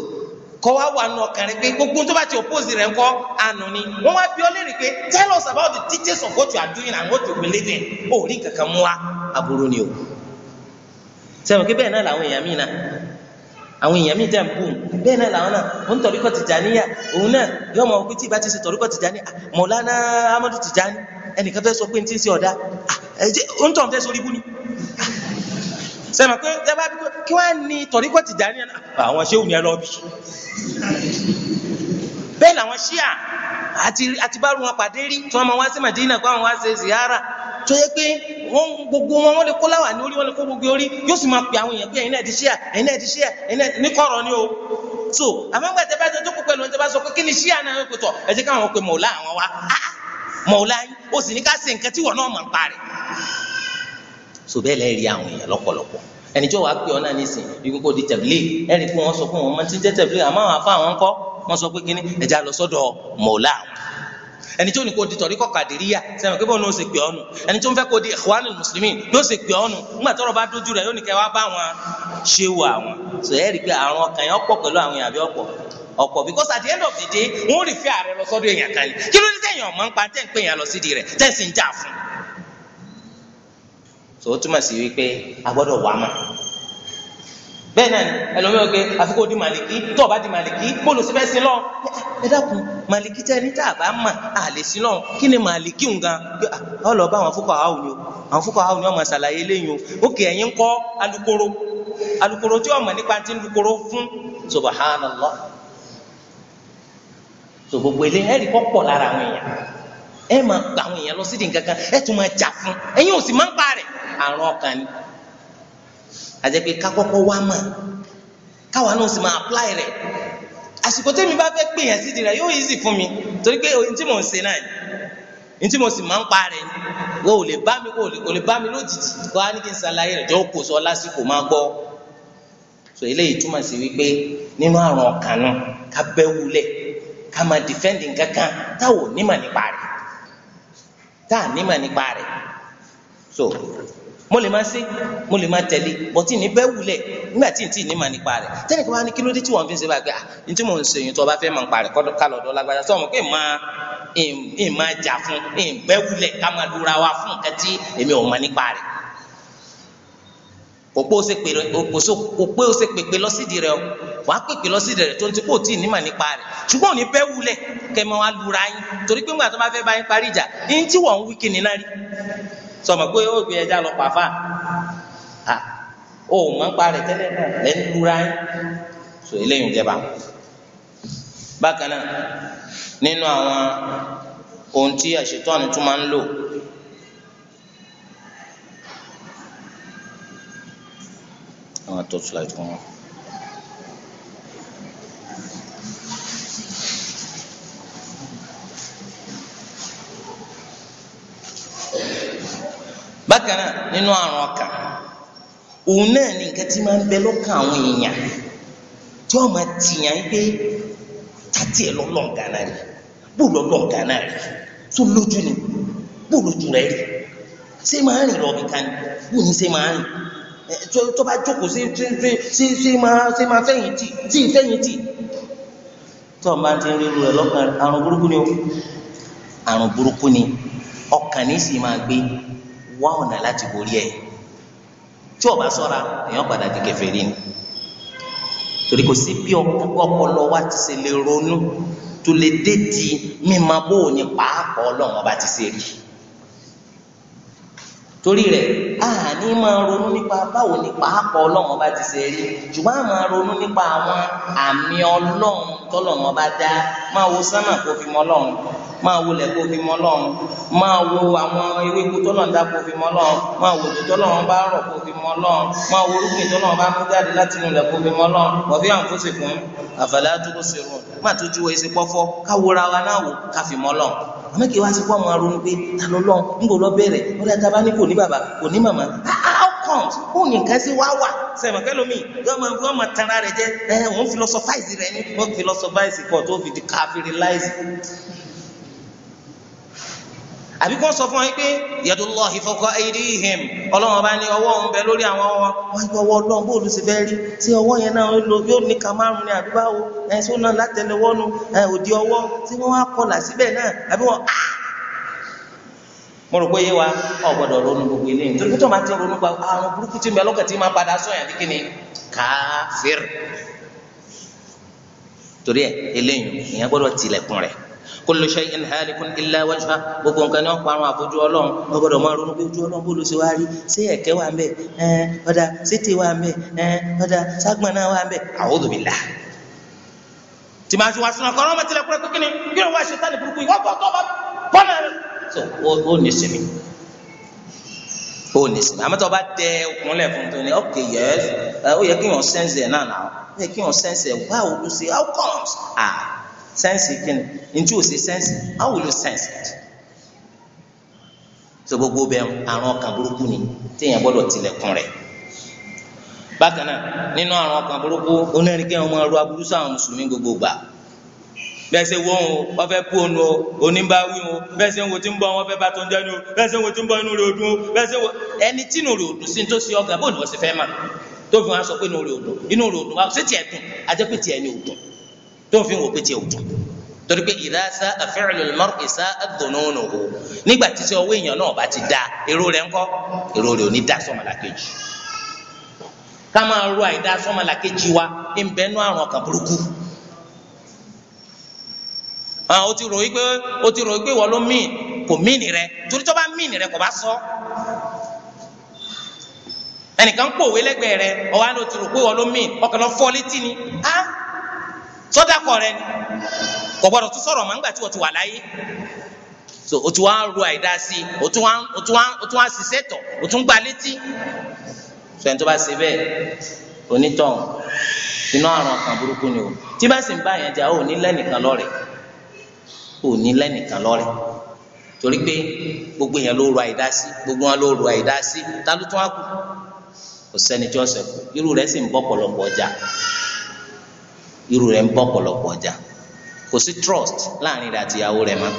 kọ́ wá wà nù ọkàn rẹ pé gbogbo tó bá ti oppose rẹ ni wá bí ọ pé tell us about the details of what you are doing and what you sẹ́wọ̀n kí bẹ́ẹ̀ náà làwọn èèyàn míì náà àwọn èèyàn míì dẹ̀ ń bù bẹ́ẹ̀ náà làwọn náà ó ń tọ̀ríkọ̀ Tìjàníyà òun náà yọ ọmọ ogun tí ìbá ti ṣe tọ̀ríkọ̀ Tìjàní Mọ̀lánà Amadu Tìjàní ẹnìkan fẹ́ sọ pé ní ti ń ṣe ọ̀dà ó ń tọ̀n fẹ́ sórí ibú ni sẹ́mi pé ẹ bá kí wọ́n á ní tọ̀ríkọ̀ Tìjàní àwọn ṣéwù ni ẹ lọ bí bẹ́ẹ̀ làwọn ṣíà àti àti bá ru wọn pàdé rí tí wọ́n máa wá sí Madina kó àwọn wá ṣe ziyara tó yẹ pé wọ́n gbogbo wọn wọ́n lè kó láwà ní orí wọ́n lè kó gbogbo orí yóò sì máa pè àwọn èèyàn pé ẹ̀yin náà di ṣíà ẹ̀yin náà di ṣíà ẹ̀yin náà ní kọ̀rọ̀ ni o so àmọ́ gbàtẹ́ bá tó kó pẹ̀lú ẹ̀ tó bá sọ pé kí ni ṣíà náà pè tọ̀ ẹ jẹ́ káwọn pe mọ̀ọ́lá àwọn wa ah, ah, mọ̀ọ́lá yín ó sì ní ká ṣe nǹkan tí wọ́n náà mọ̀ pa rẹ̀ so bẹ́ẹ̀ lẹ́ẹ̀rí àwọn èèyàn lọ́pọ̀lọpọ̀ ẹnìjọ́ wàá pè ọ́ náà nísìnyí ibi kò di tẹ̀blé ẹ̀rí pé wọ́n sọ pé wọ́n mọ̀ ti jẹ́ tẹ̀blé àmọ́ àwọn afá àwọn ń kọ́ wọ́n sọ pé kíní ẹ̀já lọ sọ́dọ̀ mọ̀ọ́lá ẹni tí ó ní kó di tọ̀rí kọ́ kàdíríyà sẹ́mi pé bọ́ọ̀ ní ó ṣe pè ọ́ nù ẹni tí ó ń fẹ́ kó di Ikhwanul Muslimin yóò ṣe pè ọ́ nù nígbà tọ́rọ̀ bá dójú rẹ̀ yóò ní kẹ́ wá bá wọn ṣe wò àwọn sọ ẹ́ rí i pé àrùn ọkàn yẹn ọ̀pọ̀ pẹ̀lú àwọn èèyàn àbí ọ̀pọ̀ ọ̀pọ̀ because at the end of the day wọ́n rí fẹ́ ààrẹ lọ sọ́dọ̀ èèyàn kan yìí kí ló ní tẹ̀yìn ọ̀mọ́ ń pa tẹ̀ ń pè yàn lọ sídìí rẹ̀ tẹ̀ sì ń jà fún. tó bẹ́ẹ̀ náà ẹlòmíràn pé odi màlìkí tó di màlìkí bóòlù sí fẹ́ẹ́ sin lọ. a mà á lè sin lọ kí ni màlìkí ń gan ọ àwọn fúkọ àwọn òní àwọn fúkọ àwọn òní ọmọ lẹ́yìn o kọ́ alukoro alukoro tí ọmọ ti ń fún subahánàlá so gbogbo ilé rí lára àwọn èèyàn àjẹ́ pé kákọ́kọ́ wá mọ̀ káwa náà sì máa apply rẹ̀ àsìkò tẹ́mi bá fẹ́ pè yẹn sídìí rẹ̀ yóò easy fún mi torí pé ohun tí mò ń ṣe náà ni ohun tí mo sì máa ń pa rẹ̀ ni o ò lè bá mi o lè bá mi lójijì kó a ní kí n ṣàlàyé rẹ̀ jọ kò sọ lásìkò máa gbọ́ so eléyìí túmọ̀ sí wípé nínú àrùn ọkàn náà ká bẹ́wù lẹ̀ ká máa defend nǹkan kan táwọn onímọ̀ nípa rẹ̀ táà nímọ̀ nípa rẹ̀ so mo lè máa ṣe mo lè máa tẹ̀lé bọ́tí ní bẹ́ẹ̀ wulẹ̀ nígbà tí n tí ní ma nípa rẹ̀ tẹ́lẹ̀ kí wọ́n á ní kí ló dé tí wọ́n fi ń ṣe bá gbé à ah, ní tí mò ń ṣe yìí tó o bá fẹ́ máa ń parẹ́ kálọ̀ dọ́ lágbájá sọ̀rọ̀ pé máa ń máa jà fún ń bẹ́ẹ̀ wulẹ̀ ká máa lura wa fún nǹkan tí èmi ò mọ̀ nípa rẹ̀ òpó ó ṣe pè òpó ó ṣe pèpè wà á pèpè lọ́sídìí rẹ̀ tó ń ti kó tí ì nímà nípa rẹ̀ ṣùgbọ́n òní bẹ́ẹ̀ wulẹ̀ kẹ́ máa wá lura yín torí pé ńgbà tó bá fẹ́ bá yín parí ìjà ní tí wọ́n ń wí kí ni náà rí sọmọ pé ó gbé ẹja lọ pàfà ó mọ̀ ń parẹ́ tẹ́lẹ̀ náà lẹ́nu lura yín sọ eléyìí jẹba bákan náà nínú àwọn ohun tí àṣetọ́ni tún máa ń lò àwọn tó láti fún wọn. bákan nínú àrùn ọkàn òun náà ni nǹkan tí máa ń bẹ lọ́kàn àwọn èèyàn tí wọ́n máa tìyàn yín pé tàtí ẹ̀ lọ́lọ́ǹgà náà rí bó lọ́lọ́ǹgà náà rí tó lójú ni bó lójú rẹ̀ rí ṣé máa rìn lọ́ọ̀bì kan ni bó ní ṣé máa rìn tó bá jókòó ṣé ṣé ṣé ṣé máa ṣé máa fẹ̀yìn tì tí fẹ̀yìn tì tó máa ti rí irú rẹ̀ lọ́kàn àrùn burúkú ni ọkàn ní sì máa gbé wá ọ̀nà láti borí ẹ̀ tí o bá ṣọ́ra èèyàn padà di kèfèrí ni torí kò sí bí ọpọlọ wa ti ṣe lè ronú tó lè dédi mímọ bó o ní pàápàá ọlọ́run ọba ti ṣe rí torí rẹ̀ àní máa ronú nípa báwo ni pàápàá ọlọ́run ọba ti ṣe rí ṣùgbọ́n a máa ronú nípa àwọn àmì ọlọ́run tọ́lọ́run ọba dá máa wo sánmà kó fi mọ ọlọ́run máa wo lẹ́kọ̀ọ́ fi mọ́ lọ́run máa wo àwọn ewéko tó náà dáko fi mọ́ lọ́run máa wo òjò tó náà bá rọ̀ kó fi mọ́ lọ́run máa wo orúkún tó náà bá mú jáde láti inú lẹ́kọ̀ọ́ fi mọ́ lọ́run wọ́n fi àǹfó sì àfàlẹ́ àdúgbò sì rùn tó ju èsì pọ́fọ́ káwòra wa náà wò ká fi mọ́ lọ́run àmọ́ kí wá sí pọ́ máa ronú pé ta ló lọ́n ń bò lọ bẹ̀rẹ̀ ó dá ta ní kò ní bàbá kò ní màmá ah, ah, how comes ó ní nǹkan sí wá wà sẹ̀mọ̀ kẹ́lómi wọ́n máa tanra rẹ̀ jẹ́ ẹ̀ wọ́n philosophize rẹ̀ ní wọ́n philosophize kọ́ tó fi di káfíríláìsì àbí kò sọ fún wa pé yadullahi fawqa aydihim ọlọ́wọ́n bá ní ọwọ́ ń bẹ lórí àwọn ọwọ́ wọn yọ ọwọ́ ọlọ́run bó olùsè fẹ́ rí tí ọwọ́ yẹn náà yóò ní ká márùn ní àbí báwo ẹ̀ tó náà látẹlẹwọ́nu ẹ̀ òdi ọwọ́ tí wọ́n á kọlà síbẹ̀ náà àbí wọ́n á ah! mo rò pé yé wa ọ gbọ́dọ̀ ronú gbogbo eléyìí torí pé tó kullu shay'in halikun illa wajha gbogbo nǹkan ni wọ́n parun àfojú ọlọ́run wọ́n gbọ́dọ̀ máa ronú pé ojú ọlọ́run bó ló ṣe wá rí ṣé ẹ̀kẹ́ wà mbẹ́ ọ̀dà sétí wà mbẹ́ ọ̀dà ságbọ̀n náà wà mbẹ́ a'udhu billah. tí màá fi wá sínú ọkọ̀ ọlọ́run tilẹ̀ kúrẹ́ kúkìnì kí ló wá ṣe tán burúkú yìí wọ́n bọ̀ tọ́ bá bọ́nà rẹ̀. so ó ní sinmi ó ní sinmi àmọ́ tó bá tẹ òkúnlẹ̀ fún tó ní ok yes ó yẹ kí wọ́n sẹ́ńsẹ̀ náà náà ó yẹ kí wọ́n sẹ́ńsẹ̀ wá òkú sí how comes ah Sense kìnnì ntí ò sí sẹ́ǹsì how will you sense it? so gbogbo bẹ àrùn ọkàn burúkú ni téèyàn gbọ́dọ̀ tilẹ̀kùn rẹ̀ bákan náà nínú àrùn ọkàn burúkú onírìnkẹ́ wọn máa ro aburú sáwọn mùsùlùmí gbogbo gbà bẹ́ẹ̀ sẹ́ wọ́n o wọ́n fẹ́ kú ònu o oníbàáwí o bẹ́ẹ̀ sẹ́ wo ti ń bọ̀ wọ́n fẹ́ bá tó ń jẹ́ ni o bẹ́ẹ̀ sẹ́ wo ti ń bọ̀ inú rẹ̀ òdùn o bẹ́ẹ̀ sẹ́ wo ẹni tí inú rẹ̀ òdùn sí ní tó ṣe ọgàn bó ni wọ́n sì fẹ́ mà tó fi wọn sọ pé inú rẹ̀ òdùn inú rẹ̀ òdùn wa ṣé tiẹ̀ dùn ajẹ́ tiẹ̀ ni òdùn tó fi wò pé tiẹ̀ òtún torí pé ìdásá àfẹ́rẹ́lẹ̀ lọ́rù ìsá àdùnnú o nígbà tí sọ owó èèyàn náà bá ti da èrò rẹ̀ ńkọ́ èrò rẹ̀ ò ní dá sọ́mọlá kejì ká máa ro àìdá sọ́mọlá kejì wa ń bẹ́ẹ̀ nú àrùn ọkàn burúkú o ti ròyìn pé o ti ròyìn pé ìwọ ló mìn kò mìn rẹ torí tó bá mìn rẹ kò bá sọ ẹnìkan pòwé lẹ́gbẹ̀ẹ́ rẹ ọwọ àná o ti rò pé ìwọ ló mìn ọkàn lọ fọ létí ni sọdakọ rẹ ni kò gbọdọ̀ tún sọ̀rọ̀ màgbà tí wọ́n ti wà láyé so o tún wá ń ro àìdá sí i o tún wá o tún wá o tún wá ṣiṣẹ́ tọ̀ o tún gba létí sọ̀rọ̀ tó bá ṣe bẹ́ẹ̀ onítọ̀hún iná àrùn ọkàn burúkú ni o tí bá sì ń bá yẹn jà ò ní lẹ́nìkan lọ́rẹ̀ ò ní lẹ́nìkan lọ́rẹ̀ torí pé gbogbo yẹn ló ro àìdá sí gbogbo wọn ló ro àìdá sí ta ló tún wá kù kò sẹ́ni tí wọ́n sẹ̀kù irú rẹ̀ sì ń bọ́ pọ̀lọpọ̀ ọjà irú rẹ̀ ń bọ́ pọ̀lọpọ̀ ọjà kò sí trust láàrin rẹ̀ àti ìyàwó mọ́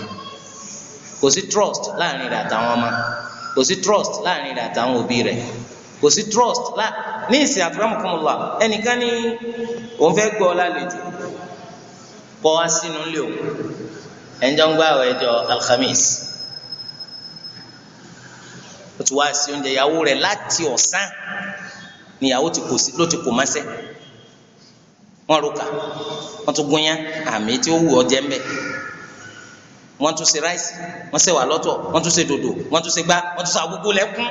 kò sí trust láàrin rẹ̀ àtàwọn ọmọ kò sí trust láàrin rẹ̀ àtàwọn òbí rẹ̀ kò sí trust ní ìsìn àtúrámùkúmùlà ẹnìkan ní òun fẹ́ gbọ́ ọ lálejò kọ́ wá sínú ilé òun ẹnjọ́ ń gbá àwọn ẹjọ́ alhamis ó ti wá sí oúnjẹ ìyàwó rẹ̀ láti ọ̀sán ni ìyàwó ló ti kò máṣẹ́ wọ́n ro kà wọ́n tún gúnyán àmì tí ó wù ọ jẹ ń bẹ wọ́n tún ṣe ráìsì wọ́n ṣe wà lọ́tọ̀ wọ́n tún se dòdò wọ́n tún ṣe gbá wọ́n tún ṣe àgógó lẹkún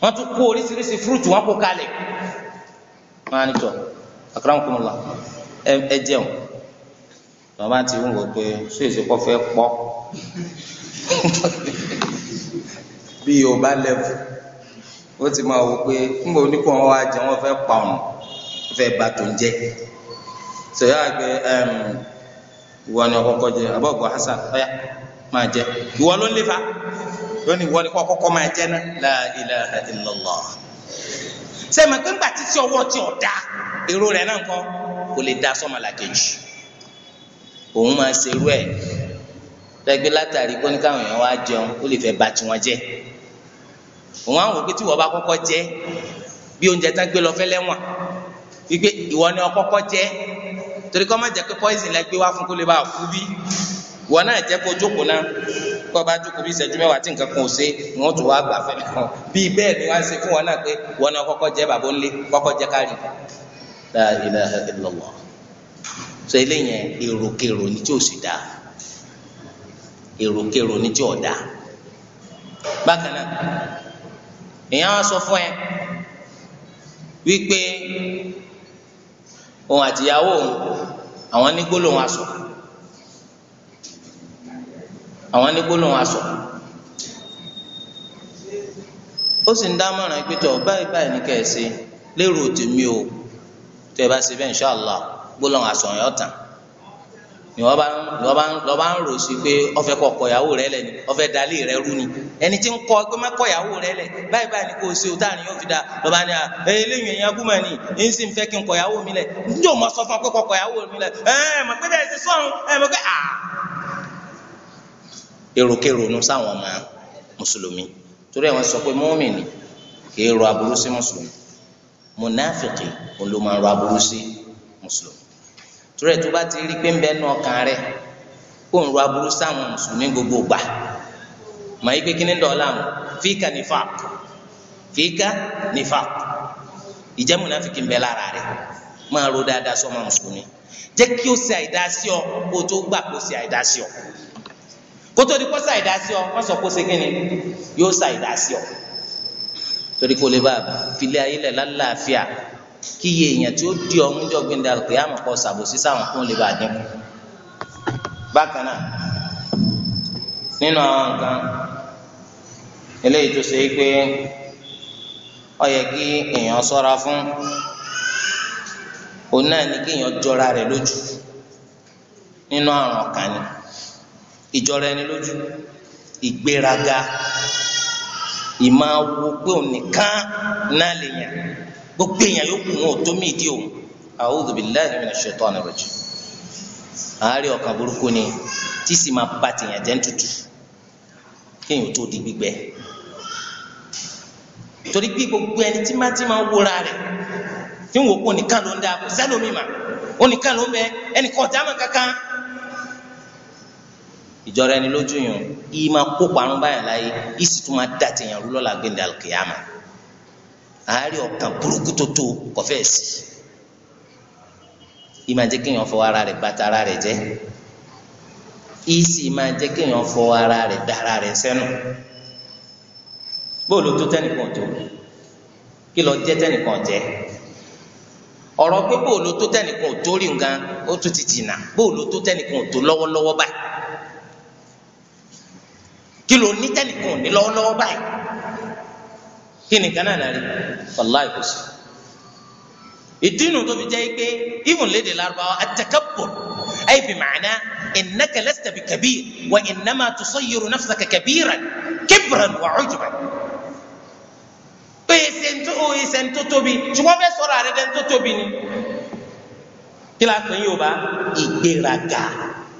wọ́n tún kó oríṣiríṣi fúrúùtù wọ́n kó kalẹ̀ wọ́n á ní tọ akramakumullah ẹ jẹun bàbá ti ń wò pé ṣèṣe kọ fẹ́ pọ bí Yorùbá lẹfù ó ti máa wò pé ńgbà oníkùn wọn wá jẹ wọ́n fẹ́ pa ọ̀nà fẹ́ ba tó ń jẹ́ sọ̀yà àgbẹ̀ um, ìwọ ni ọkọ̀kọ̀ jẹ abọ́gbọ̀ hasan ọ̀yà máa jẹ ìwọ ló ń lé fa lónìí ìwọ ni kọ́kọ́ máa jẹ náà la ilaha illallah sẹ́mi pé ńgbà títí ọwọ́ tí ò da èrò rẹ̀ náà kọ́ kò lè da sọ́mọ làkejì òun máa ṣerú ẹ̀ lẹ́gbẹ́ látàrí kó ní káwọn èèyàn wá jẹun ó lè fẹ́ ba tiwọn jẹ́ òun àwọn òbí tí wọ́n bá kọ́kọ́ jẹ bí oúnjẹ tán gbé lọ fẹ́ lẹ́wọ̀n wípé ìwọ ni ọkọ́kọ́ jẹ́ torí kọ́ má jẹ́ pé poison la gbé wá fún kó lè bá a fú bí ìwọ náà jẹ́ kó jókòó náà kọ́ bá jókòó bí ìṣẹ́jú mẹ́wàá tí nǹkan kan ò ṣe ni wọ́n tún wá gbà fẹ́ nìkan bí bẹ́ẹ̀ ni wọ́n á ṣe fún wọn náà pé ìwọ ni ọkọ́kọ́ jẹ́ bàbá ńlé kọ́kọ́ jẹ́ kárì. La ilaha illallah èròkèrò ni tí ò sì dáa èròkèrò ni tí ò dáa bákan náà èèyàn á sọ fún ẹ wípé òun àtìyàwó òun àwọn ní gbólóhùn asọ àwọn ní gbólóhùn asọ ó sì ń dámọ̀ràn pé tọ̀ báyìí báyìí ní kẹ̀sì lérò tèmi o tẹ̀ bá ṣe bẹ́ẹ̀ insha Allah gbólóhùn asọ yẹn ọ̀tàn. ni wọ́n bá lọ́ bá ń rò sí pé ọ̀fẹ́ kọ̀ kọ̀yàwó rẹ lẹ̀ ni ọ̀fẹ́ dalé rẹ rú ni ẹni tí ń kọ́ pé má rẹ lẹ̀ báyìí báyìí ni kò ṣe o táàrin yóò fi da lọ́ bá ní à eléyìí ẹ̀yìn agúnmọ̀ ni ń sì ń fẹ́ kí n kọ̀yàwó mi lẹ̀ njó mọ sọ fún ọ pé kọ̀ kọ̀yàwó mi lẹ̀ ẹ̀ mọ̀ pé bẹ́ẹ̀ ṣe sọ̀rùn ẹ̀ mọ̀ pé à. èròkèrò nu sáwọn ọmọ mùsùlùmí torí àwọn sọ pé mọ́mìnì kì í rọ aburú sí mùsùlùmí mùnáfìkì òun ló máa rọ aburú sí mùsùlùmí torí ẹ̀ tó bá ti rí pé ń bẹ nù ọkàn rẹ kó ń ro aburú sáwọn mùsùlùmí gbogbo gbà mà yí pé kí ni dọ̀ọ́lá mu fíkà nífà fíkà nífà ìjẹ́ múnafìkì ń bẹ lára rẹ máa ro dáadáa sọ ọmọ mùsùlùmí jẹ́ kí o ṣe àìdá sí ọ kó o tó gbà kó o ṣe àìdá sí ọ kótó di kó ṣe àìdá sí ọ wọ́n sọ kó ṣe kíni yóò ṣe àìdá sí ọ torí kó lè bá filé ayé lẹ̀ lálàáfíà kí iye èèyàn tí ó di ọ̀hún jọ gbẹ̀ndẹ̀ àlùkìyàmù pọ̀ ṣàbòsí sáwọn kún lè bá a dínkù. bákan náà nínú àwọn nǹkan eléyìí tó ṣe é pé ó yẹ kí èèyàn fún òun náà ní kí èèyàn jọra rẹ lójú nínú àrùn ọkàn ni ìjọra ẹni lójú ìgbéraga gbogbo èèyàn yòókù wọn ò tó mí ìdí òun a'udhu billahi minash shaitani rajim àárẹ̀ ọkàn burúkú ni tí sì máa bá tèèyàn jẹ́ ń tutù tó di gbígbẹ torí pé gbogbo ẹni tí máa ti máa wúra rẹ̀ tí ń wò kó nìkan ló ń dáa kó sẹ́lómi mà ó ló ń bẹ ẹnìkan mọ̀ kankan ìjọra ẹni àárẹ̀ ọkàn burúkú tó tó kọfẹ́ sí i máa jẹ́ kéèyàn fọ ara rẹ̀ bàtà ara rẹ̀ jẹ́ ìsì máa jẹ́ kéèyàn fọ ara rẹ̀ dá ara rẹ̀ sẹ́nu bóòlù tó tẹ́nìkan tó kí lọ jẹ́ tẹ́nìkan jẹ́ ọ̀rọ̀ pé tó tẹ́nìkan tó rí nǹkan ó tún kí ni kan náà náà rí wàláì kò sí. ìdínú tó fi jẹ́ pé even léde lárúbáwá at-takabbur ay bi ma'na innaka lasta bi kabir wa innama tusayyiru nafsaka kabiran kibran wa 'ujban pé ìsèntó ìsèntó tóbi ṣùgbọ́n fẹ́ sọ̀rọ̀ àrẹ́dẹ́ntó tóbi ni kí la yóò bá ìgbéraga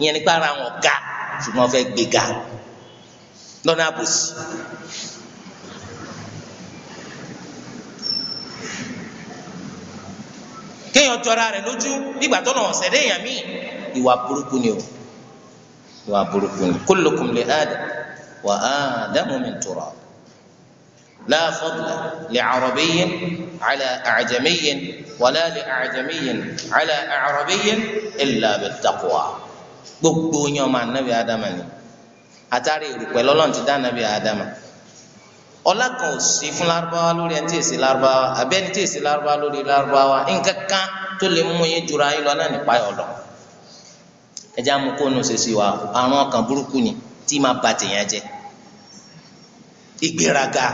ìyẹn nípa ara wọn ga ṣùgbọ́n fẹ́ gbéga lọ́nà àbòsí kéèyàn jọra rẹ̀ lójú nígbà tó lọ ọsẹ déèyàn míì ìwà burúkú ni o ìwà burúkú ni kullukum li Adam wa Adamu min turab la fadla li arabiyyin ala a'jamiyyin wala li a'jamiyyin ala arabiyyin illa bit taqwa gbogbo yẹn ọmọ anabi adama ni atari erùpẹ̀ lọ́lọ́run ti dá anabi adama ọlá kan ò sí fún larubawa lórí ẹni tí èsì larubawa abẹ́ni tí èsì larubawa lórí larubawa nǹkan kan tó lè mú yín jura yín lọ náà nípa ẹ̀ ọ̀lọ́ ẹjẹ́ amukónú wa àrùn ọkàn burúkú ni tí máa ba tèèyàn jẹ ìgbéraga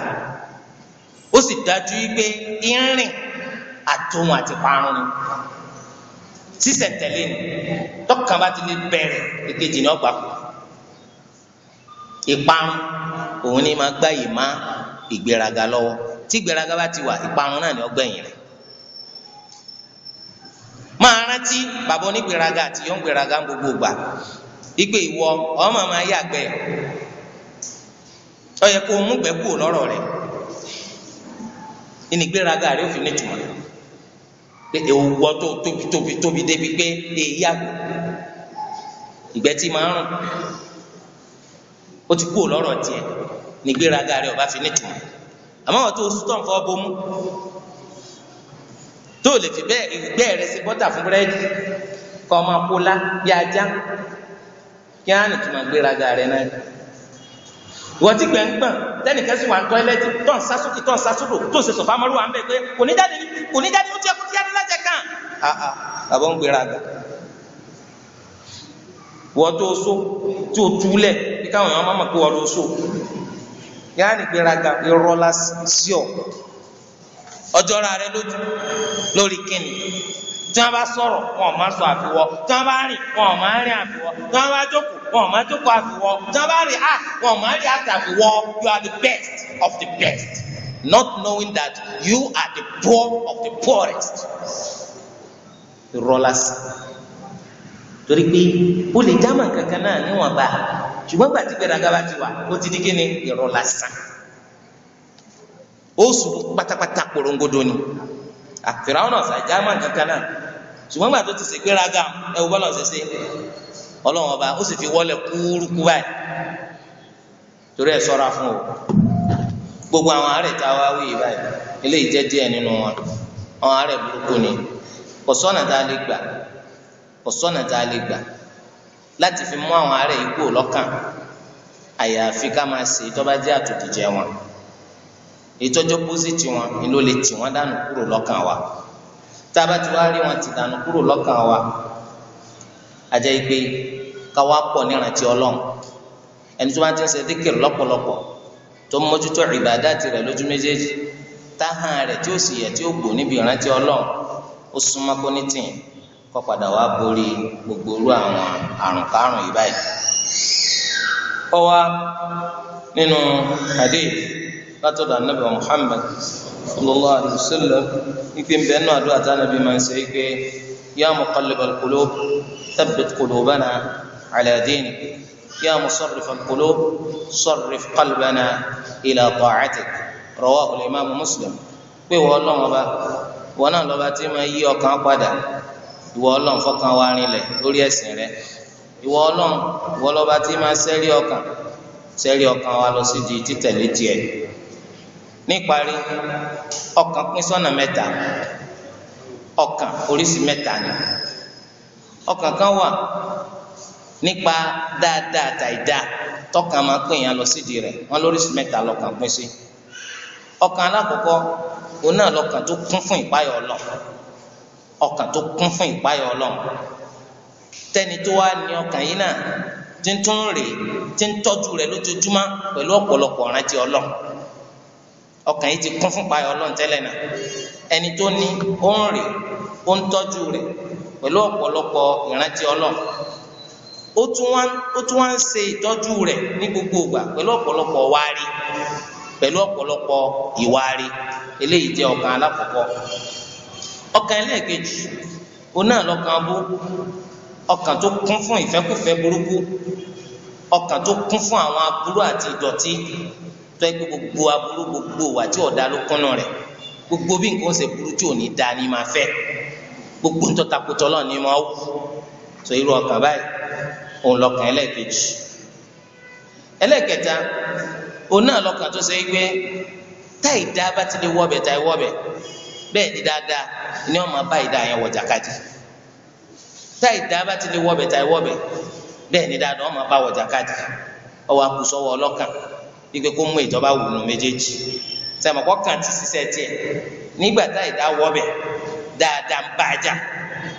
ó sì dájú pé ìrìn àtòhun àti parun ni sísẹ̀ntẹ̀lé ni tọkàn bá ti lè bẹ̀rẹ̀ èkejì ni ọgbà kù ìparun òun ni máa gbá yìí má ìgbéraga lọ́wọ́ tí ìgbéraga bá ti wà ìparun náà ni ọgbẹ̀yìn rẹ̀ máa rántí bàbá onígbèraga àti yọ̀ǹgbèraga gbogbo gbà igbe ìwọ ọmọ máa ya ó yẹ kó o múgbẹ́ kúrò lọ́rọ̀ rẹ̀ ìnìgbèraga fi pé èwọ tó tóbi tóbi tóbi débi pé èyí àgbò tí máa rùn ó ti ìnìgbèraga fi àmọ́ wọn tó o lè fi bẹ́ẹ̀ ìgbẹ́ rẹ sí bọ́tà fún búrẹ́dì kọ́ ọmọ akóla bí ajá kí á nì tó máa gbéraga rẹ náà wọ́n ti gbẹ̀ ń gbọ̀n tẹ́nìkan sì wà ń tọ́ílẹ́tì tó ń sásókè tó ń sásódò tó ń ṣe sọ̀fà mọ́rú wa ń bẹ̀ pé kò ní jáde ní kò ní jáde ní ó ti ti jáde lájẹ kàn. bàbá ń gbéraga wọ́n tó so tí o túlẹ̀ kí káwọn èèyàn máa mọ̀ pé wọ́n ló so yáà ní gbéraga irọ́ lásìọ̀ ọjọ́ rẹ lójú lórí kíni tí wọn bá sọ̀rọ̀ wọn ò má sọ àfiwọ tí wọn bá rìn wọn ò má rìn àfiwọ tí wọn bá jókòó wọn ò má jókòó àfiwọ tí wọn bá rìn à ah, wọn ò má rìn àti àfiwọ you are the best of the best not knowing that you are the poor of the poorest ìrọlásì torí pé o lè dá màkàkà náà níwọ̀nba ṣùgbọ́n gbàtí gbẹdàgà bá ti wà ó ti di kí ni ìrọlásì. ó ṣubú pátápátá korongodo ni àfìràwọn náà sàjà má kankan náà ṣùgbọ́n gbà tó ti ṣe gbéra ọba ó sì fi wọlé kúrúkú báyìí torí ẹ ṣọ́ra fún o gbogbo àwọn àárẹ̀ tá a wá wí báyìí eléyìí jẹ́ díẹ̀ nínú wọn àwọn àárẹ̀ burúkú ni kò tá a fi mú àwọn àárẹ̀ yìí kúrò lọ́kàn àyàfi ká máa ṣe wọn. ìtọ́jú pósí tiwọn ni ló lè tì wọ́n dànù kúrò lọ́kàn wa tá a bá ti wá rí wọn ti dànù kúrò lọ́kàn wa àjẹ́ ìgbé káwá pọ̀ nírántí ọlọ́run ẹni tó bá ti ń ṣe díkìrì lọ́pọ̀lọpọ̀ tó mójútó ìbàdàtì rẹ̀ lójú méjèèjì táhàn rẹ̀ tí ó sì yẹ tí ó gbò níbi ìrántí ọlọ́run ó súnmọ́ kó ní padà wá borí gbogbo orú àwọn àrùn kárùn yìí báyìí. ọwá nínú hadith látọ̀dọ̀ anabi wa muhammad sallallahu alayhi wa sallam ife nbẹ nù àdúrà tá anabi máa ń ṣe ike yá muqallibal qulub thabbit qulubana ala dinik yá musarrifal qulub sarrif qalbana ila ta'atik rawahu imaamu muslim pé wọ́n lọ́wọ́ bá wọn náà lọ́ba tí máa yí ọkàn padà ìwọ ọlọ́run fọkàn wa rinlẹ̀ lórí ẹ̀sìn rẹ ìwọ ọlọ́run ìwọ tí máa sẹ́rí ọkàn sẹ́rí ọkàn wa lọ sí di títẹ̀lé tiẹ̀. níparí ọkàn pín sọ́nà mẹ́ta ọkàn oríṣi mẹta ni ọkàn kan wà nípa dáadáa tàìdáa tọkàn máa pín yàn lọ sídìí rẹ̀ wọn lóríṣi mẹ́ta lọkàn pín sí ọkàn alákọ̀ọ́kọ́ òun náà lọkàn tó kún fún ìpáyà Ọlọ́run ọkàn tó kún fún ìpáyà Ọlọ́run tẹni tó wá ní ọkàn yìí náà tí ń tún rèé tí ń tọ́jú rẹ̀ lójoojúmọ́ pẹ̀lú ọ̀pọ̀lọpọ̀ ọ̀rántí Ọlọ́run ọkàn yìí ti kún fún payọ Ọlọ́run tẹ́lẹ̀ náà ẹni tó ní ó ń rè ó ń tọ́jú rẹ̀ pẹ̀lú ọ̀pọ̀lọpọ̀ ìrántí Ọlọ́run ó tún wá ń ṣe ìtọ́jú rẹ̀ ní gbogbo ìgbà pẹ̀lú ọ̀pọ̀lọpọ̀ wárí pẹ̀lú ọ̀pọ̀lọpọ̀ ìwárí eléyìí jẹ́ ọkàn alákọ̀ọ́kọ́ ọkàn ẹlẹ́ẹ̀kejì òun náà lọ́kàn abú ọkàn tó kún fún ìfẹ́kùfẹ́ burúkú ọkàn tó kún fún àwọn aburú àti ìdọ̀tí tọ́ ikú gbogbo aburú gbogbo wà tí ọ̀dà ló kọ́nà rẹ̀ gbogbo bí nǹkan ṣe burú tí ò ní da ni máa gbogbo ńtọ́ takotọ́ lọ́ọ̀ ni máa wù irú ọkàn báyìí òun lọ́kàn ẹlẹ́ẹ̀kejì ẹlẹ́ẹ̀kẹta òun náà tó ṣe é gbé táì dá bá ti lè táì bẹ́ẹ̀ ni dáadáa ni wọ́n máa bá ìdá yẹn táì dá bá ti lè ikpe kó mú ìjọba wùnú méjèèjì sẹmọ kọkàn ti ṣiṣẹ tiẹ nígbà tá ìdá wọbẹ dáadáa ń bàjá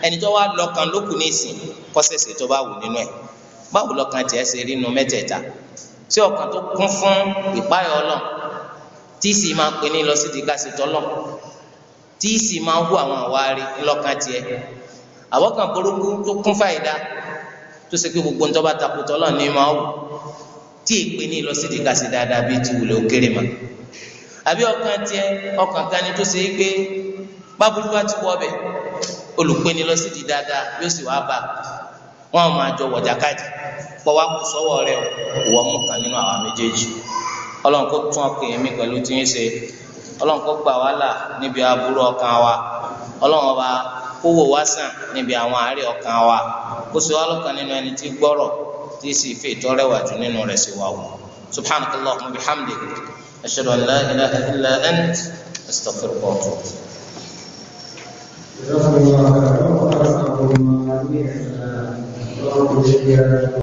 ẹni tó wá lọkàn lókù nísìn kọsẹsẹ tó bá wù nínú ẹ báwo lọkàn tiẹ ṣe rí nu mẹ́tẹ̀ẹ̀ta tí ọkàn tó kún fún ìpáyọ Ọlọ́run tí sì máa pè ní lọsídìí káṣí tọlọ tí sì máa hu àwọn àwárí ńlọkàn tiẹ àwọkàn burúkú tó kún fàyídá tó ṣe pé gbogbo ń tọ́ bá takò tọlọ ní máa wù. tí èpè ní ìlọsídìí kà sí dáadáa bíi ti wùlé òkèrè mà àbí ọkàn tiẹ̀ ọkàn kani tó ṣe é ti wọ ọbẹ olùpẹni lọsídìí dáadáa yóò sì wáá bá wọn àwọn àjọ wọjàkájì pọ wá kù sọ́wọ́ rẹ wọ mú kan nínú àwọn méjèèjì Ọlọ́run kó tún ọkàn yẹn mi pẹ̀lú tí ń gbà wá là níbi àbúrò ọkàn wa ọba tí sì fi ìtọ́rẹ́ wà jù nínú rẹ̀ sí wa wò subhanaka allahumma bihamdik ashhadu an la ilaha illa ant astaghfiruka wa atubu